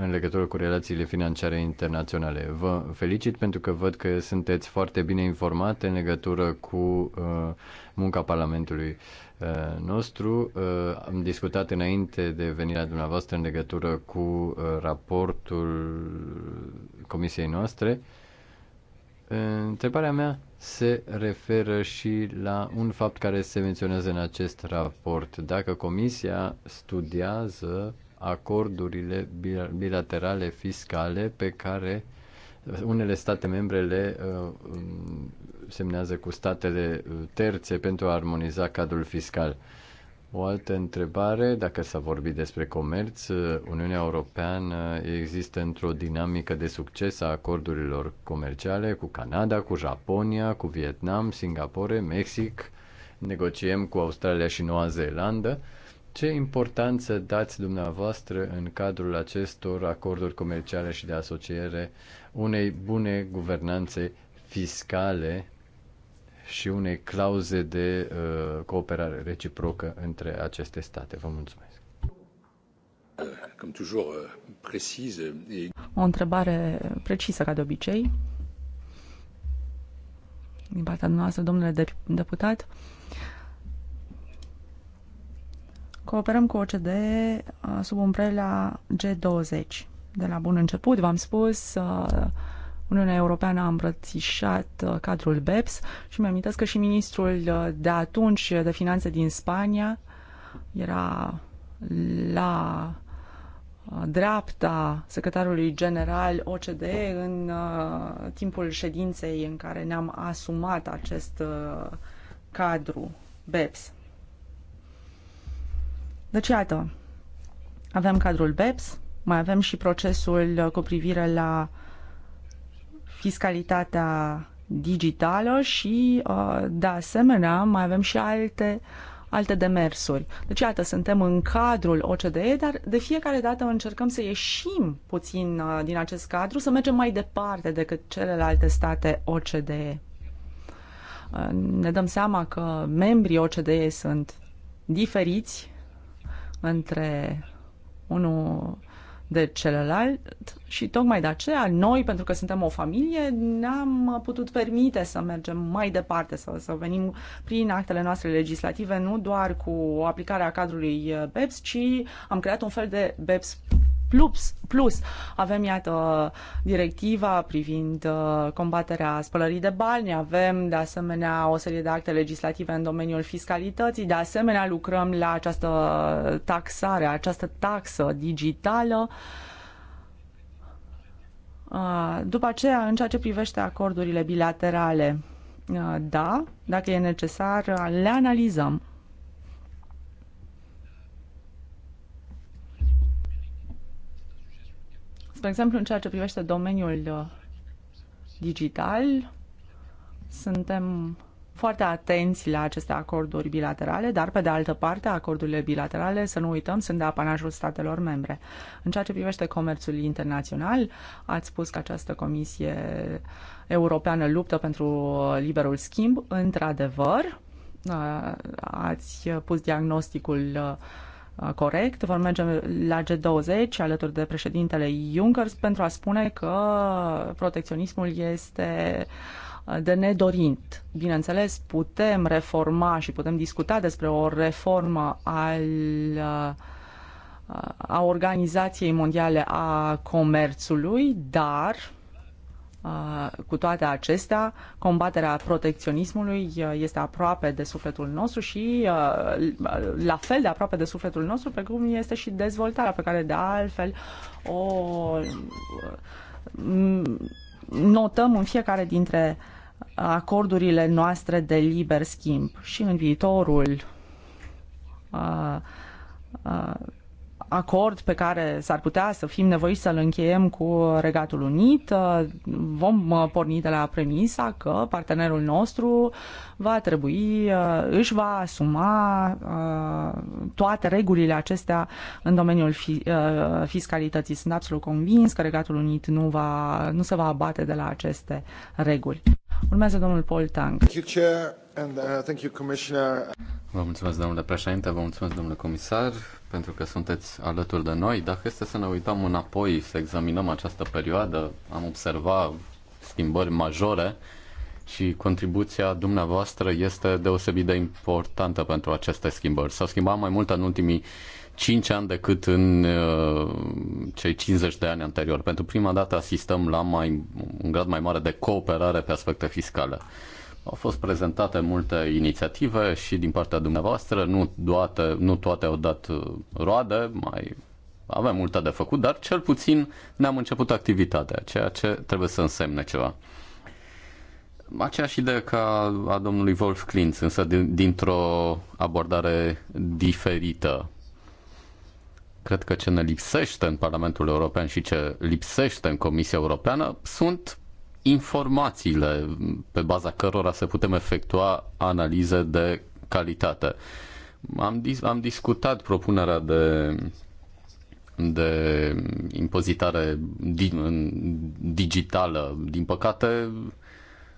în legătură cu relațiile financiare internaționale. Vă felicit pentru că văd că sunteți foarte bine informate în legătură cu munca Parlamentului Uh, nostru. Uh, am discutat înainte de venirea dumneavoastră în legătură cu uh, raportul comisiei noastre. Întrebarea mea se referă și la un fapt care se menționează în acest raport. Dacă comisia studiază acordurile bilaterale fiscale pe care unele state membre le semnează cu statele uh, terțe pentru a armoniza cadrul fiscal. O altă întrebare, dacă s-a vorbit despre comerț, uh, Uniunea Europeană există într-o dinamică de succes a acordurilor comerciale cu Canada, cu Japonia, cu Vietnam, Singapore, Mexic, negociem cu Australia și Noua Zeelandă. Ce importanță dați dumneavoastră în cadrul acestor acorduri comerciale și de asociere unei bune guvernanțe fiscale și unei clauze de uh, cooperare reciprocă între aceste state. Vă mulțumesc. Uh, o întrebare precisă, ca de obicei, din partea noastră, domnule deputat. Cooperăm cu OCD uh, sub umbrela G20. De la bun început, v-am spus, uh, Uniunea Europeană a îmbrățișat uh, cadrul BEPS și mi-amintesc că și ministrul uh, de atunci de finanțe din Spania era la uh, dreapta secretarului general OCDE în timpul ședinței în care ne-am asumat acest cadru BEPS. Deci, iată, avem cadrul BEPS, mai avem și procesul cu privire la uh, fiscalitatea digitală și, uh, de asemenea, mai avem și alte alte demersuri. Deci, iată, suntem în cadrul OCDE, dar de fiecare dată încercăm să ieșim puțin uh, din acest cadru, să mergem mai departe decât celelalte state OCDE. Uh, ne dăm seama că membrii OCDE sunt diferiți între unul de celălalt și tocmai de aceea noi, pentru că suntem o familie, ne-am putut permite să mergem mai departe, să, să venim prin actele noastre legislative, nu doar cu aplicarea cadrului eh, BEPS, ci am creat un fel de BEPS plus, plus. Avem, iată, directiva privind uh, combaterea spălării de bani, avem, de asemenea, o serie de acte legislative în domeniul fiscalității, de asemenea, lucrăm la această taxare, această taxă digitală. Uh, după aceea, în ceea ce privește acordurile bilaterale, uh, da, dacă e necesar, le analizăm. Spre exemplu, în ceea ce privește domeniul uh, digital, suntem foarte atenți la aceste acorduri bilaterale, dar pe de altă parte, acordurile bilaterale, să nu uităm, sunt de apanajul statelor membre. În ceea ce privește comerțul internațional, ați spus că această comisie europeană luptă pentru uh, liberul schimb, într-adevăr, uh, ați pus diagnosticul Uh, corect, vor merge la G20 alături de președintele Juncker pentru a spune că protecționismul este uh, de nedorint. Bineînțeles, putem reforma și putem discuta despre o reformă al uh, a Organizației Mondiale a Comerțului, dar Uh, cu toate acestea, combaterea protecționismului uh, este aproape de sufletul nostru și uh, la fel de aproape de sufletul nostru, precum este și dezvoltarea pe care de altfel o notăm în fiecare dintre acordurile noastre de liber schimb și în viitorul uh, uh, acord pe care s-ar putea să fim nevoiți să-l încheiem cu Regatul Unit, uh, vom uh, porni de la premisa că partenerul nostru va trebui, uh, își va asuma toate regulile acestea în domeniul fiscalității. Sunt absolut convins că Regatul Unit nu, va, nu se va abate de la aceste reguli. Urmează domnul Paul Tang. Vă mulțumesc, domnule președinte, vă mulțumesc, domnule comisar pentru că sunteți alături de noi. Dacă este să ne uităm înapoi, să examinăm această perioadă, am observat schimbări majore și contribuția dumneavoastră este deosebit de importantă pentru aceste schimbări. S-au schimbat mai mult în ultimii 5 ani decât în uh, cei 50 de ani anterior. Pentru prima dată asistăm la mai, un grad mai mare de cooperare pe aspecte fiscale. Au fost prezentate multe inițiative și din partea dumneavoastră, nu toate, nu toate au dat uh, roade, mai avem multe de făcut, dar cel puțin ne-am început activitatea, ceea ce trebuie să însemne ceva. Aceeași idee ca a domnului Wolf Klintz, însă dintr-o abordare diferită. Cred că ce ne lipsește în Parlamentul European și ce lipsește în Comisia Europeană sunt informațiile pe baza cărora să putem efectua analize de calitate. Am, dis- am discutat propunerea de de impozitare digitală. Din păcate,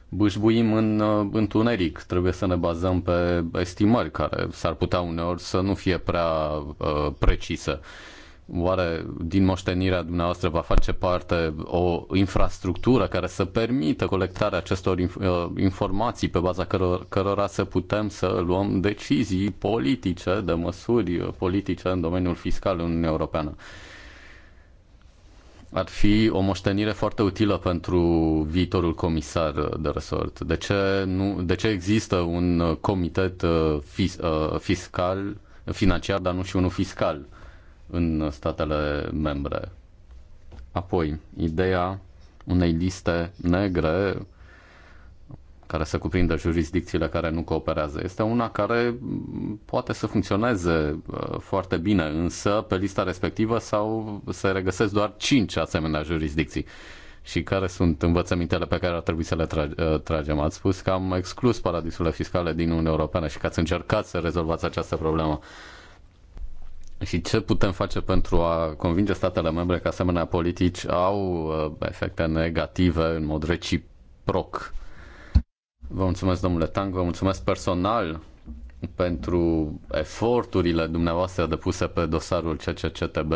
bâșbuim în întuneric. Trebuie să ne bazăm pe estimări care s-ar putea uneori să nu fie prea uh, precise. Uh, Oare din moștenirea dumneavoastră va face parte o infrastructură care să permită colectarea acestor inf- uh, informații pe baza căror, cărora să putem să luăm decizii politice, de măsuri politice în domeniul fiscal în Uniunea Europeană? Ar fi o moștenire foarte utilă pentru viitorul comisar de resort. De ce, nu, de ce există un comitet uh, fis, uh, fiscal, financiar, dar nu și unul fiscal? în statele membre. Apoi, ideea unei liste negre care să cuprindă jurisdicțiile care nu cooperează. Este una care poate să funcționeze uh, foarte bine, însă pe lista respectivă sau se regăsesc doar 5 asemenea jurisdicții. Și care sunt învățămintele pe care ar trebui să le tra- uh, tragem? Ați spus că am exclus paradisurile fiscale din Uniunea Europeană și că ați încercat să rezolvați această problemă. Și ce putem face pentru a convinge statele membre că asemenea politici au uh, efecte negative în mod reciproc? Vă mulțumesc, domnule Tang, vă mulțumesc personal pentru eforturile dumneavoastră depuse pe dosarul CCCTB.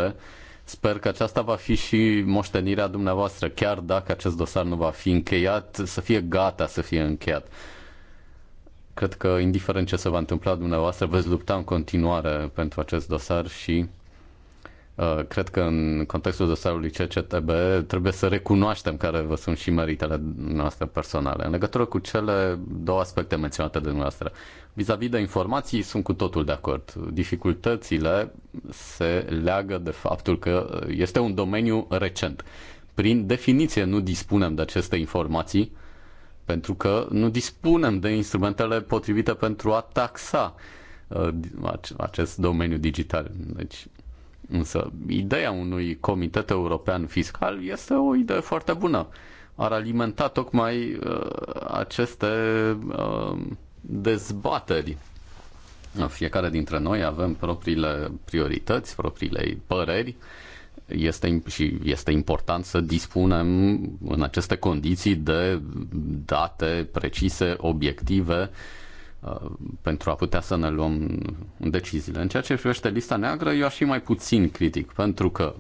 Sper că aceasta va fi și moștenirea dumneavoastră, chiar dacă acest dosar nu va fi încheiat, să fie gata să fie încheiat. Cred că, indiferent ce se va întâmpla dumneavoastră, veți lupta în continuare pentru acest dosar și uh, cred că în contextul dosarului CCTB trebuie să recunoaștem care vă sunt și meritele noastre personale. În legătură cu cele două aspecte menționate de dumneavoastră, vis-a-vis -vis de informații, sunt cu totul de acord. Dificultățile se leagă de faptul că este un domeniu recent. Prin definiție nu dispunem de aceste informații pentru că nu dispunem de instrumentele potrivite pentru a taxa uh, acest domeniu digital. Deci, însă, ideea unui comitet european fiscal este o idee foarte bună. Ar alimenta tocmai uh, aceste uh, dezbateri. Fiecare dintre noi avem propriile priorități, propriile păreri. Uh, este, și este important să dispunem în aceste condiții de date precise, obiective, uh, pentru a putea să ne luăm deciziile. În ceea ce privește lista neagră, eu aș fi mai puțin critic, pentru că,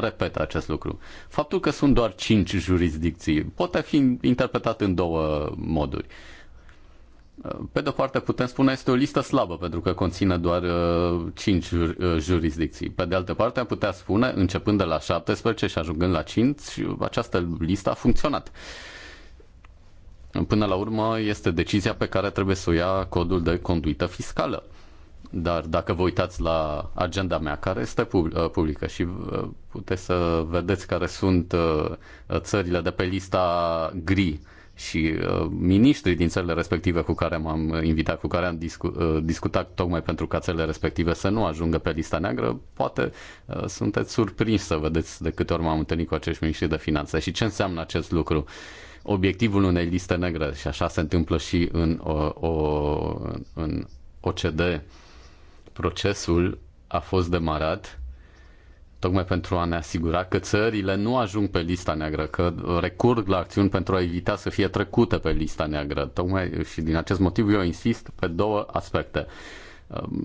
repet acest lucru, faptul că sunt doar cinci jurisdicții poate fi interpretat în două moduri. Uh, pe de-o parte putem spune este o listă slabă pentru că conține doar uh, 5 jur- uh, jurisdicții. Pe de altă parte am putea spune, începând de la 17 și ajungând la 5, această listă a funcționat. Până la urmă este decizia pe care trebuie să o ia codul de conduită fiscală. Dar dacă vă uitați la agenda mea, care este uh, publică și uh, puteți să vedeți care sunt țările de pe lista gri și uh, miniștrii din țările respective cu care m-am invitat, cu care am discu- uh, discutat tocmai pentru ca țările respective să nu ajungă pe lista neagră, poate uh, sunteți surprinși să vedeți de câte ori m-am întâlnit cu acești miniștri de finanțe și ce înseamnă acest lucru. Obiectivul unei liste negre și așa se întâmplă și în, o, o, în OCD, procesul a fost demarat tocmai pentru a ne asigura că țările nu ajung pe lista neagră, că recurg la acțiuni pentru a evita să fie trecute pe lista neagră. Tocmai și din acest motiv eu insist pe două aspecte.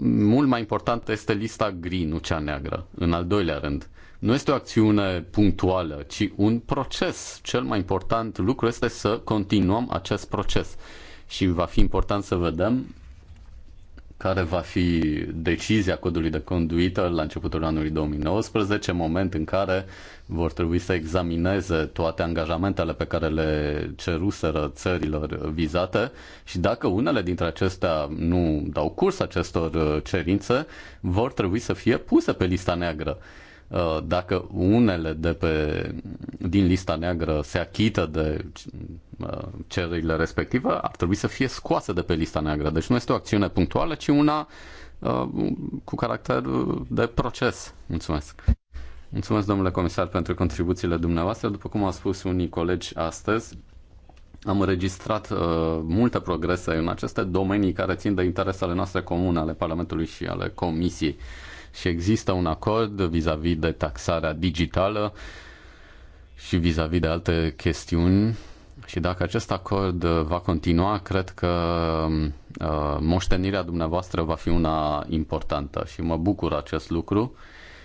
Mult mai important este lista gri, nu cea neagră, în al doilea rând. Nu este o acțiune punctuală, ci un proces. Cel mai important lucru este să continuăm acest proces. Și va fi important să vedem care va fi decizia codului de conduită la începutul anului 2019, moment în care vor trebui să examineze toate angajamentele pe care le ceruseră țărilor vizate și dacă unele dintre acestea nu dau curs acestor uh, cerințe, vor trebui să fie puse pe lista neagră uh, dacă unele de pe, din lista neagră se achită de Uh, cererile respective ar trebui să fie scoasă de pe lista neagră. Deci nu este o acțiune punctuală, ci una uh, cu caracter de proces. Mulțumesc! Mulțumesc, domnule comisar, pentru contribuțiile dumneavoastră. După cum au spus unii colegi astăzi, am înregistrat uh, multe progrese în aceste domenii care țin de interesele noastre comune ale Parlamentului și ale Comisiei. Și există un acord vis-a-vis -vis de taxarea digitală și vis-a-vis -vis de alte chestiuni și dacă acest acord uh, va continua, cred că um, uh, moștenirea dumneavoastră va fi una importantă și mă bucur acest lucru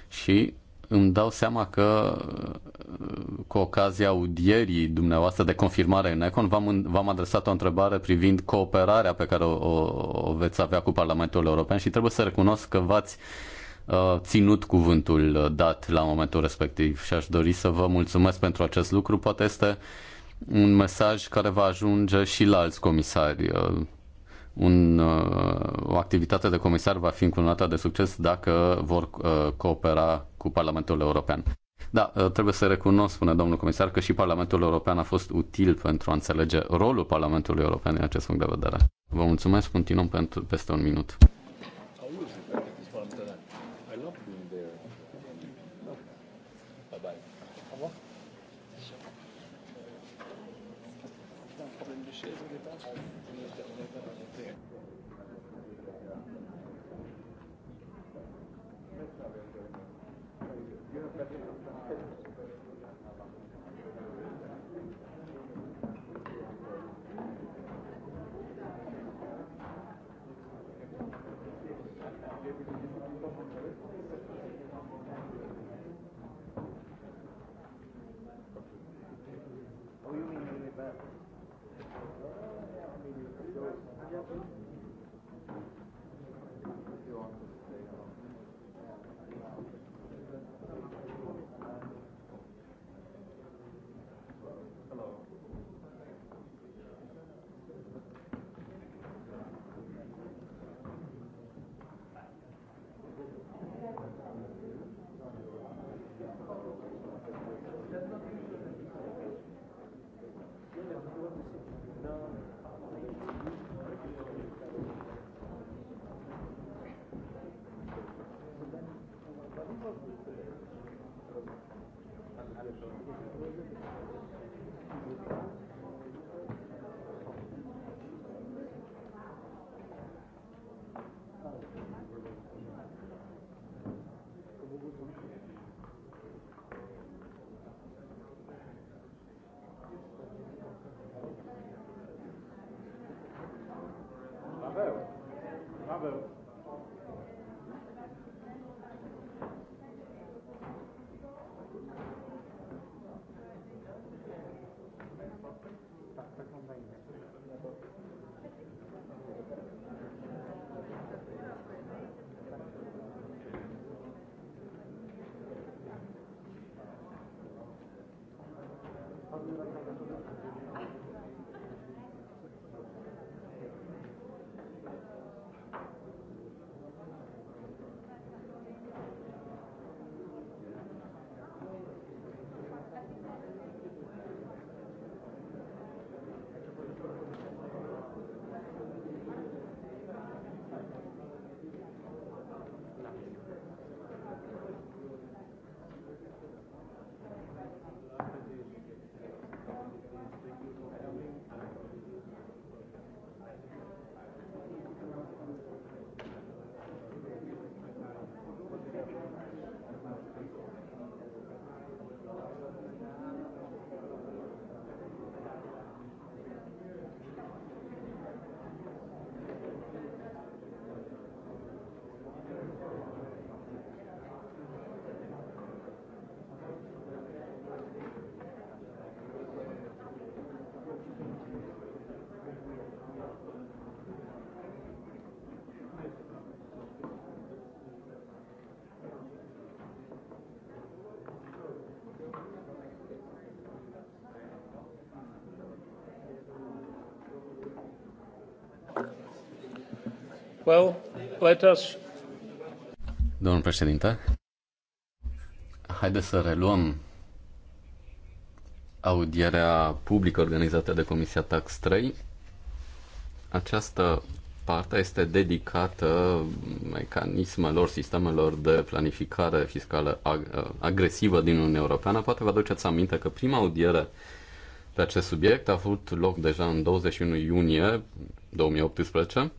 și îmi dau seama că uh, cu ocazia audierii dumneavoastră de confirmare în Econ v-am, v-am adresat o întrebare privind cooperarea pe care o, o, o veți avea cu Parlamentul European și trebuie să recunosc că v-ați ținut cuvântul dat la momentul respectiv și aș dori să vă mulțumesc pentru acest lucru. Poate este uh, un mesaj care va ajunge și la alți comisari. Uh, un, uh, o activitate de comisar va fi încununată de succes dacă vor uh, coopera cu Parlamentul European. Da, trebuie să recunosc, spune domnul comisar, că și Parlamentul European a fost util pentru a înțelege rolul Parlamentului European în acest punct de vedere. Vă mulțumesc, continuăm pentru peste un minut. Thank you. Well, let us... Domnul președinte, haideți să reluăm audierea publică organizată de Comisia Tax 3. Această parte este dedicată mecanismelor, sistemelor de planificare fiscală ag- agresivă din Uniunea Europeană. Poate vă aduceți aminte că prima audiere pe acest subiect a avut loc deja în 21 iunie 2018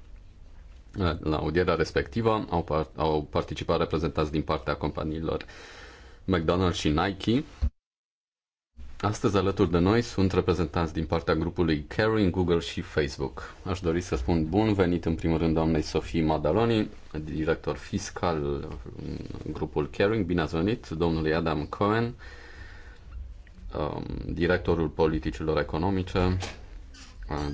la audierea respectivă au, par- au participat reprezentanți din partea companiilor McDonald's și Nike. Astăzi alături de noi sunt reprezentanți din partea grupului Caring, Google și Facebook. Aș dori să spun bun venit în primul rând doamnei Sofie Madaloni, director fiscal grupul Caring. Bine ați venit domnului Adam Cohen, um, directorul politicilor economice,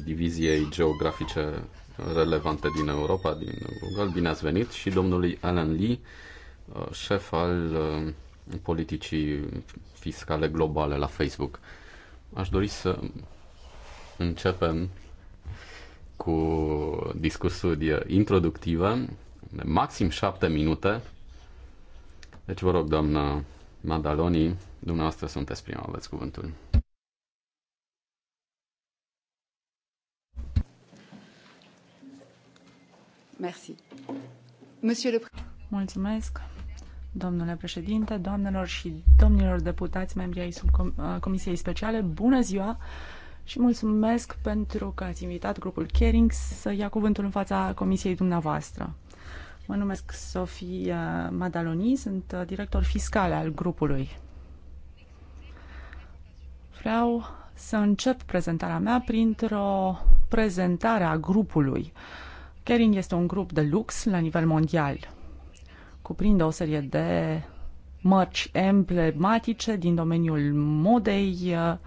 diviziei geografice relevante din Europa, din Google. Bine ați venit și domnului Alan Lee, uh, șef al uh, politicii fiscale globale la Facebook. Aș dori să începem cu discursuri introductive, de maxim șapte minute. Deci vă rog, doamna Madaloni, dumneavoastră sunteți prima, aveți cuvântul. Merci. Monsieur le... Mulțumesc, domnule președinte, doamnelor și domnilor deputați, membri ai comisiei speciale, bună ziua și mulțumesc pentru că ați invitat grupul Caring să ia cuvântul în fața comisiei dumneavoastră. Mă numesc Sofie Madaloni, sunt director fiscal al grupului. Vreau să încep prezentarea mea printr-o prezentare a grupului. Uh, Kering este un grup de lux la nivel mondial. Cuprinde o serie de mărci emblematice din domeniul modei uh,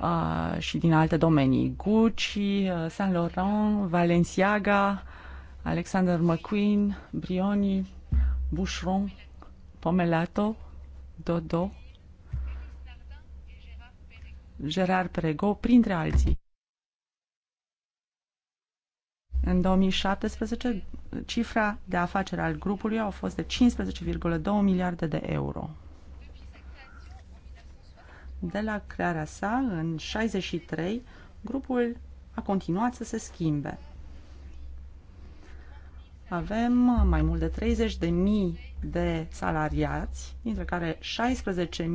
uh și din alte domenii. Gucci, uh, Saint Laurent, Valenciaga, Alexander McQueen, Brioni, Boucheron, Pomelato, Dodo, Gerard Perego, printre alții. În 2017, cifra de afaceri al grupului a fost de 15,2 miliarde de euro. De la crearea sa, în 63, grupul a continuat să se schimbe. Avem mai mult de 30.000 de salariați, dintre care 16.000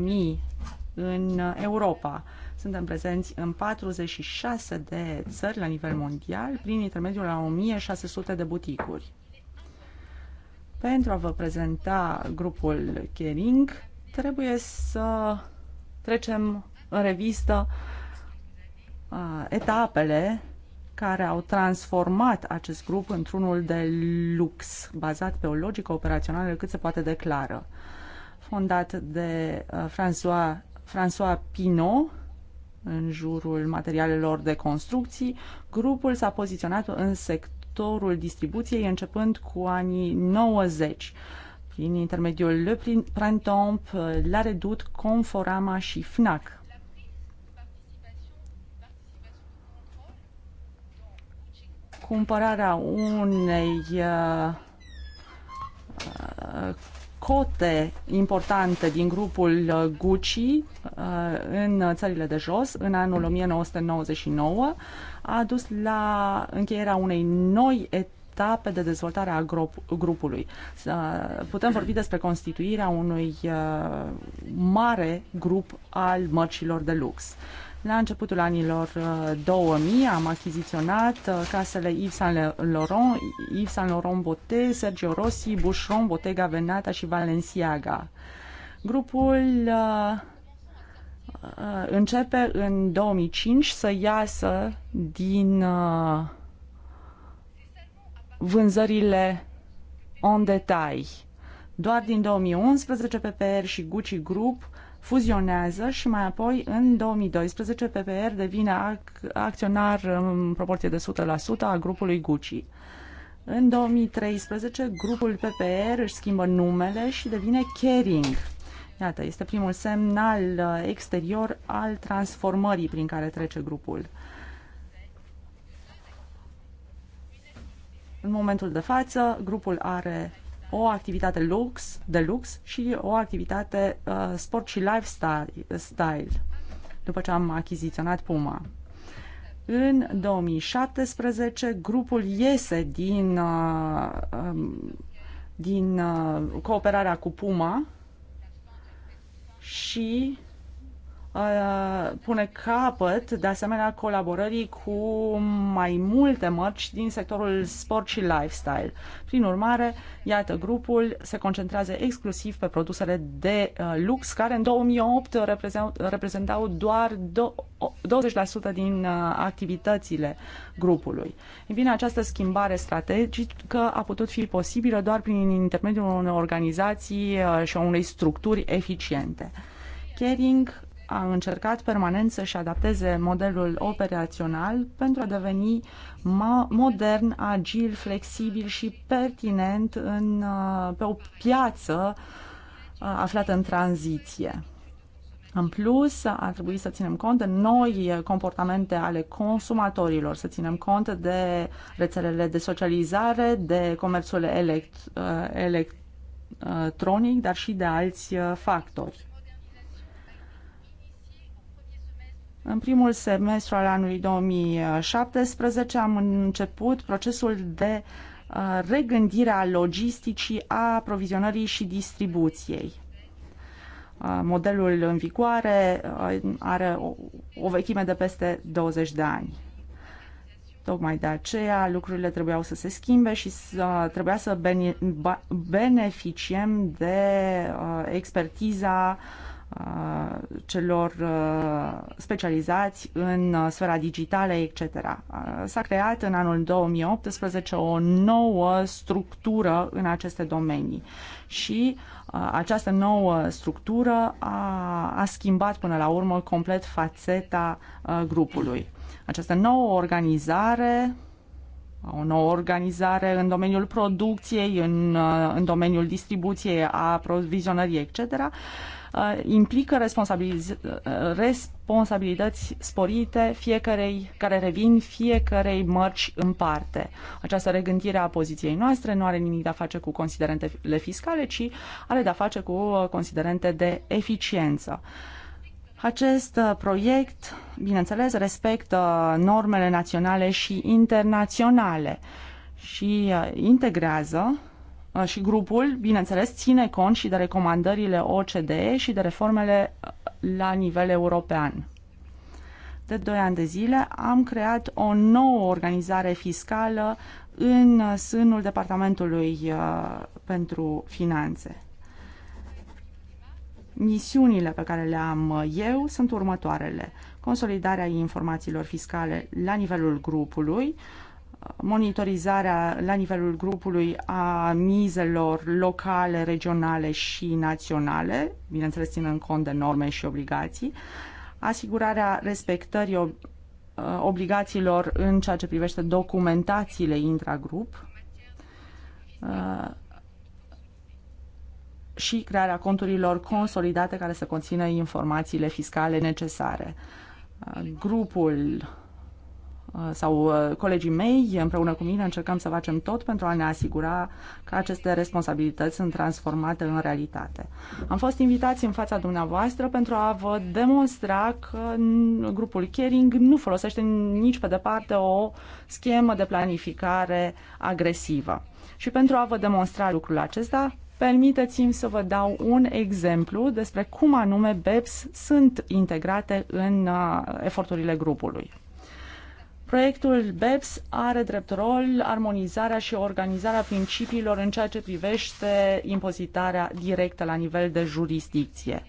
în Europa. Suntem prezenți în 46 de țări la nivel mondial prin intermediul a 1600 de buticuri. Pentru a vă prezenta grupul Kering, trebuie să trecem în revistă etapele care au transformat acest grup într-unul de lux, bazat pe o logică operațională cât se poate de clară. Fondat de François, François Pinot, în jurul materialelor de construcții, grupul s-a poziționat în sectorul distribuției începând cu anii 90 prin intermediul Le Printemp, La Redut, Conforama și FNAC. Cumpărarea unei uh, uh, cote importante din grupul uh, Gucci uh, în țările de jos în anul 1999 a dus la încheierea unei noi etape etape de dezvoltare a grup, grupului. Uh, putem vorbi despre constituirea unui mare grup al mărcilor de lux. La începutul anilor 2000 uh, am achiziționat uh, casele Yves Saint Laurent, Yves Saint Laurent Botte, Sergio Rossi, Boucheron, Bottega Veneta și Valenciaga. Grupul uh, începe în 2005 să iasă din vânzările în detai. Doar din 2011 PPR și Gucci Group fuzionează și mai apoi în 2012 PPR devine ac- acționar în proporție de 100% a grupului Gucci. În 2013 grupul PPR își schimbă numele și devine Caring. Iată, este primul semnal uh, exterior al transformării prin care trece grupul. În momentul de față, grupul are o activitate lux, de lux și o activitate uh, sport și lifestyle, după ce am achiziționat Puma. În 2017, grupul iese din, uh, um, din uh, cooperarea cu Puma și Uh, pune capăt, de asemenea, colaborării cu mai multe mărci din sectorul sport și lifestyle. Prin urmare, iată, grupul se concentrează exclusiv pe produsele de uh, lux, care în 2008 reprezentau doar 20% din uh, activitățile grupului. Ei bine, această schimbare strategică a putut fi posibilă doar prin intermediul unei organizații și a unei structuri eficiente. Kering a încercat permanent să-și adapteze modelul operațional pentru a deveni modern, agil, flexibil și pertinent în, uh, pe o piață uh, aflată în tranziție. În plus, ar trebui să ținem cont de noi comportamente ale consumatorilor, să ținem cont de rețelele de socializare, de comerțul elect, elect, uh, electronic, dar și de alți factori. În primul semestru al anului 2017 am început procesul de uh, regândire a logisticii, a aprovizionării și distribuției. Uh, modelul în vigoare uh, are o, vechime de peste 20 de ani. Tocmai de aceea lucrurile trebuiau să se schimbe și să, trebuia să bene, beneficiem de uh, expertiza uh, Uh, celor uh, specializați în uh, sfera digitală, etc. S-a creat în anul 2018 o nouă structură în aceste domenii și această nouă structură a, a schimbat până la urmă complet fațeta grupului. Această nouă organizare o nouă organizare în domeniul producției, în, în domeniul distribuției, a provizionării etc Uh, implică responsabiliz- uh, responsabilități sporite fiecarei care revin fiecarei mărci în parte. Această regândire a poziției noastre nu are nimic de a face cu considerentele fiscale, ci are de a face cu uh, considerente de eficiență. Acest proiect, bineînțeles, respectă normele naționale și internaționale și integrează Uh, și grupul, bineînțeles, ține cont și de recomandările OCDE și de reformele uh, la nivel european. De 2 ani de zile am creat o nouă organizare fiscală în sânul Departamentului uh, pentru Finanțe. Misiunile pe care le am eu sunt următoarele. Consolidarea informațiilor fiscale la nivelul grupului, uh, monitorizarea la nivelul grupului a mizelor locale, regionale și naționale, bineînțeles ținând cont de norme și obligații, asigurarea respectării uh, obligațiilor în ceea ce privește documentațiile intragrup uh, și crearea conturilor consolidate care să conțină informațiile fiscale necesare. Uh, grupul Uh, sau uh, colegii mei, împreună cu mine, încercăm să facem tot pentru a ne asigura că aceste responsabilități sunt transformate în realitate. Am fost invitați în fața dumneavoastră pentru a vă demonstra că grupul Caring nu folosește nici pe departe o schemă de planificare agresivă. Și pentru a vă demonstra lucrul acesta, permiteți-mi să vă dau un exemplu despre cum anume BEPS sunt integrate în uh, eforturile grupului. Proiectul BEPS are drept rol armonizarea și organizarea principiilor în ceea ce privește impozitarea directă la nivel de jurisdicție.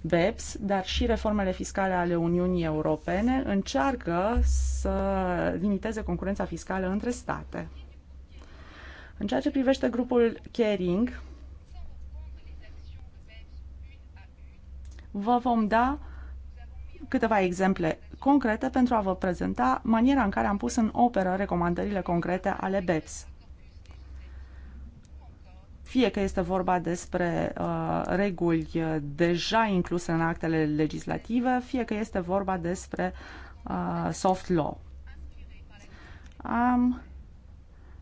BEPS, dar și reformele fiscale ale Uniunii Europene încearcă să limiteze concurența fiscală între state. În ceea ce privește grupul Caring, vă vom da câteva exemple concrete pentru a vă prezenta maniera în care am pus în operă recomandările concrete ale BEPS. Fie că este vorba despre uh, reguli uh, deja incluse în actele legislative, fie că este vorba despre uh, soft law. Am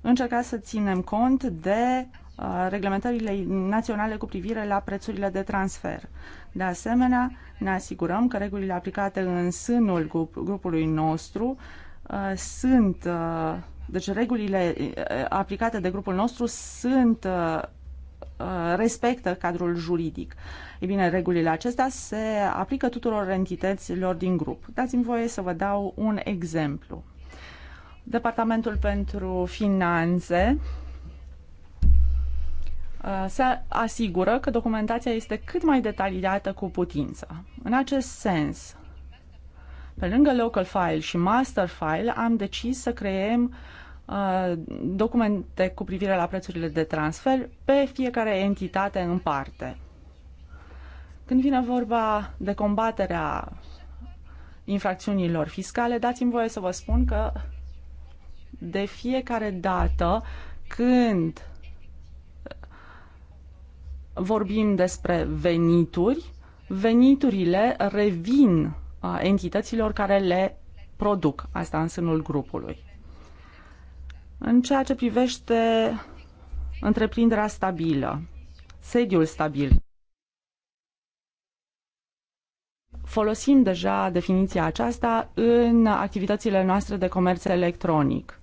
încercat să ținem cont de uh, reglementările naționale cu privire la prețurile de transfer. De asemenea, ne asigurăm că regulile aplicate în sânul grup, grupului nostru uh, sunt, uh, deci regulile uh, aplicate de grupul nostru sunt uh, uh, respectă cadrul juridic. Ei bine, regulile acestea se aplică tuturor entităților din grup. Dați-mi voie să vă dau un exemplu. Departamentul pentru Finanțe Uh, se asigură că documentația este cât mai detaliată cu putință. În acest sens, pe lângă local file și master file, am decis să creem uh, documente cu privire la prețurile de transfer pe fiecare entitate în parte. Când vine vorba de combaterea infracțiunilor fiscale, dați-mi voie să vă spun că de fiecare dată când vorbim despre venituri, veniturile revin entităților care le produc, asta în sânul grupului. În ceea ce privește întreprinderea stabilă, sediul stabil, folosim deja definiția aceasta în activitățile noastre de comerț electronic.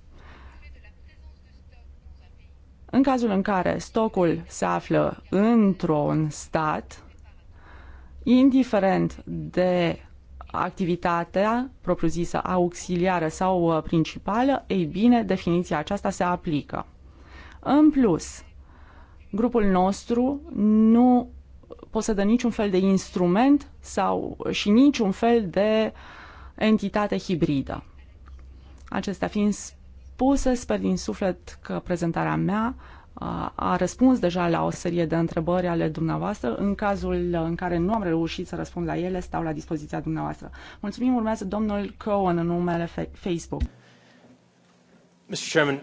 În cazul în care stocul se află într-un stat, indiferent de activitatea propriu-zisă auxiliară sau uh, principală, ei bine, definiția aceasta se aplică. În plus, grupul nostru nu posedă niciun fel de instrument sau uh, și niciun fel de entitate hibridă. Acestea fiind spuse. Sper din suflet că prezentarea mea a răspuns deja la o serie de întrebări ale dumneavoastră. În cazul în care nu am reușit să răspund la ele, stau la dispoziția dumneavoastră. Mulțumim, urmează domnul Cohen în numele Facebook. Mr. Chairman,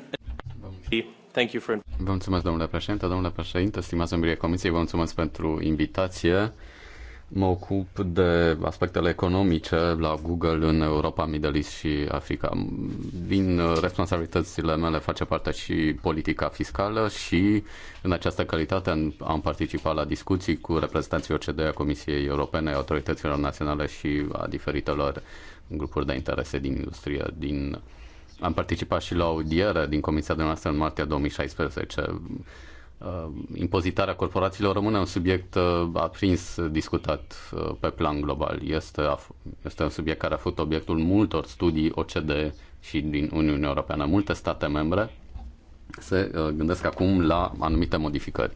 thank you for... Vă mulțumesc, domnule președinte, domnule președinte, stimați membrii Comisiei, vă mulțumesc pentru invitație. Mă ocup de aspectele economice la Google în Europa, Middle East și Africa. Din responsabilitățile mele face parte și politica fiscală și în această calitate am participat la discuții cu reprezentanții OCDE, a Comisiei Europene, autorităților naționale și a diferitelor grupuri de interese din industrie. Din... Am participat și la audiere din Comisia de noastră în martie 2016 Uh, impozitarea corporațiilor rămâne un subiect uh, aprins, discutat uh, pe plan global. Este, este un subiect care a fost obiectul multor studii OCDE și din Uniunea Europeană. Multe state membre se gândesc acum la anumite modificări.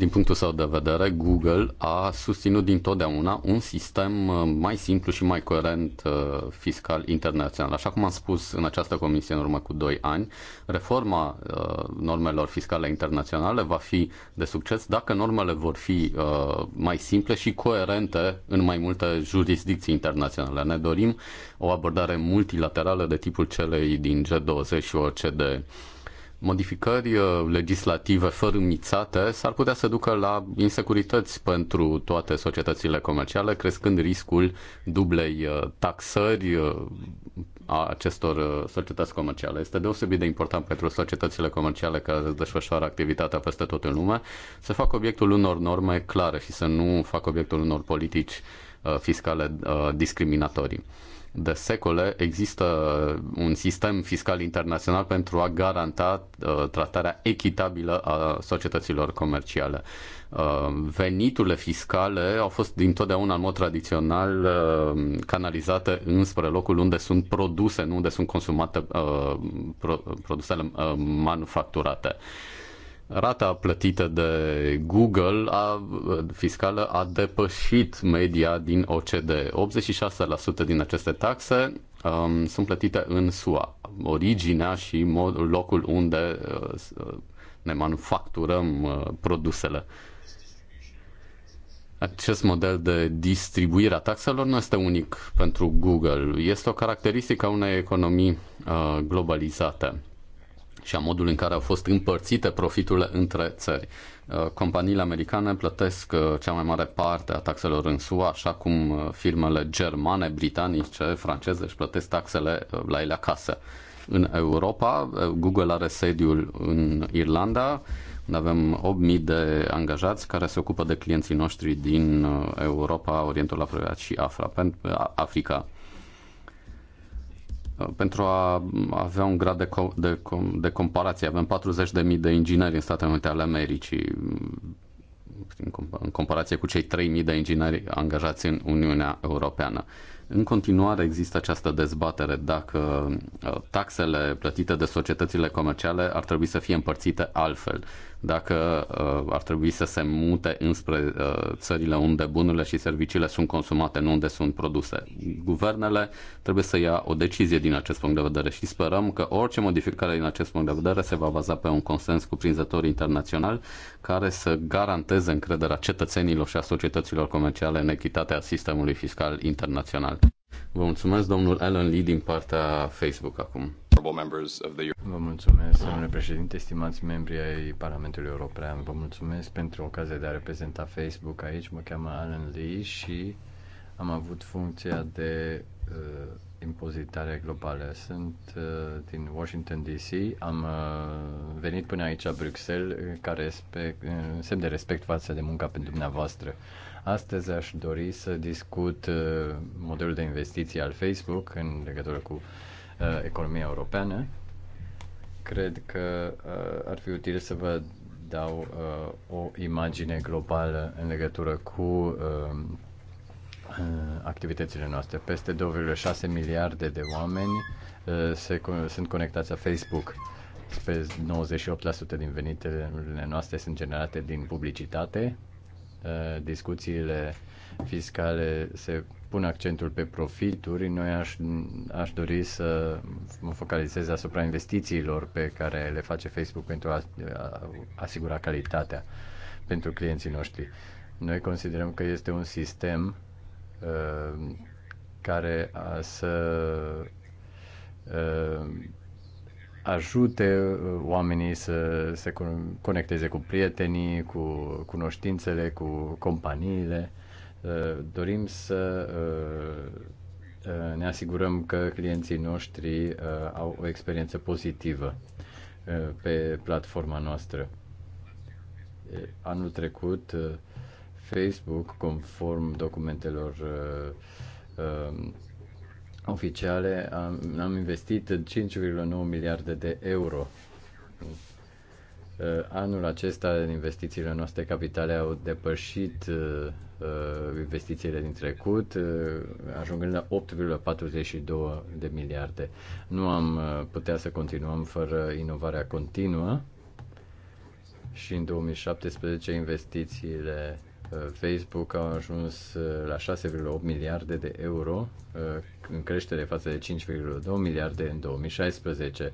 Din punctul său de vedere, Google a susținut dintotdeauna un sistem uh, mai simplu și mai coerent uh, fiscal internațional. Așa cum am spus în această comisie în urmă cu 2 ani, reforma uh, normelor fiscale internaționale va fi de succes dacă normele vor fi mai simple și coerente în mai multe jurisdicții internaționale. Ne dorim o abordare multilaterală de tipul celei din G20 și OCDE modificări uh, legislative fărâmițate s-ar putea să ducă la insecurități pentru toate societățile comerciale, crescând riscul dublei uh, taxări uh, a acestor societăți comerciale. Este deosebit de important pentru societățile comerciale care desfășoară activitatea peste tot în lume să facă obiectul unor norme clare și să nu facă obiectul unor politici fiscale discriminatorii de secole există un sistem fiscal internațional pentru a garanta uh, tratarea echitabilă a societăților comerciale. Uh, veniturile fiscale au fost dintotdeauna în mod tradițional uh, canalizate înspre locul unde sunt produse, nu unde sunt consumate produsele manufacturate. Rata plătită de Google a, fiscală a depășit media din OCD. 86% din aceste taxe um, sunt plătite în SUA. Originea și modul, locul unde uh, ne manufacturăm uh, produsele. Acest model de distribuire a taxelor nu este unic pentru Google. Este o caracteristică a unei economii uh, globalizate și a modului în care au fost împărțite profiturile între țări. Uh, companiile americane plătesc uh, cea mai mare parte a taxelor în SUA, așa cum uh, firmele germane, britanice, franceze își plătesc taxele la ele acasă. În Europa, Google are sediul în Irlanda, unde avem 8.000 de angajați care se ocupă de clienții noștri din Europa, Orientul Apropiat și Afra, Africa Uh, pentru a avea un grad de, co- de, com- de comparație. Avem 40.000 de ingineri în Statele Unite ale Americii, mm, în comparație cu cei 3.000 de ingineri angajați în Uniunea Europeană. În continuare există această dezbatere dacă uh, taxele plătite de societățile comerciale ar trebui să fie împărțite altfel dacă uh, ar trebui să se mute înspre uh, țările unde bunurile și serviciile sunt consumate, nu unde sunt produse. Guvernele trebuie să ia o decizie din acest punct de vedere și sperăm că orice modificare din acest punct de vedere se va baza pe un consens cuprinzător internațional care să garanteze încrederea cetățenilor și a societăților comerciale în echitatea sistemului fiscal internațional. Vă mulțumesc, domnul Alan Lee, din partea Facebook acum. Vă mulțumesc, domnule președinte, stimați membri ai Parlamentului European. Vă mulțumesc pentru ocazia de a reprezenta Facebook aici. Mă cheamă Alan Lee și am avut funcția de uh, impozitare globală. Sunt uh, din Washington DC. Am uh, venit până aici, la Bruxelles, ca respect, uh, semn de respect față de munca pentru dumneavoastră. Astăzi aș dori să discut uh, modelul de investiții al Facebook în legătură cu uh, Uh, economia europeană. Cred că uh, ar fi util să vă dau uh, o imagine globală în legătură cu activitățile noastre. Peste 2,6 miliarde de oameni se, sunt conectați la Facebook. Pe 98% din veniturile noastre sunt generate din publicitate. Discuțiile fiscale se pun accentul pe profituri, noi aș, aș dori să mă focalizez asupra investițiilor pe care le face Facebook pentru a, a asigura calitatea pentru clienții noștri. Noi considerăm că este un sistem uh, care a, să uh, ajute uh, oamenii să se conecteze cu prietenii, cu cunoștințele, cu companiile Uh, dorim să uh, uh, ne asigurăm că clienții noștri au o experiență pozitivă pe platforma noastră. Anul trecut, Facebook, conform documentelor um, oficiale, am, investit 5,9 miliarde de euro anul acesta investițiile noastre capitale au depășit Uh, investițiile din trecut, uh, ajungând la 8,42 de miliarde. Nu am uh, putea să continuăm fără inovarea continuă și în 2017 investițiile Facebook au ajuns la 6,8 miliarde de euro, în creștere față de 5,2 miliarde în 2016.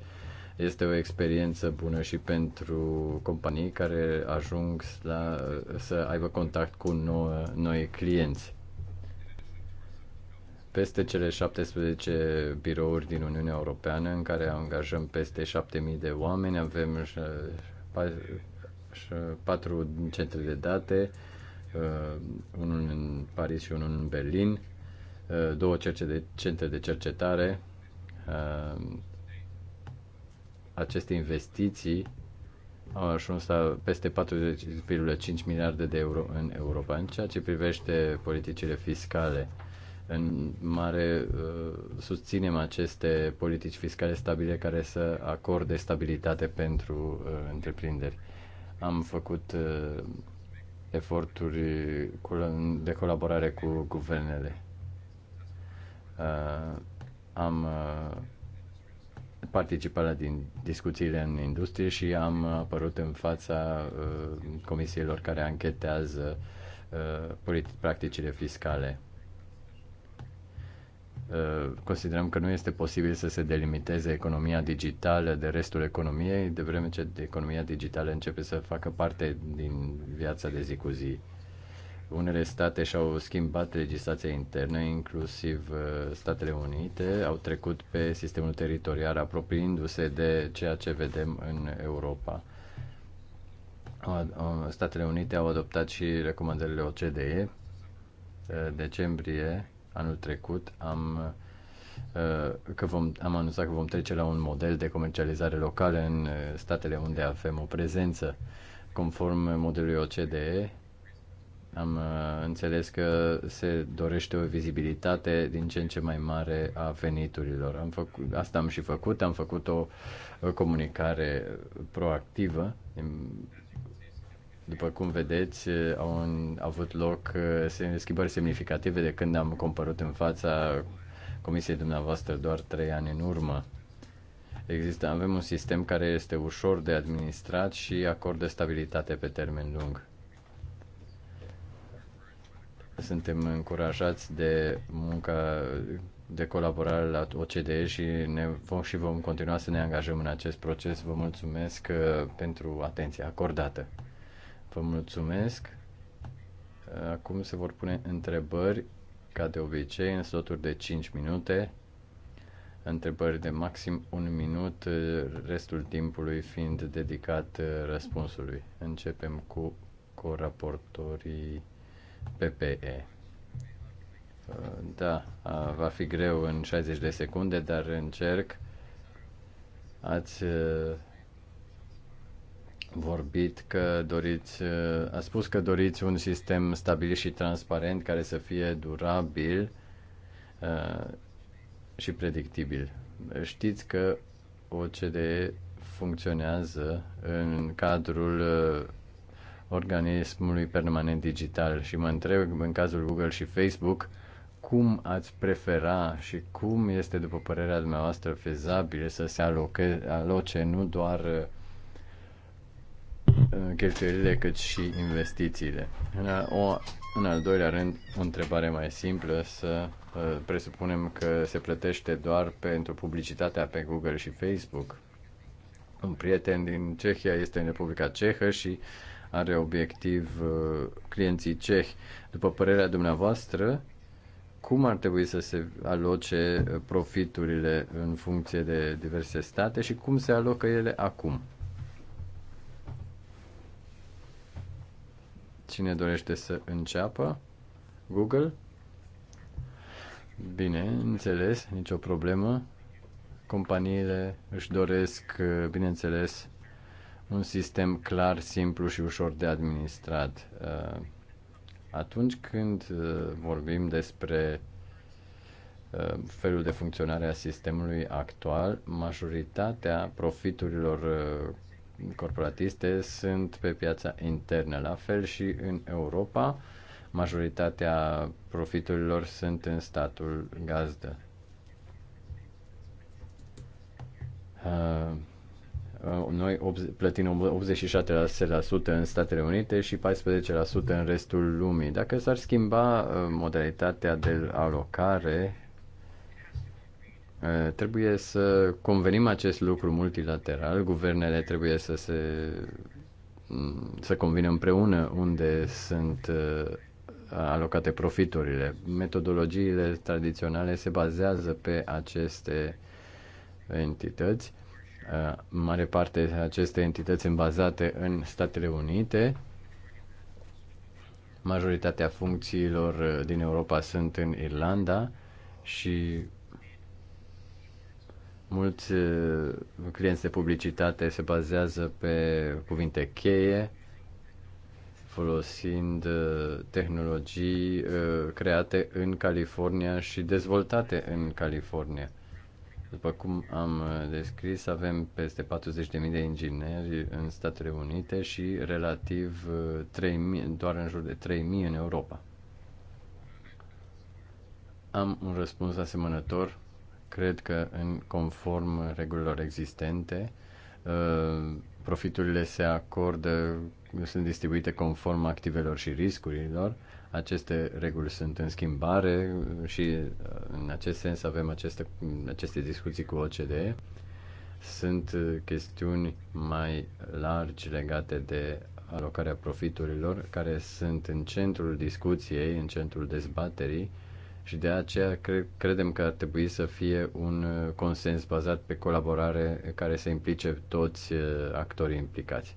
Este o experiență bună și pentru companii care ajung la, să aibă contact cu nouă, noi clienți. Peste cele 17 birouri din Uniunea Europeană, în care angajăm peste 7000 de oameni, avem 4 centre de date, uh, unul în Paris și unul în Berlin, uh, două centre de cercetare, uh, aceste investiții au ajuns la peste 40,5 miliarde de euro în Europa. În ceea ce privește politicile fiscale, în mare uh, susținem aceste politici fiscale stabile care să acorde stabilitate pentru uh, întreprinderi. Am făcut uh, eforturi de colaborare cu guvernele. Am participarea din discuțiile în industrie și am apărut în fața uh, comisiilor care anchetează uh, practicile fiscale. Uh, considerăm că nu este posibil să se delimiteze economia digitală de restul economiei, de vreme ce economia digitală începe să facă parte din viața de zi cu zi. Unele state și-au schimbat legislația internă, inclusiv uh, Statele Unite, au trecut pe sistemul teritorial, apropiindu-se de ceea ce vedem în Europa. Statele Unite au adoptat și recomandările OCDE. Decembrie anul trecut am uh, că vom, am anunțat că vom trece la un model de comercializare locală în uh, statele unde avem o prezență. Conform modelului OCDE, am uh, înțeles că se dorește o vizibilitate din ce în ce mai mare a veniturilor. Am făcut, asta am și făcut, am făcut o comunicare proactivă. După cum vedeți, uh, au, avut loc uh, schimbări semnificative de când am compărut în fața comisiei dumneavoastră doar trei ani în urmă. Există, avem un sistem care este ușor de administrat și acordă stabilitate pe termen lung suntem încurajați de munca de colaborare la OCDE și, ne vom, și vom continua să ne angajăm în acest proces. Vă mulțumesc uh, pentru atenția acordată. Vă mulțumesc. Uh, acum se vor pune întrebări, ca de obicei, în sloturi de 5 minute întrebări de maxim un minut, uh, restul timpului fiind dedicat răspunsului. Începem cu, coraportorii. raportorii PPE. Da, va fi greu în 60 de secunde, dar încerc. Ați vorbit că doriți, a spus că doriți un sistem stabil și transparent care să fie durabil și predictibil. Știți că OCDE funcționează în cadrul organismului permanent digital și mă întreb în cazul Google și Facebook cum ați prefera și cum este, după părerea dumneavoastră, fezabil să se aloce, aloce nu doar uh, cheltuielile, cât și investițiile. În, al, o, în al doilea rând, o întrebare mai simplă, să uh, presupunem că se plătește doar pentru publicitatea pe Google și Facebook. Un prieten din Cehia este în Republica Cehă și uh, are obiectiv uh, clienții cehi. După părerea dumneavoastră, cum ar trebui să se aloce uh, profiturile în funcție de diverse state și cum se alocă ele acum? Cine dorește să înceapă? Google? Bine, înțeles, nicio problemă. Companiile își doresc, uh, bineînțeles, un sistem clar, simplu și ușor de administrat. Uh, atunci când uh, vorbim despre uh, felul de funcționare a sistemului actual, majoritatea profiturilor corporatiste sunt pe piața internă. La fel și în Europa, majoritatea profiturilor sunt în statul gazdă. Uh, noi plătim 86% în Statele Unite și 14% în restul lumii. Dacă s-ar schimba uh, modalitatea de alocare, uh, trebuie să convenim acest lucru multilateral. Guvernele trebuie să se mm, să convină împreună unde sunt alocate profiturile. Metodologiile tradiționale se bazează pe aceste entități Uh, mare parte aceste entități bazate în Statele Unite. Majoritatea funcțiilor uh, din Europa sunt în Irlanda și mulți uh, clienți de publicitate se bazează pe cuvinte cheie folosind tehnologii create în California și dezvoltate în California după cum am uh, descris, avem peste 40.000 de ingineri în Statele Unite și relativ 3.000, uh, doar în jur de 3.000 în Europa. Am un răspuns asemănător. Cred că, în conform regulilor existente, uh, profiturile se acordă, sunt distribuite conform activelor și riscurilor aceste reguli sunt în schimbare și uh, în acest sens avem aceste, aceste discuții cu OCDE. Sunt uh, chestiuni mai largi legate de alocarea profiturilor care sunt în centrul discuției, în centrul dezbaterii și de aceea cre- credem că ar trebui să fie un uh, consens bazat pe colaborare care să implice toți actorii implicați.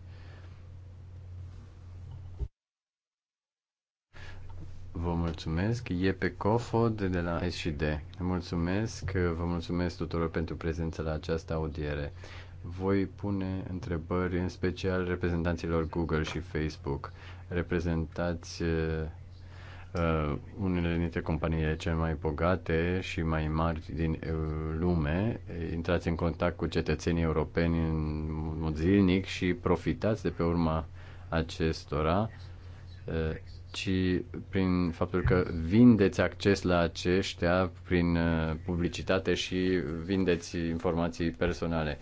Vă mulțumesc, e pe COFOD de la SD. Mulțumesc, vă mulțumesc tuturor pentru prezența la această audiere. Voi pune întrebări în special reprezentanților Google și Facebook. Reprezentați uh, uh unele dintre companiile cele mai bogate și mai mari din uh, lume, intrați în contact cu cetățenii europeni în mod zilnic și profitați de pe urma acestora. Uh, ci prin faptul că vindeți acces la aceștia prin uh, publicitate și vindeți informații personale.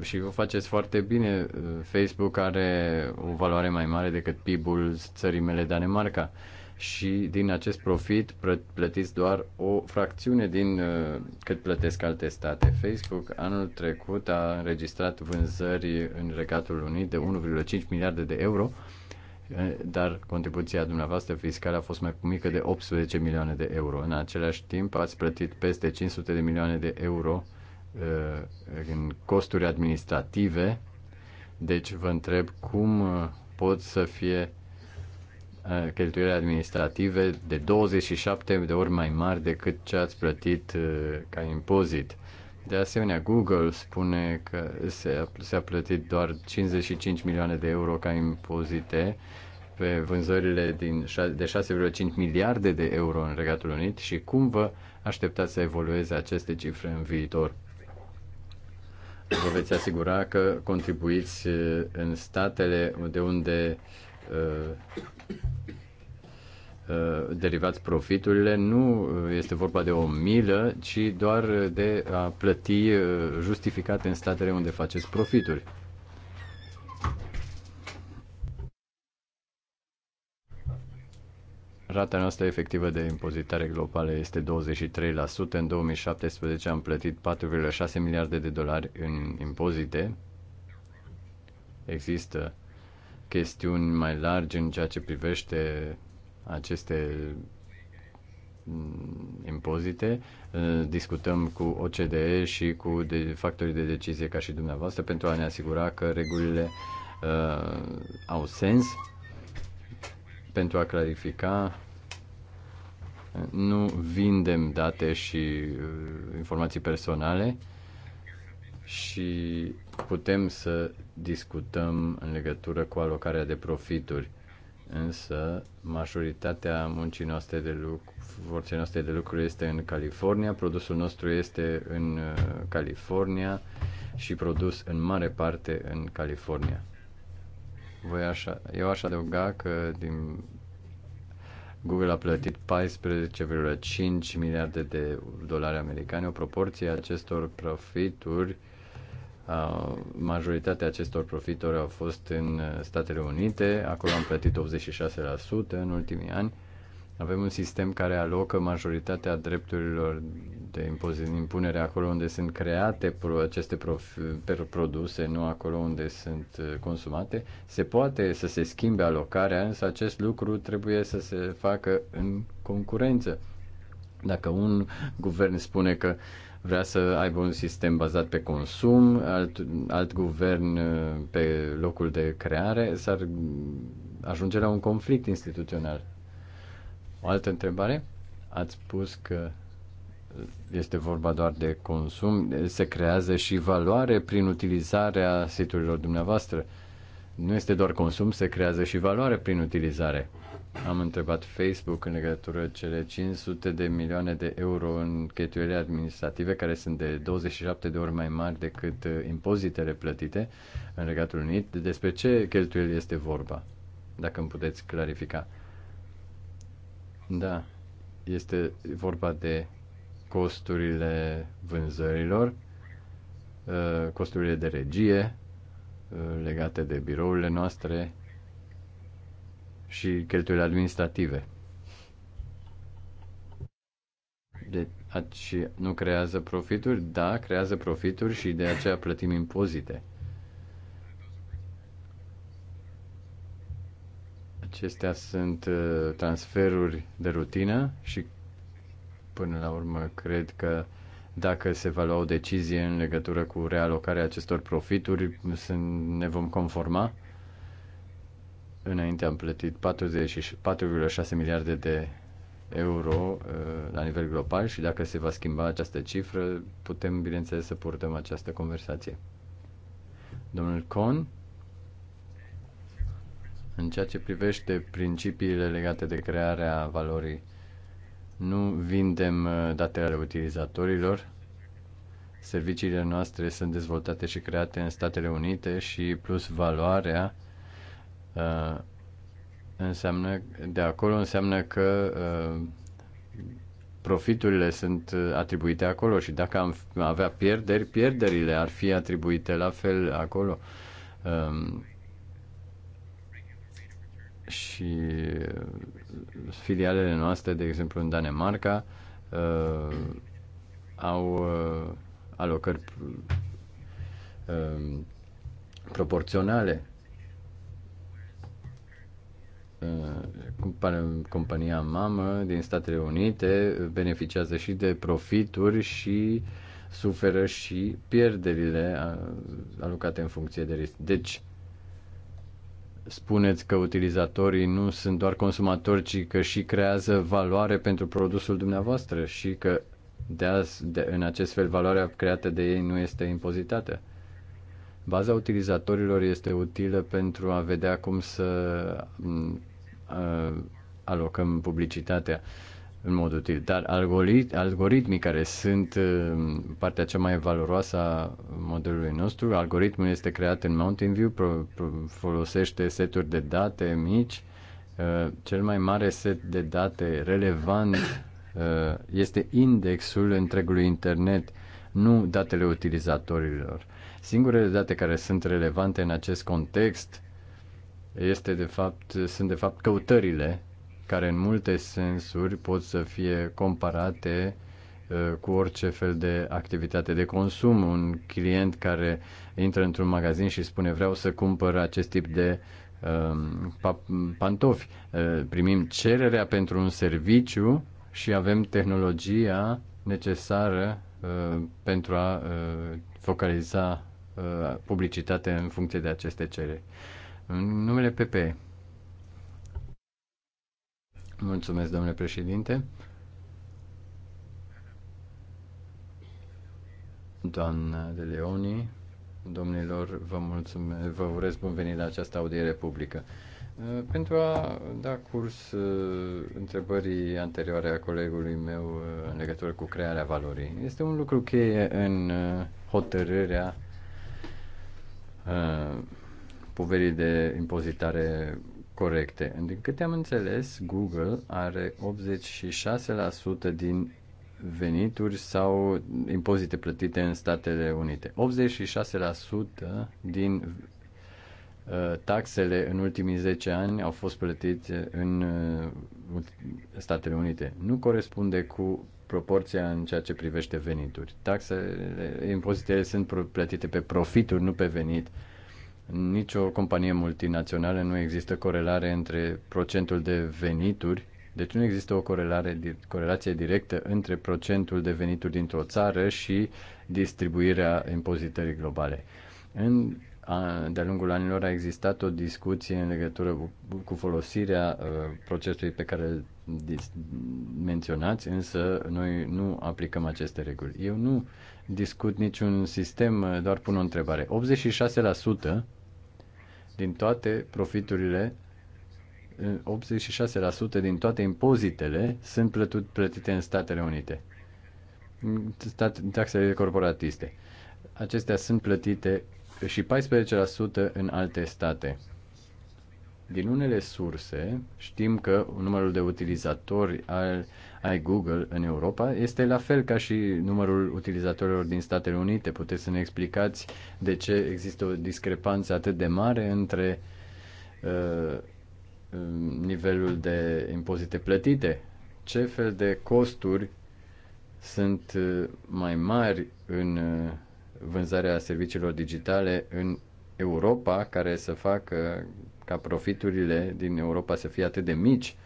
Și vă faceți foarte bine. Uh, Facebook are o valoare mai mare decât PIB-ul țării mele Danemarca și din acest profit plătiți doar o fracțiune din uh, cât plătesc alte state. Facebook anul trecut a înregistrat vânzări în Regatul Unit de 1,5 miliarde de euro, Eh, dar contribuția dumneavoastră fiscală a fost mai mică de 18 milioane de euro. În același timp ați plătit peste 500 de milioane de euro eh, în costuri administrative. Deci vă întreb cum eh, pot să fie cheltuielile administrative de 27 de ori mai mari decât ce ați plătit ca impozit. De asemenea, Google spune că se a, se a plătit doar 55 milioane de euro ca impozite pe vânzările din, de 6,5 miliarde de euro în Regatul Unit și cum vă așteptați să evolueze aceste cifre în viitor? Vă veți asigura că contribuiți eh, în statele de unde uh, uh, derivați profiturile. Nu este vorba de o milă, ci doar de a plăti justificate în statele unde faceți profituri. Rata noastră efectivă de impozitare globală este 23%. În 2017 am plătit 4,6 miliarde de dolari în impozite. Există chestiuni mai largi în ceea ce privește aceste mm, impozite. Discutăm cu OCDE și cu factorii de decizie ca și dumneavoastră pentru a ne asigura că regulile uh, au sens pentru a clarifica nu vindem date și uh, informații personale și putem să discutăm în legătură cu alocarea de profituri. Însă, majoritatea muncii noastre de lucru, forței noastre de lucru este în California, produsul nostru este în uh, California și produs în mare parte în California. Voi așa, eu aș adăuga că din Google a plătit 14,5 miliarde de dolari americani, o proporție a acestor profituri, majoritatea acestor profituri au fost în Statele Unite, acolo am plătit 86% în ultimii ani avem un sistem care alocă majoritatea drepturilor de impunere acolo unde sunt create aceste produse, nu acolo unde sunt uh, consumate. Se poate să se schimbe alocarea, însă acest lucru trebuie să se facă în concurență. Dacă un guvern spune că vrea să aibă un sistem bazat pe consum, alt, alt guvern uh, pe locul de creare, s-ar ajunge la un conflict instituțional o altă întrebare? Ați spus că este vorba doar de consum, se creează și valoare prin utilizarea siturilor dumneavoastră. Nu este doar consum, se creează și valoare prin utilizare. Am întrebat Facebook în legătură cele 500 de milioane de euro în cheltuielile administrative, care sunt de 27 de ori mai mari decât uh, impozitele plătite în Regatul Unit. Despre ce cheltuieli este vorba? Dacă îmi puteți clarifica. Da, este vorba de costurile vânzărilor, uh, costurile de regie uh, legate de birourile noastre și cheltuielile administrative. De, și nu creează profituri? Da, creează profituri și de aceea plătim impozite. Acestea sunt uh, transferuri de rutină și până la urmă cred că dacă se va lua o decizie în legătură cu realocarea acestor profituri, ne vom conforma. Înainte am plătit 4,6 miliarde de euro uh, la nivel global și dacă se va schimba această cifră, putem, bineînțeles, să purtăm această conversație. Domnul Con, în ceea ce privește principiile legate de crearea valorii, nu vindem uh, datele utilizatorilor. Serviciile noastre sunt dezvoltate și create în Statele Unite și plus valoarea uh, înseamnă, de acolo înseamnă că uh, profiturile sunt uh, atribuite acolo și dacă am avea pierderi, pierderile ar fi atribuite la fel acolo. Um, și filialele noastre, de exemplu în Danemarca, uh, au uh, alocări uh, proporționale. Uh, compania mamă din Statele Unite beneficiază și de profituri și suferă și pierderile uh, alocate în funcție de risc. Deci, spuneți că utilizatorii nu sunt doar consumatori, ci că și creează valoare pentru produsul dumneavoastră și că de azi, de, în acest fel valoarea creată de ei nu este impozitată. Baza utilizatorilor este utilă pentru a vedea cum să mm, a, alocăm publicitatea. Uh, în mod util, dar algorit, algoritmii care sunt uh, partea cea mai valoroasă a modelului nostru, algoritmul este creat în Mountain View, pro, pro, folosește seturi de date mici, uh, cel mai mare set de date relevant uh, este indexul întregului internet, nu datele utilizatorilor. Singurele date care sunt relevante în acest context este de fapt, sunt de fapt căutările care în multe sensuri pot să fie comparate uh, cu orice fel de activitate de consum. Un client care intră într-un magazin și spune vreau să cumpăr acest tip de um, pantofi. Uh, primim cererea pentru un serviciu și avem tehnologia necesară uh, pentru a focaliza publicitatea în funcție de aceste cereri. În numele PP, Mulțumesc, domnule președinte. Doamna de Leoni, domnilor, vă mulțumesc, vă urez bun venit la această audiere publică. Uh, pentru a da curs uh, întrebării anterioare a colegului meu uh, în legătură cu crearea valorii, este un lucru cheie în hotărârea poverii de impozitare corecte. Din câte am înțeles, Google are 86% din venituri sau impozite plătite în Statele Unite. 86% din uh, taxele în ultimii 10 ani au fost plătite în uh, Statele Unite. Nu corespunde cu proporția în ceea ce privește venituri. Taxele, impozitele sunt plătite pe profituri, nu pe venit. Uh, nicio companie multinațională nu există corelare între procentul de venituri, deci nu există o corelare, corelație directă între procentul de venituri dintr-o țară și distribuirea impozitării globale. În de-a lungul anilor a existat o discuție în legătură cu folosirea uh, procesului pe care îl menționați, însă noi nu aplicăm aceste reguli. Eu nu discut niciun sistem, uh, doar pun o întrebare. 86% din toate profiturile 86% uh, din toate impozitele sunt plătut, plătite în Statele Unite. Stat, taxele corporatiste. Acestea sunt plătite și 14% în alte state. Din unele surse știm că numărul de utilizatori al ai Google în Europa este la fel ca și numărul utilizatorilor din Statele Unite. Puteți să ne explicați de ce există o discrepanță atât de mare între uh, um, nivelul de impozite plătite? Ce fel de costuri sunt uh, mai mari în uh, vânzarea serviciilor digitale în Europa care să facă ca profiturile din Europa să fie atât de mici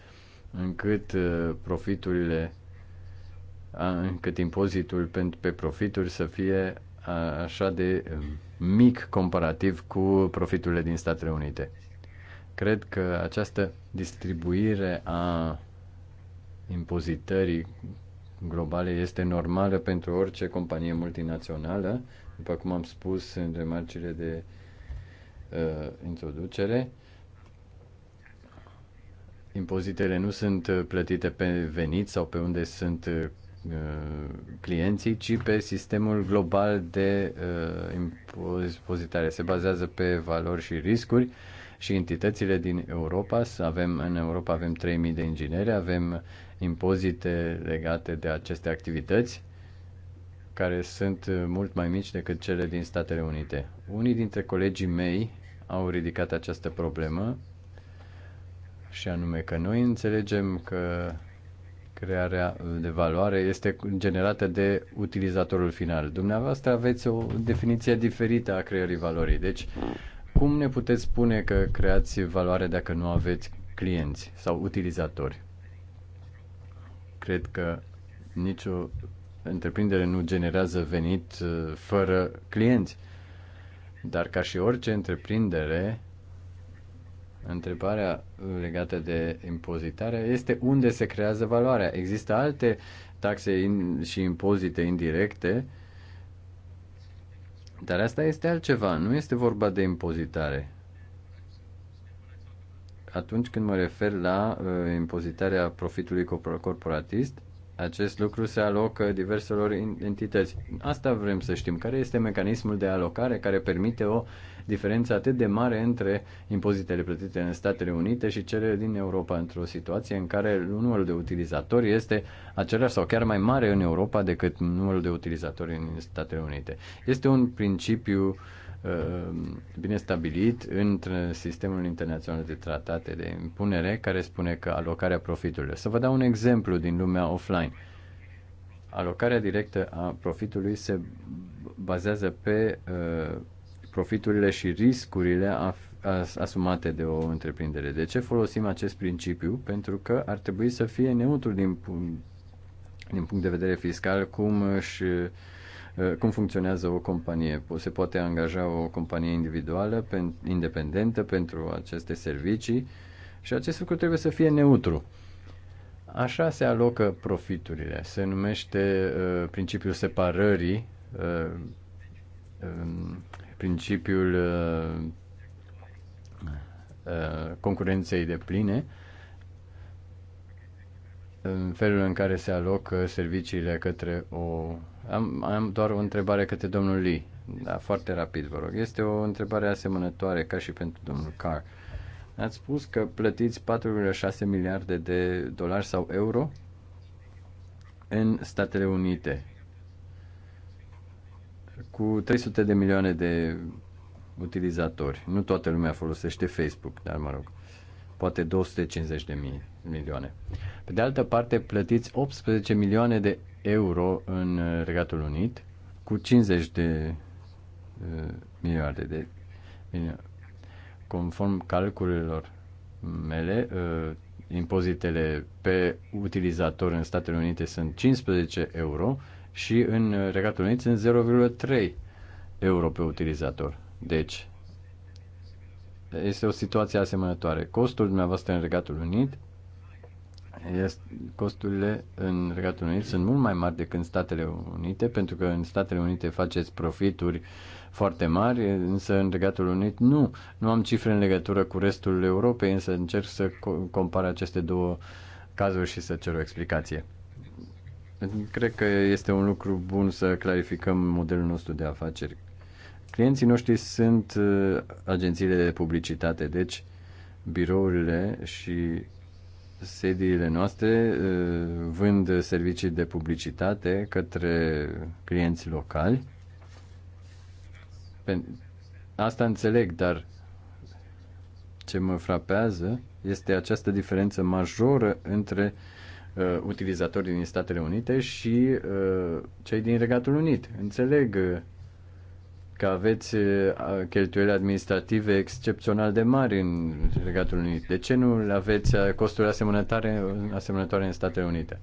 încât uh, profiturile, încât impozitul pentru pe profituri să fie așa de um, mic comparativ cu profiturile din Statele Unite. Cred că această distribuire a impozitării globale este normală pentru orice companie multinațională, după cum am spus în remarcile de uh, introducere. Uh, impozitele nu sunt uh, plătite pe venit sau pe unde sunt uh, clienții, ci pe sistemul global de uh, impozitare. Se bazează pe valori și riscuri și entitățile din Europa. Avem, în Europa avem 3.000 de ingineri, avem impozite legate de aceste activități care sunt mult mai mici decât cele din Statele Unite. Unii dintre colegii mei au ridicat această problemă și anume că noi înțelegem că crearea de valoare este generată de utilizatorul final. Dumneavoastră aveți o definiție diferită a creării valorii. Deci, cum ne puteți spune că creați valoare dacă nu aveți clienți sau utilizatori? Cred că nicio întreprindere nu generează venit uh, fără clienți. Dar ca și orice întreprindere, Întrebarea legată de impozitare este unde se creează valoarea. Există alte taxe in- și impozite indirecte, dar asta este altceva. Nu este vorba de impozitare. Atunci când mă refer la uh, impozitarea profitului corporatist, acest lucru se alocă diverselor entități. Asta vrem să știm. Care este mecanismul de alocare care permite o diferența atât de mare între impozitele plătite în Statele Unite și cele din Europa într-o situație în care numărul de utilizatori este același sau chiar mai mare în Europa decât numărul de utilizatori în Statele Unite. Este un principiu uh, bine stabilit între sistemul internațional de tratate de impunere care spune că alocarea profiturilor. Să vă dau un exemplu din lumea offline alocarea directă a profitului se bazează pe uh, profiturile și riscurile asumate de o întreprindere. De ce folosim acest principiu? Pentru că ar trebui să fie neutru din, din punct de vedere fiscal cum își uh, cum funcționează o companie. Se poate angaja o companie individuală, independentă pentru aceste servicii și acest lucru trebuie să fie neutru. Așa se alocă profiturile. Se numește uh, principiul separării uh, principiul uh, uh, concurenței de pline, în felul în care se alocă serviciile către o... Am, am doar o întrebare către domnul Lee. Da, foarte rapid, vă rog. Este o întrebare asemănătoare ca și pentru domnul Carr. Ați spus că plătiți 4,6 miliarde de dolari sau euro în Statele Unite cu 300 de milioane de utilizatori. Nu toată lumea folosește Facebook, dar mă rog, poate 250 de mii, milioane. Pe de altă parte, plătiți 18 milioane de euro în Regatul Unit cu 50 de uh, milioane de milioane. Conform calculelor mele, uh, impozitele pe utilizator în Statele Unite sunt 15 euro, și în uh, Regatul Unit sunt 0,3 euro pe utilizator. Deci, este o situație asemănătoare. Costul dumneavoastră în Regatul Unit este, costurile în Regatul Unit sunt mult mai mari decât în Statele Unite, pentru că în Statele Unite faceți profituri foarte mari, însă în Regatul Unit nu. Nu am cifre în legătură cu restul Europei, însă încerc să compar aceste două cazuri și să cer o explicație. Cred că este un lucru bun să clarificăm modelul nostru de afaceri. Clienții noștri sunt uh, agențiile de publicitate, deci birourile și sediile noastre uh, vând servicii de publicitate către clienți locali. Asta înțeleg, dar ce mă frapează este această diferență majoră între uh, uh, utilizatorii din Statele Unite și uh, cei din Regatul Unit. Înțeleg uh, că aveți uh, cheltuieli administrative excepțional de mari în Regatul Unit. De ce nu aveți uh, costuri asemănătoare, asemănătoare în Statele Unite?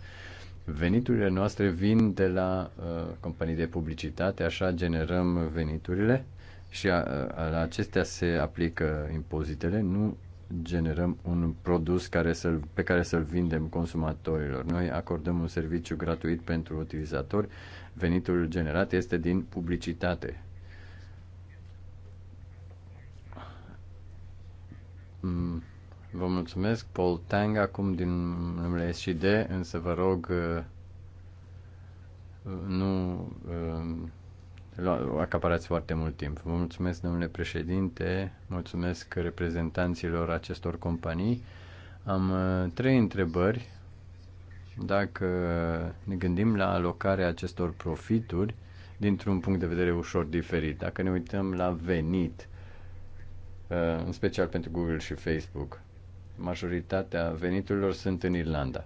Veniturile noastre vin de la uh, companii de publicitate, așa generăm veniturile și a, uh, a, la acestea se aplică impozitele, nu generăm un produs care să pe care să-l vindem consumatorilor. Noi acordăm un serviciu gratuit pentru utilizatori. Venitul generat este din publicitate. Mm, vă mulțumesc, Paul Tang, acum din numele SCD, însă vă rog uh, nu uh, acaparați foarte mult timp. Vă mulțumesc, domnule președinte, mulțumesc reprezentanților acestor companii. Am uh, trei întrebări. Dacă ne gândim la alocarea acestor profituri dintr-un punct de vedere ușor diferit, dacă ne uităm la venit, uh, în special pentru Google și Facebook, majoritatea veniturilor sunt în Irlanda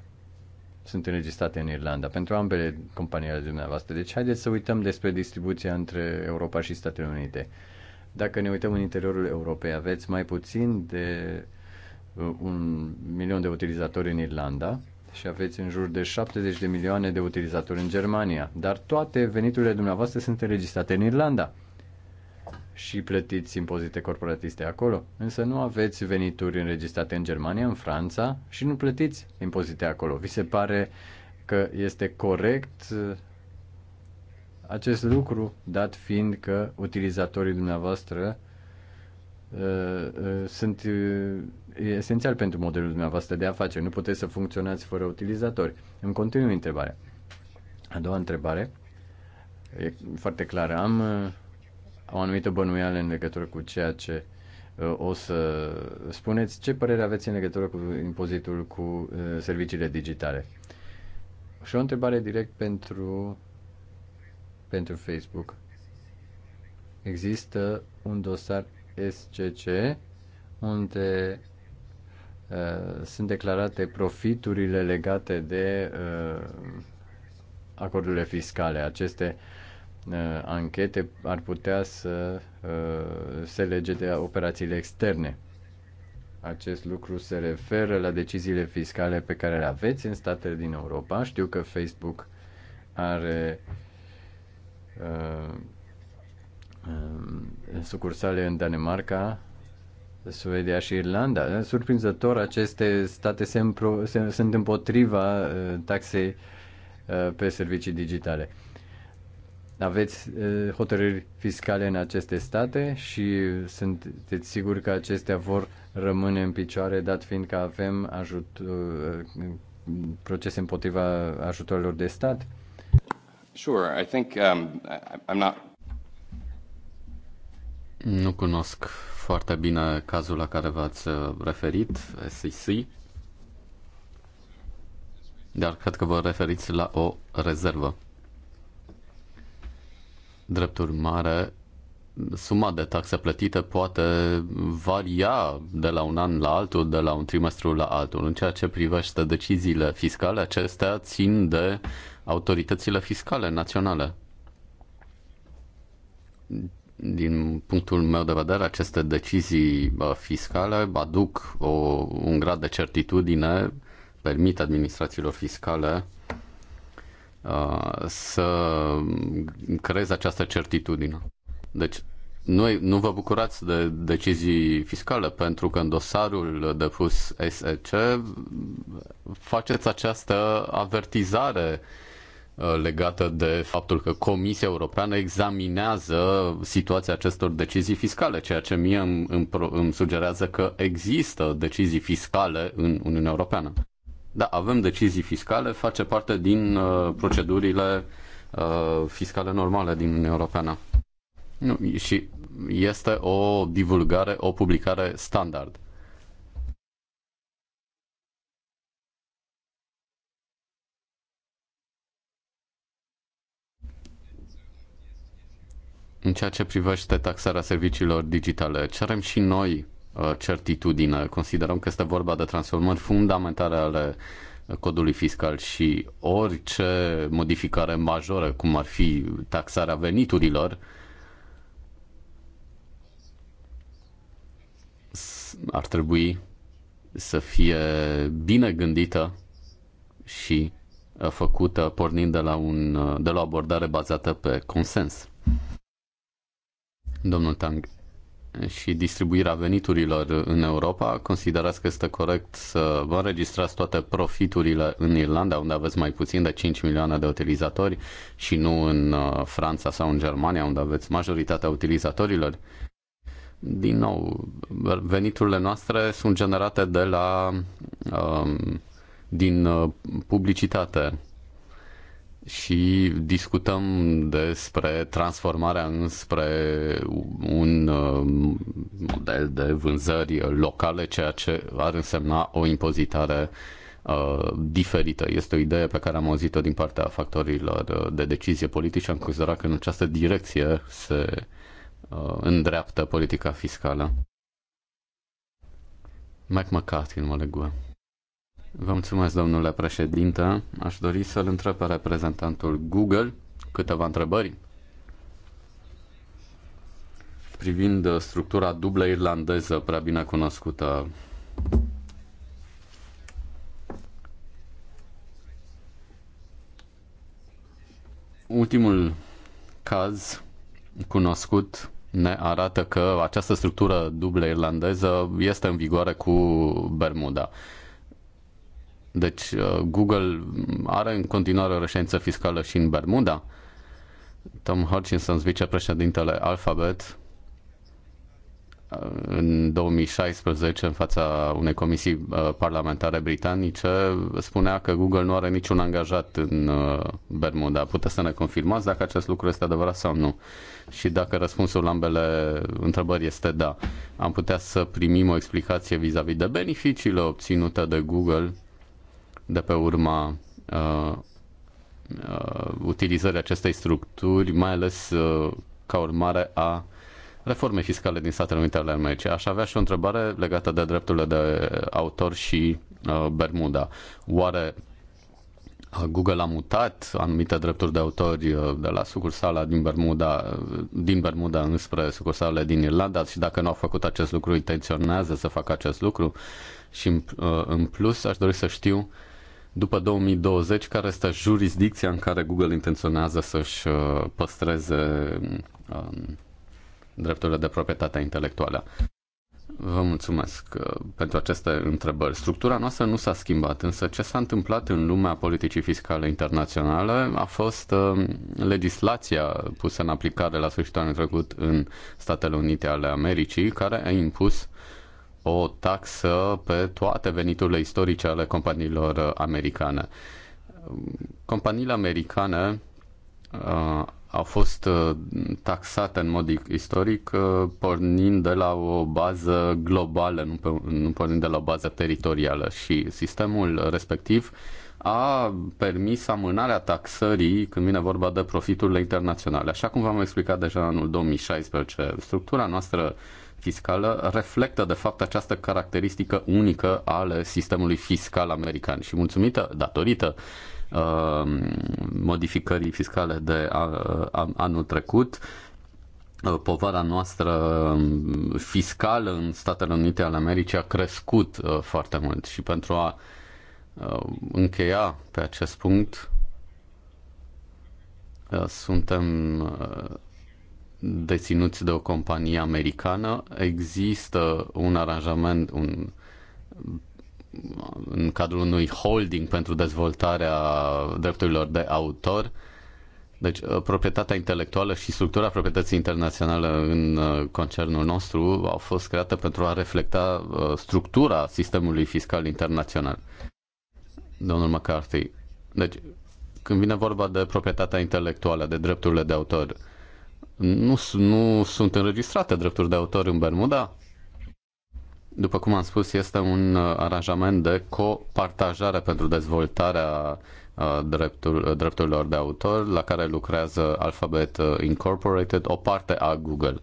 sunt înregistrate în Irlanda pentru ambele companii ale dumneavoastră. Deci haideți să uităm despre distribuția între Europa și Statele Unite. Dacă ne uităm în interiorul Europei, aveți mai puțin de uh, un milion de utilizatori în Irlanda și aveți în jur de 70 de milioane de utilizatori în Germania, dar toate veniturile dumneavoastră sunt înregistrate în Irlanda și plătiți impozite corporatiste acolo, însă nu aveți venituri înregistrate în Germania, în Franța și nu plătiți impozite acolo. Vi se pare că este corect uh, acest lucru, dat fiind că utilizatorii dumneavoastră uh, uh, sunt esențial pentru modelul dumneavoastră de afaceri. Nu puteți să funcționați fără utilizatori. Îmi continui întrebarea. A doua întrebare e foarte clară. Am o anumită bănuială în legătură cu ceea ce uh, o să spuneți. Ce părere aveți în legătură cu impozitul cu uh, serviciile digitale? Și o întrebare direct pentru, pentru Facebook. Există un dosar SCC unde uh, sunt declarate profiturile legate de uh, acordurile fiscale. Aceste uh, Uh, anchete ar putea să uh, se lege de operațiile externe. Acest lucru se referă la deciziile fiscale pe care le aveți în statele din Europa. Știu că Facebook are uh, uh, sucursale în Danemarca, Suedia și Irlanda. Surprinzător, aceste state se împro- se, sunt împotriva uh, taxei uh, pe servicii digitale. Uh, aveți eh, hotărâri fiscale în aceste state și sunteți siguri că acestea vor rămâne în picioare, dat fiind că avem ajut, eh, procese împotriva ajutorilor de stat? Sure, I think um, I'm not... Nu cunosc foarte bine cazul la care v-ați eh, referit, SEC, dar cred că vă referiți la o rezervă. Drept urmare, suma de taxe plătite poate varia de la un an la altul, de la un trimestru la altul. În ceea ce privește deciziile fiscale, acestea țin de autoritățile fiscale naționale. Din punctul meu de vedere, aceste decizii uh, fiscale aduc o, un grad de certitudine, permit administrațiilor fiscale uh, Uh, să creez această certitudine. Deci, noi nu vă bucurați de decizii fiscale, pentru că în dosarul depus SEC faceți această avertizare uh, legată de faptul că Comisia Europeană examinează situația acestor decizii fiscale, ceea ce mie îmi, îmi, îmi sugerează că există decizii fiscale în Uniunea Europeană. Da, avem decizii fiscale, face parte din uh, procedurile uh, fiscale normale din Uniunea Europeană. Nu, și este o divulgare, o publicare standard. În ceea ce privește taxarea serviciilor digitale, cerem și noi Uh, certitudine. Considerăm că este vorba de transformări fundamentale ale codului fiscal și orice modificare majoră, cum ar fi taxarea veniturilor, ar trebui să fie bine gândită și uh, făcută pornind de la, un, uh, de la o abordare bazată pe consens. Domnul Tang, și distribuirea veniturilor în Europa, considerați că este corect să vă înregistrați toate profiturile în Irlanda, unde aveți mai puțin de 5 milioane de utilizatori, și nu în uh, Franța sau în Germania, unde aveți majoritatea utilizatorilor? Din nou, veniturile noastre sunt generate de la, um, din uh, publicitate și discutăm despre transformarea înspre un uh, model de vânzări locale, ceea ce ar însemna o impozitare uh, diferită. Este o idee pe care am auzit-o din partea factorilor uh, de decizie politice. Am considerat că în această direcție se îndreaptă politica fiscală. Mike McCarthy, în mă leguă. Vă mulțumesc, domnule președinte. Aș dori să-l întreb pe reprezentantul Google câteva întrebări privind structura dublă irlandeză prea bine cunoscută. Ultimul caz cunoscut ne arată că această structură dublă irlandeză este în vigoare cu Bermuda. Deci uh, Google are în continuare o reședință fiscală și în Bermuda. Tom Hutchinson, vicepreședintele Alphabet, uh, în 2016 în fața unei comisii uh, parlamentare britanice spunea că Google nu are niciun angajat în Bermuda. Puteți să ne confirmați dacă acest lucru este adevărat sau nu? Și dacă răspunsul la ambele întrebări este da, am putea să primim o explicație vis-a-vis -vis de beneficiile obținute de Google de pe urma uh, uh, utilizării acestei structuri, mai ales uh, ca urmare a reformei fiscale din Statele Unite ale Americii. Aș avea și o întrebare legată de drepturile de autor și uh, Bermuda. Oare uh, Google a mutat anumite drepturi de autori uh, de la sucursala din Bermuda, uh, din Bermuda înspre sucursalele din Irlanda și dacă nu au făcut acest lucru, intenționează să facă acest lucru. Și în plus aș dori să știu după 2020, care este jurisdicția în care Google intenționează să-și uh, păstreze um, drepturile de proprietate intelectuală. Vă mulțumesc uh, pentru aceste întrebări. Structura noastră nu s-a schimbat, însă ce s-a întâmplat în lumea politicii fiscale internaționale a fost um, legislația pusă în aplicare la sfârșitul anului trecut în Statele Unite ale Americii, care a impus o taxă pe toate veniturile istorice ale companiilor americane. Companiile americane uh, au fost uh, taxate în mod istoric uh, pornind de la o bază globală, nu, pe, nu pornind de la o bază teritorială și sistemul respectiv a permis amânarea taxării când vine vorba de profiturile internaționale. Așa cum v-am explicat deja în anul 2016, structura noastră fiscală reflectă de fapt această caracteristică unică ale sistemului fiscal american și mulțumită, datorită uh, modificării fiscale de anul trecut, uh, povara noastră fiscală în Statele Unite ale Americii a crescut uh, foarte mult și pentru a încheia pe acest punct suntem deținuți de o companie americană. Există un aranjament, un în cadrul unui holding pentru dezvoltarea drepturilor de autor. Deci, uh, proprietatea intelectuală și structura proprietății internaționale în uh, concernul nostru au fost create pentru a reflecta uh, structura sistemului fiscal internațional. Domnul McCarthy, deci, când vine vorba de proprietatea intelectuală, de drepturile de autor, nu, nu sunt înregistrate drepturi de autor în Bermuda. După cum am spus, este un uh, aranjament de copartajare pentru dezvoltarea uh, dreptul, uh, drepturilor de autor la care lucrează Alphabet Incorporated, o parte a Google.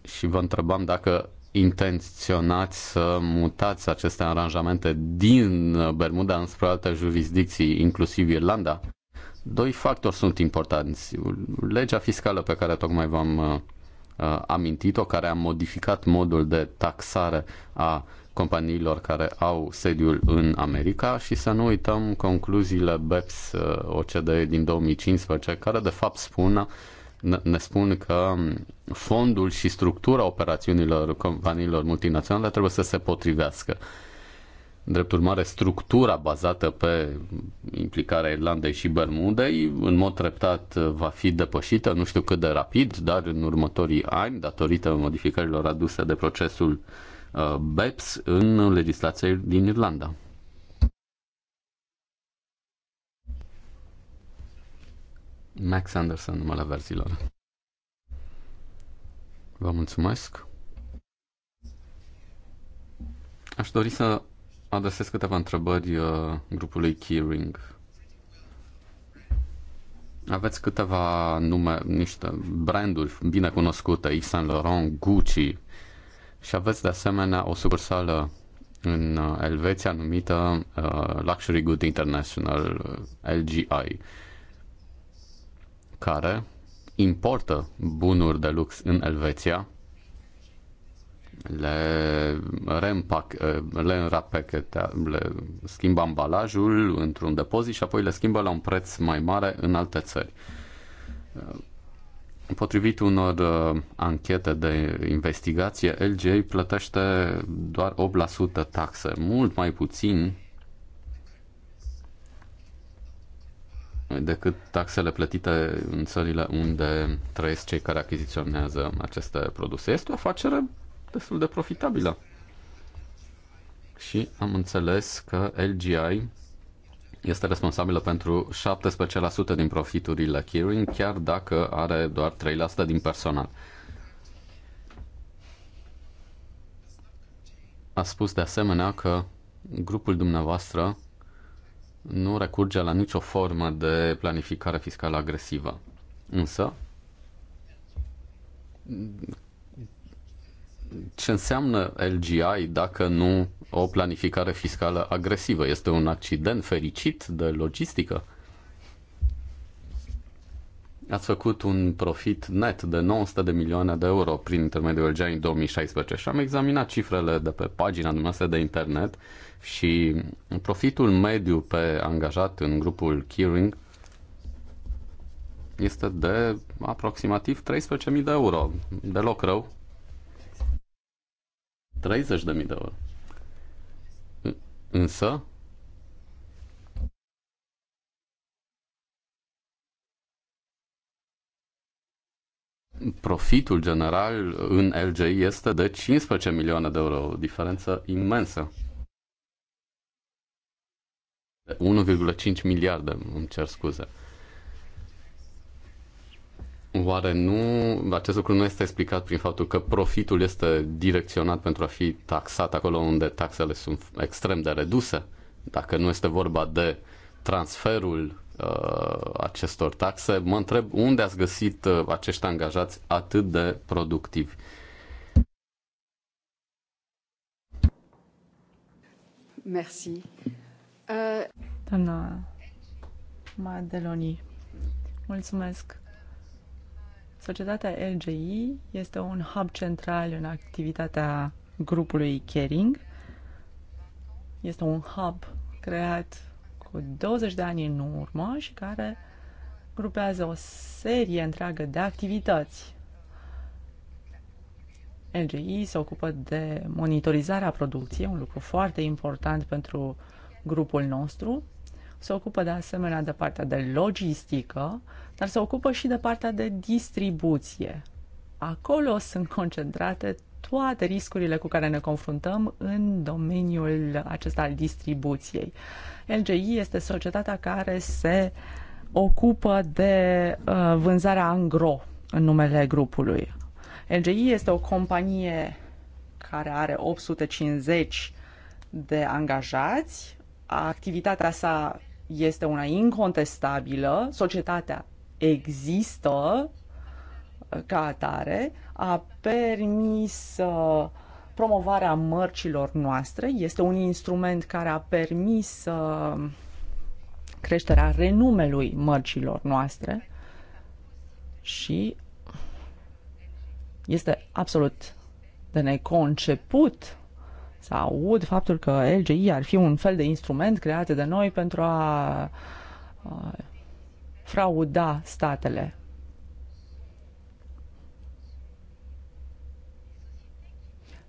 Și vă întrebam dacă intenționați să mutați aceste aranjamente din Bermuda înspre alte jurisdicții, inclusiv Irlanda? Doi factori sunt importanți. Legea fiscală pe care tocmai v-am uh, uh, amintit-o, care a modificat modul de taxare a companiilor care au sediul în America și să nu uităm concluziile BEPS uh, OCDE din 2015, care de fapt spun, ne spun că um, fondul și structura operațiunilor companiilor multinaționale trebuie să se potrivească. Drept urmare, structura bazată pe implicarea Irlandei și Bermudei, în mod treptat, va fi depășită, nu știu cât de rapid, dar în următorii ani, datorită modificărilor aduse de procesul uh, BEPS în legislația din Irlanda. Max Anderson, numele verzilor. Vă mulțumesc. Aș dori să adresez câteva întrebări uh, grupului Keyring. Aveți câteva nume, niște branduri bine cunoscute, Yves Saint Laurent, Gucci și aveți de asemenea o sucursală în uh, Elveția numită uh, Luxury Good International, uh, LGI, care importă bunuri de lux în Elveția le, reîmpac, le înrapechetea, le schimbă ambalajul într-un depozit și apoi le schimbă la un preț mai mare în alte țări. Potrivit unor uh, anchete de investigație, LGA plătește doar 8% taxe, mult mai puțin decât taxele plătite în țările unde trăiesc cei care achiziționează aceste produse. Este o afacere destul de profitabilă. Și am înțeles că LGI este responsabilă pentru 17% din profiturile Kirin, chiar dacă are doar 3% din personal. A spus de asemenea că grupul dumneavoastră nu recurge la nicio formă de planificare fiscală agresivă. Însă, ce înseamnă LGI dacă nu o planificare fiscală agresivă? Este un accident fericit de logistică? Ați făcut un profit net de 900 de milioane de euro prin intermediul LGI în 2016 și am examinat cifrele de pe pagina dumneavoastră de internet și profitul mediu pe angajat în grupul Keyring este de aproximativ 13.000 de euro. Deloc rău, 30.000 de euro. Însă, profitul general în LGI este de 15 milioane de euro, o diferență imensă. 1,5 miliarde, îmi cer scuze. Oare nu, acest lucru nu este explicat prin faptul că profitul este direcționat pentru a fi taxat acolo unde taxele sunt extrem de reduse? Dacă nu este vorba de transferul uh, acestor taxe, mă întreb unde ați găsit uh, acești angajați atât de productivi? Merci. Uh... Doamna Madeloni, mulțumesc. Societatea LGI este un hub central în activitatea grupului Caring. Este un hub creat cu 20 de ani în urmă și care grupează o serie întreagă de activități. LGI se ocupă de monitorizarea producției, un lucru foarte important pentru grupul nostru. Se ocupă de asemenea de partea de logistică, dar se ocupă și de partea de distribuție. Acolo sunt concentrate toate riscurile cu care ne confruntăm în domeniul acesta al distribuției. LGI este societatea care se ocupă de uh, vânzarea angro în numele grupului. LGI este o companie care are 850 de angajați. Activitatea sa este una incontestabilă. Societatea există uh, ca atare, a permis uh, promovarea mărcilor noastre, este un instrument care a permis uh, creșterea renumelui mărcilor noastre și este absolut de neconceput să aud faptul că LGI ar fi un fel de instrument creat de noi pentru a frauda statele.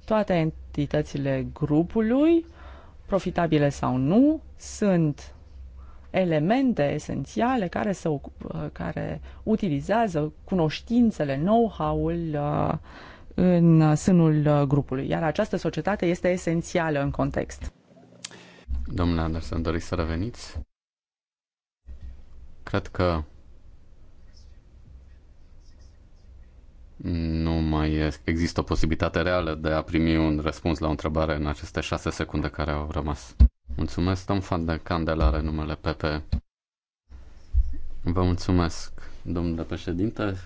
Toate entitățile grupului, profitabile sau nu, sunt elemente esențiale care, se, care utilizează cunoștințele, know-how-ul uh, în sânul uh, grupului. Iar această societate este esențială în context. Domnule Anderson, doriți să reveniți? Cred că nu mai există o posibilitate reală de a primi un răspuns la o întrebare în aceste șase secunde care au rămas. Mulțumesc, domn Fan de Candelare, numele PP. Vă mulțumesc, domnule președinte.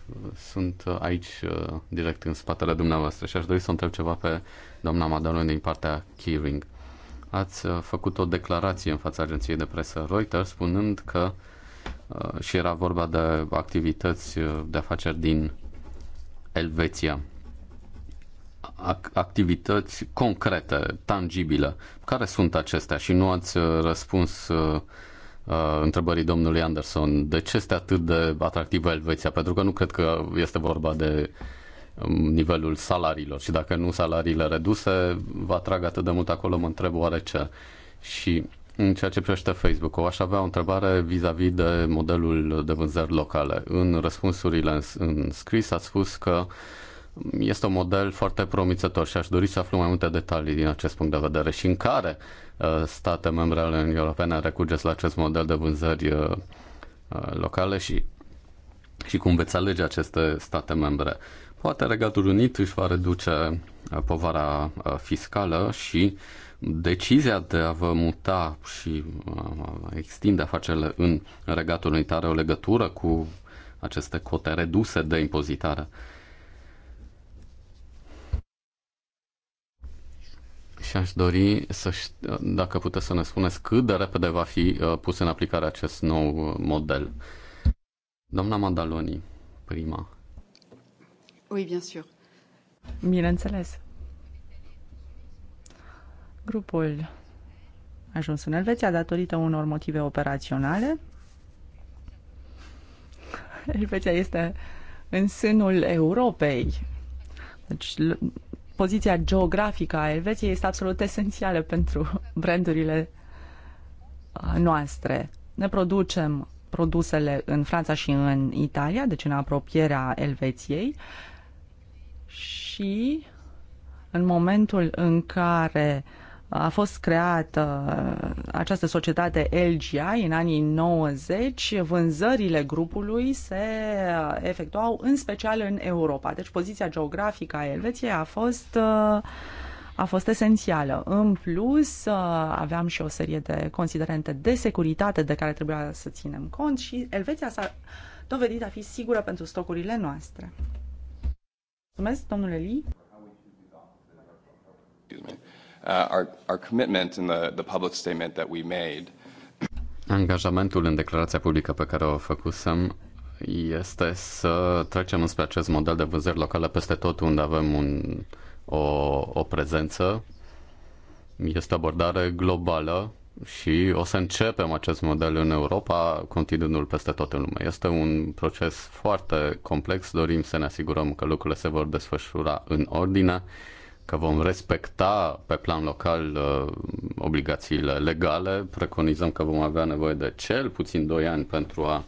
Sunt aici, uh, direct în spatele dumneavoastră și aș dori să întreb ceva pe doamna Madaloni din partea Keyring. Ați uh, făcut o declarație în fața agenției de presă Reuters spunând că Uh, și era vorba de activități uh, de afaceri din Elveția. Activități concrete, tangibile. Care sunt acestea? Și nu ați uh, răspuns întrebării domnului Anderson. De ce este atât de atractivă Elveția? Pentru că nu cred că este vorba de um, nivelul salariilor și dacă nu salariile reduse, va atrag atât de mult acolo, mă întreb oare ce. Și în ceea ce privește Facebook, o aș avea o întrebare vis-a-vis -vis de modelul de vânzări locale. În răspunsurile în, în scris ați spus că este un model foarte promițător și aș dori să aflu mai multe detalii din acest punct de vedere și în care uh, state membre ale Uniunii Europene recurgeți la acest model de vânzări uh, uh, locale și, și cum veți alege aceste state membre. Poate Regatul Unit își va reduce povara fiscală și uh, Decizia de a vă muta și uh, a extinde afacerile în Regatul unitar are o legătură cu aceste cote reduse de impozitare. Și aș dori să șt- dacă puteți să ne spuneți cât de repede va fi uh, pus în aplicare acest nou uh, model. Doamna Madaloni, prima. Oui, bien sûr. Bineînțeles. Grupul a ajuns în Elveția datorită unor motive operaționale. Elveția este în sânul Europei. Deci poziția geografică a Elveției este absolut esențială pentru brandurile uh, noastre. Ne producem produsele în Franța și în Italia, deci în apropierea Elveției și în momentul în care uh, a fost creată uh, această societate LGI în anii 90, vânzările grupului se uh, efectuau în special în Europa. Deci poziția geografică a Elveției a fost uh, a fost esențială. În plus, aveam și o serie de considerente de securitate de care trebuia să ținem cont și Elveția s-a dovedit a fi sigură pentru stocurile noastre. Mulțumesc, domnule Lee. Excuse me. Uh, our, commitment in the, the public statement that we made. Angajamentul în declarația publică pe care o făcusem este să trecem înspre acest model de vânzări locale peste tot unde avem un, o, o prezență. Este abordare globală și o să începem acest model în Europa, continuându-l peste tot în lume. Este un proces foarte complex, dorim să ne asigurăm că lucrurile se vor desfășura în ordine că vom respecta pe plan local uh, obligațiile legale. Preconizăm că vom avea nevoie de cel puțin 2 ani pentru a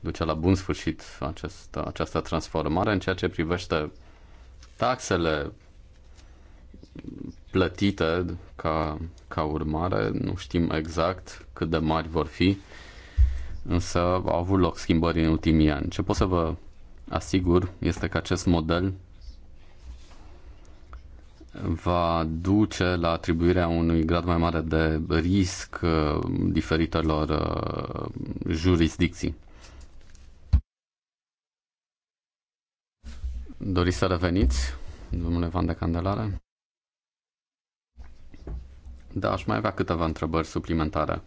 duce la bun sfârșit acest, această transformare în ceea ce privește taxele plătite ca, ca urmare. Nu știm exact cât de mari vor fi, însă au avut loc schimbări în ultimii ani. Ce pot să vă asigur este că acest model va duce la atribuirea unui grad mai mare de risc uh, diferitelor uh, jurisdicții. Doriți să reveniți, domnule Van de Candelare? Da, aș mai avea câteva întrebări suplimentare.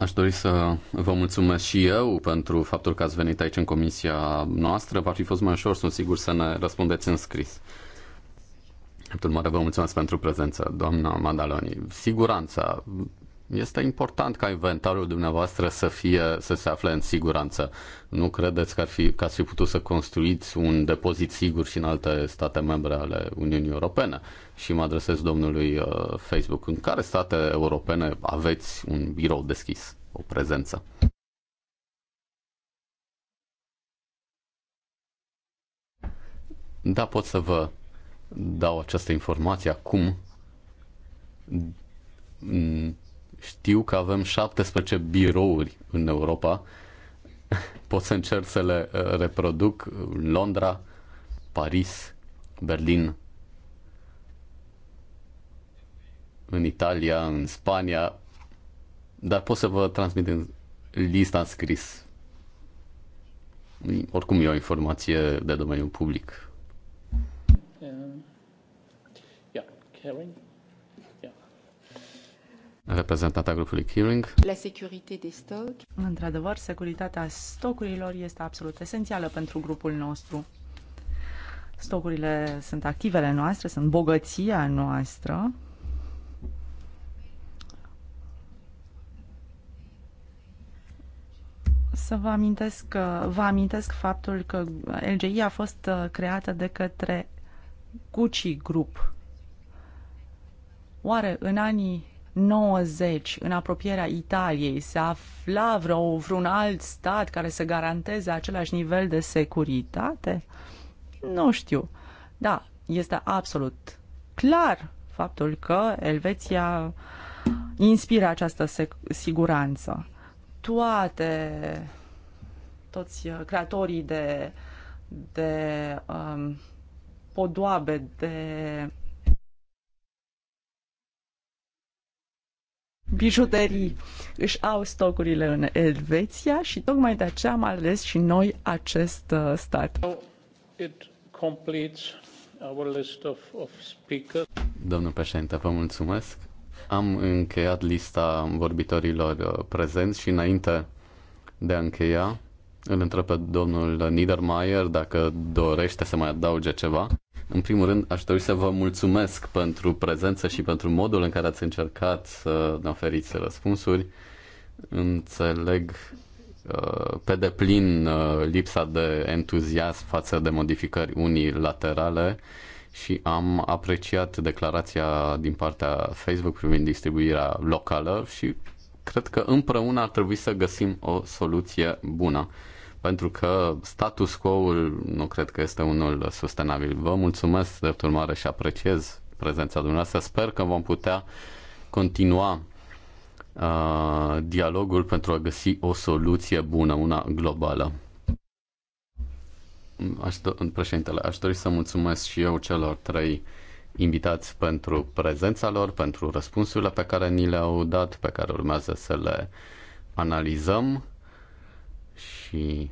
Aș dori să vă mulțumesc și eu pentru faptul că ați venit aici în comisia noastră. Va fi fost mai ușor, sunt sigur, să ne răspundeți în scris. Într-un mare, vă mulțumesc pentru prezență, doamna Madaloni. Siguranța. Este important ca inventarul dumneavoastră să, fie, să se afle în siguranță. Nu credeți că, ar fi, că ați fi putut să construiți un depozit sigur și în alte state membre ale Uniunii Europene? și mă adresez domnului uh, Facebook. În care state europene aveți un birou deschis, o prezență? Da, pot să vă dau această informație acum. Mm, știu că avem 17 birouri în Europa. Pot să încerc să le uh, reproduc. Londra, Paris, Berlin, în Italia, în Spania, dar pot să vă transmit în lista scris. Oricum e o informație de domeniul public. Uh, Reprezentanta grupului Killing. La securitate de stoc. Într-adevăr, securitatea stocurilor este absolut esențială pentru grupul nostru. Stocurile sunt activele noastre, sunt bogăția noastră să vă amintesc, vă amintesc faptul că LGI a fost uh, creată de către Gucci Group. Oare în anii 90, în apropierea Italiei, se afla vreo, vreun alt stat care să garanteze același nivel de securitate? Nu știu. Da, este absolut clar faptul că Elveția inspiră această siguranță. Toate toți uh, creatorii de, de um, podoabe, de bijuterii își au stocurile în Elveția și tocmai de aceea am ales și noi acest uh, stat. It completes our list of, of speakers. Domnul președinte, vă mulțumesc. Am încheiat lista vorbitorilor uh, prezenți și înainte de a încheia, îl întreb pe domnul Niedermayer dacă dorește să mai adauge ceva. În primul rând, aș dori să vă mulțumesc pentru prezență și pentru modul în care ați încercat să ne oferiți răspunsuri. Înțeleg uh, pe deplin uh, lipsa de entuziasm față de modificări unilaterale și am apreciat declarația din partea Facebook privind distribuirea locală și cred că împreună ar trebui să găsim o soluție bună. Pentru că status quo-ul nu cred că este unul sustenabil. Vă mulțumesc, drept urmare, și apreciez prezența dumneavoastră. Sper că vom putea continua uh, dialogul pentru a găsi o soluție bună, una globală. Aș do- președintele, aș dori să mulțumesc și eu celor trei invitați pentru prezența lor, pentru răspunsurile pe care ni le-au dat, pe care urmează să le analizăm și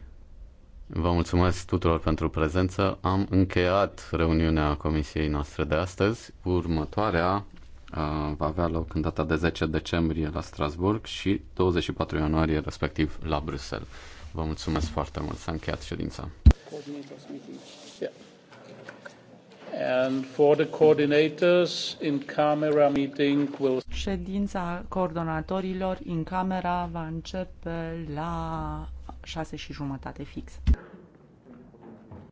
vă mulțumesc tuturor pentru prezență. Am încheiat reuniunea comisiei noastre de astăzi. Următoarea uh, va avea loc în data de 10 decembrie la Strasburg și 24 ianuarie respectiv la Bruxelles. Vă mulțumesc foarte mult. S-a încheiat ședința. And for the coordinators in camera meeting will... Ședința coordonatorilor în camera va începe la șase și jumătate fix.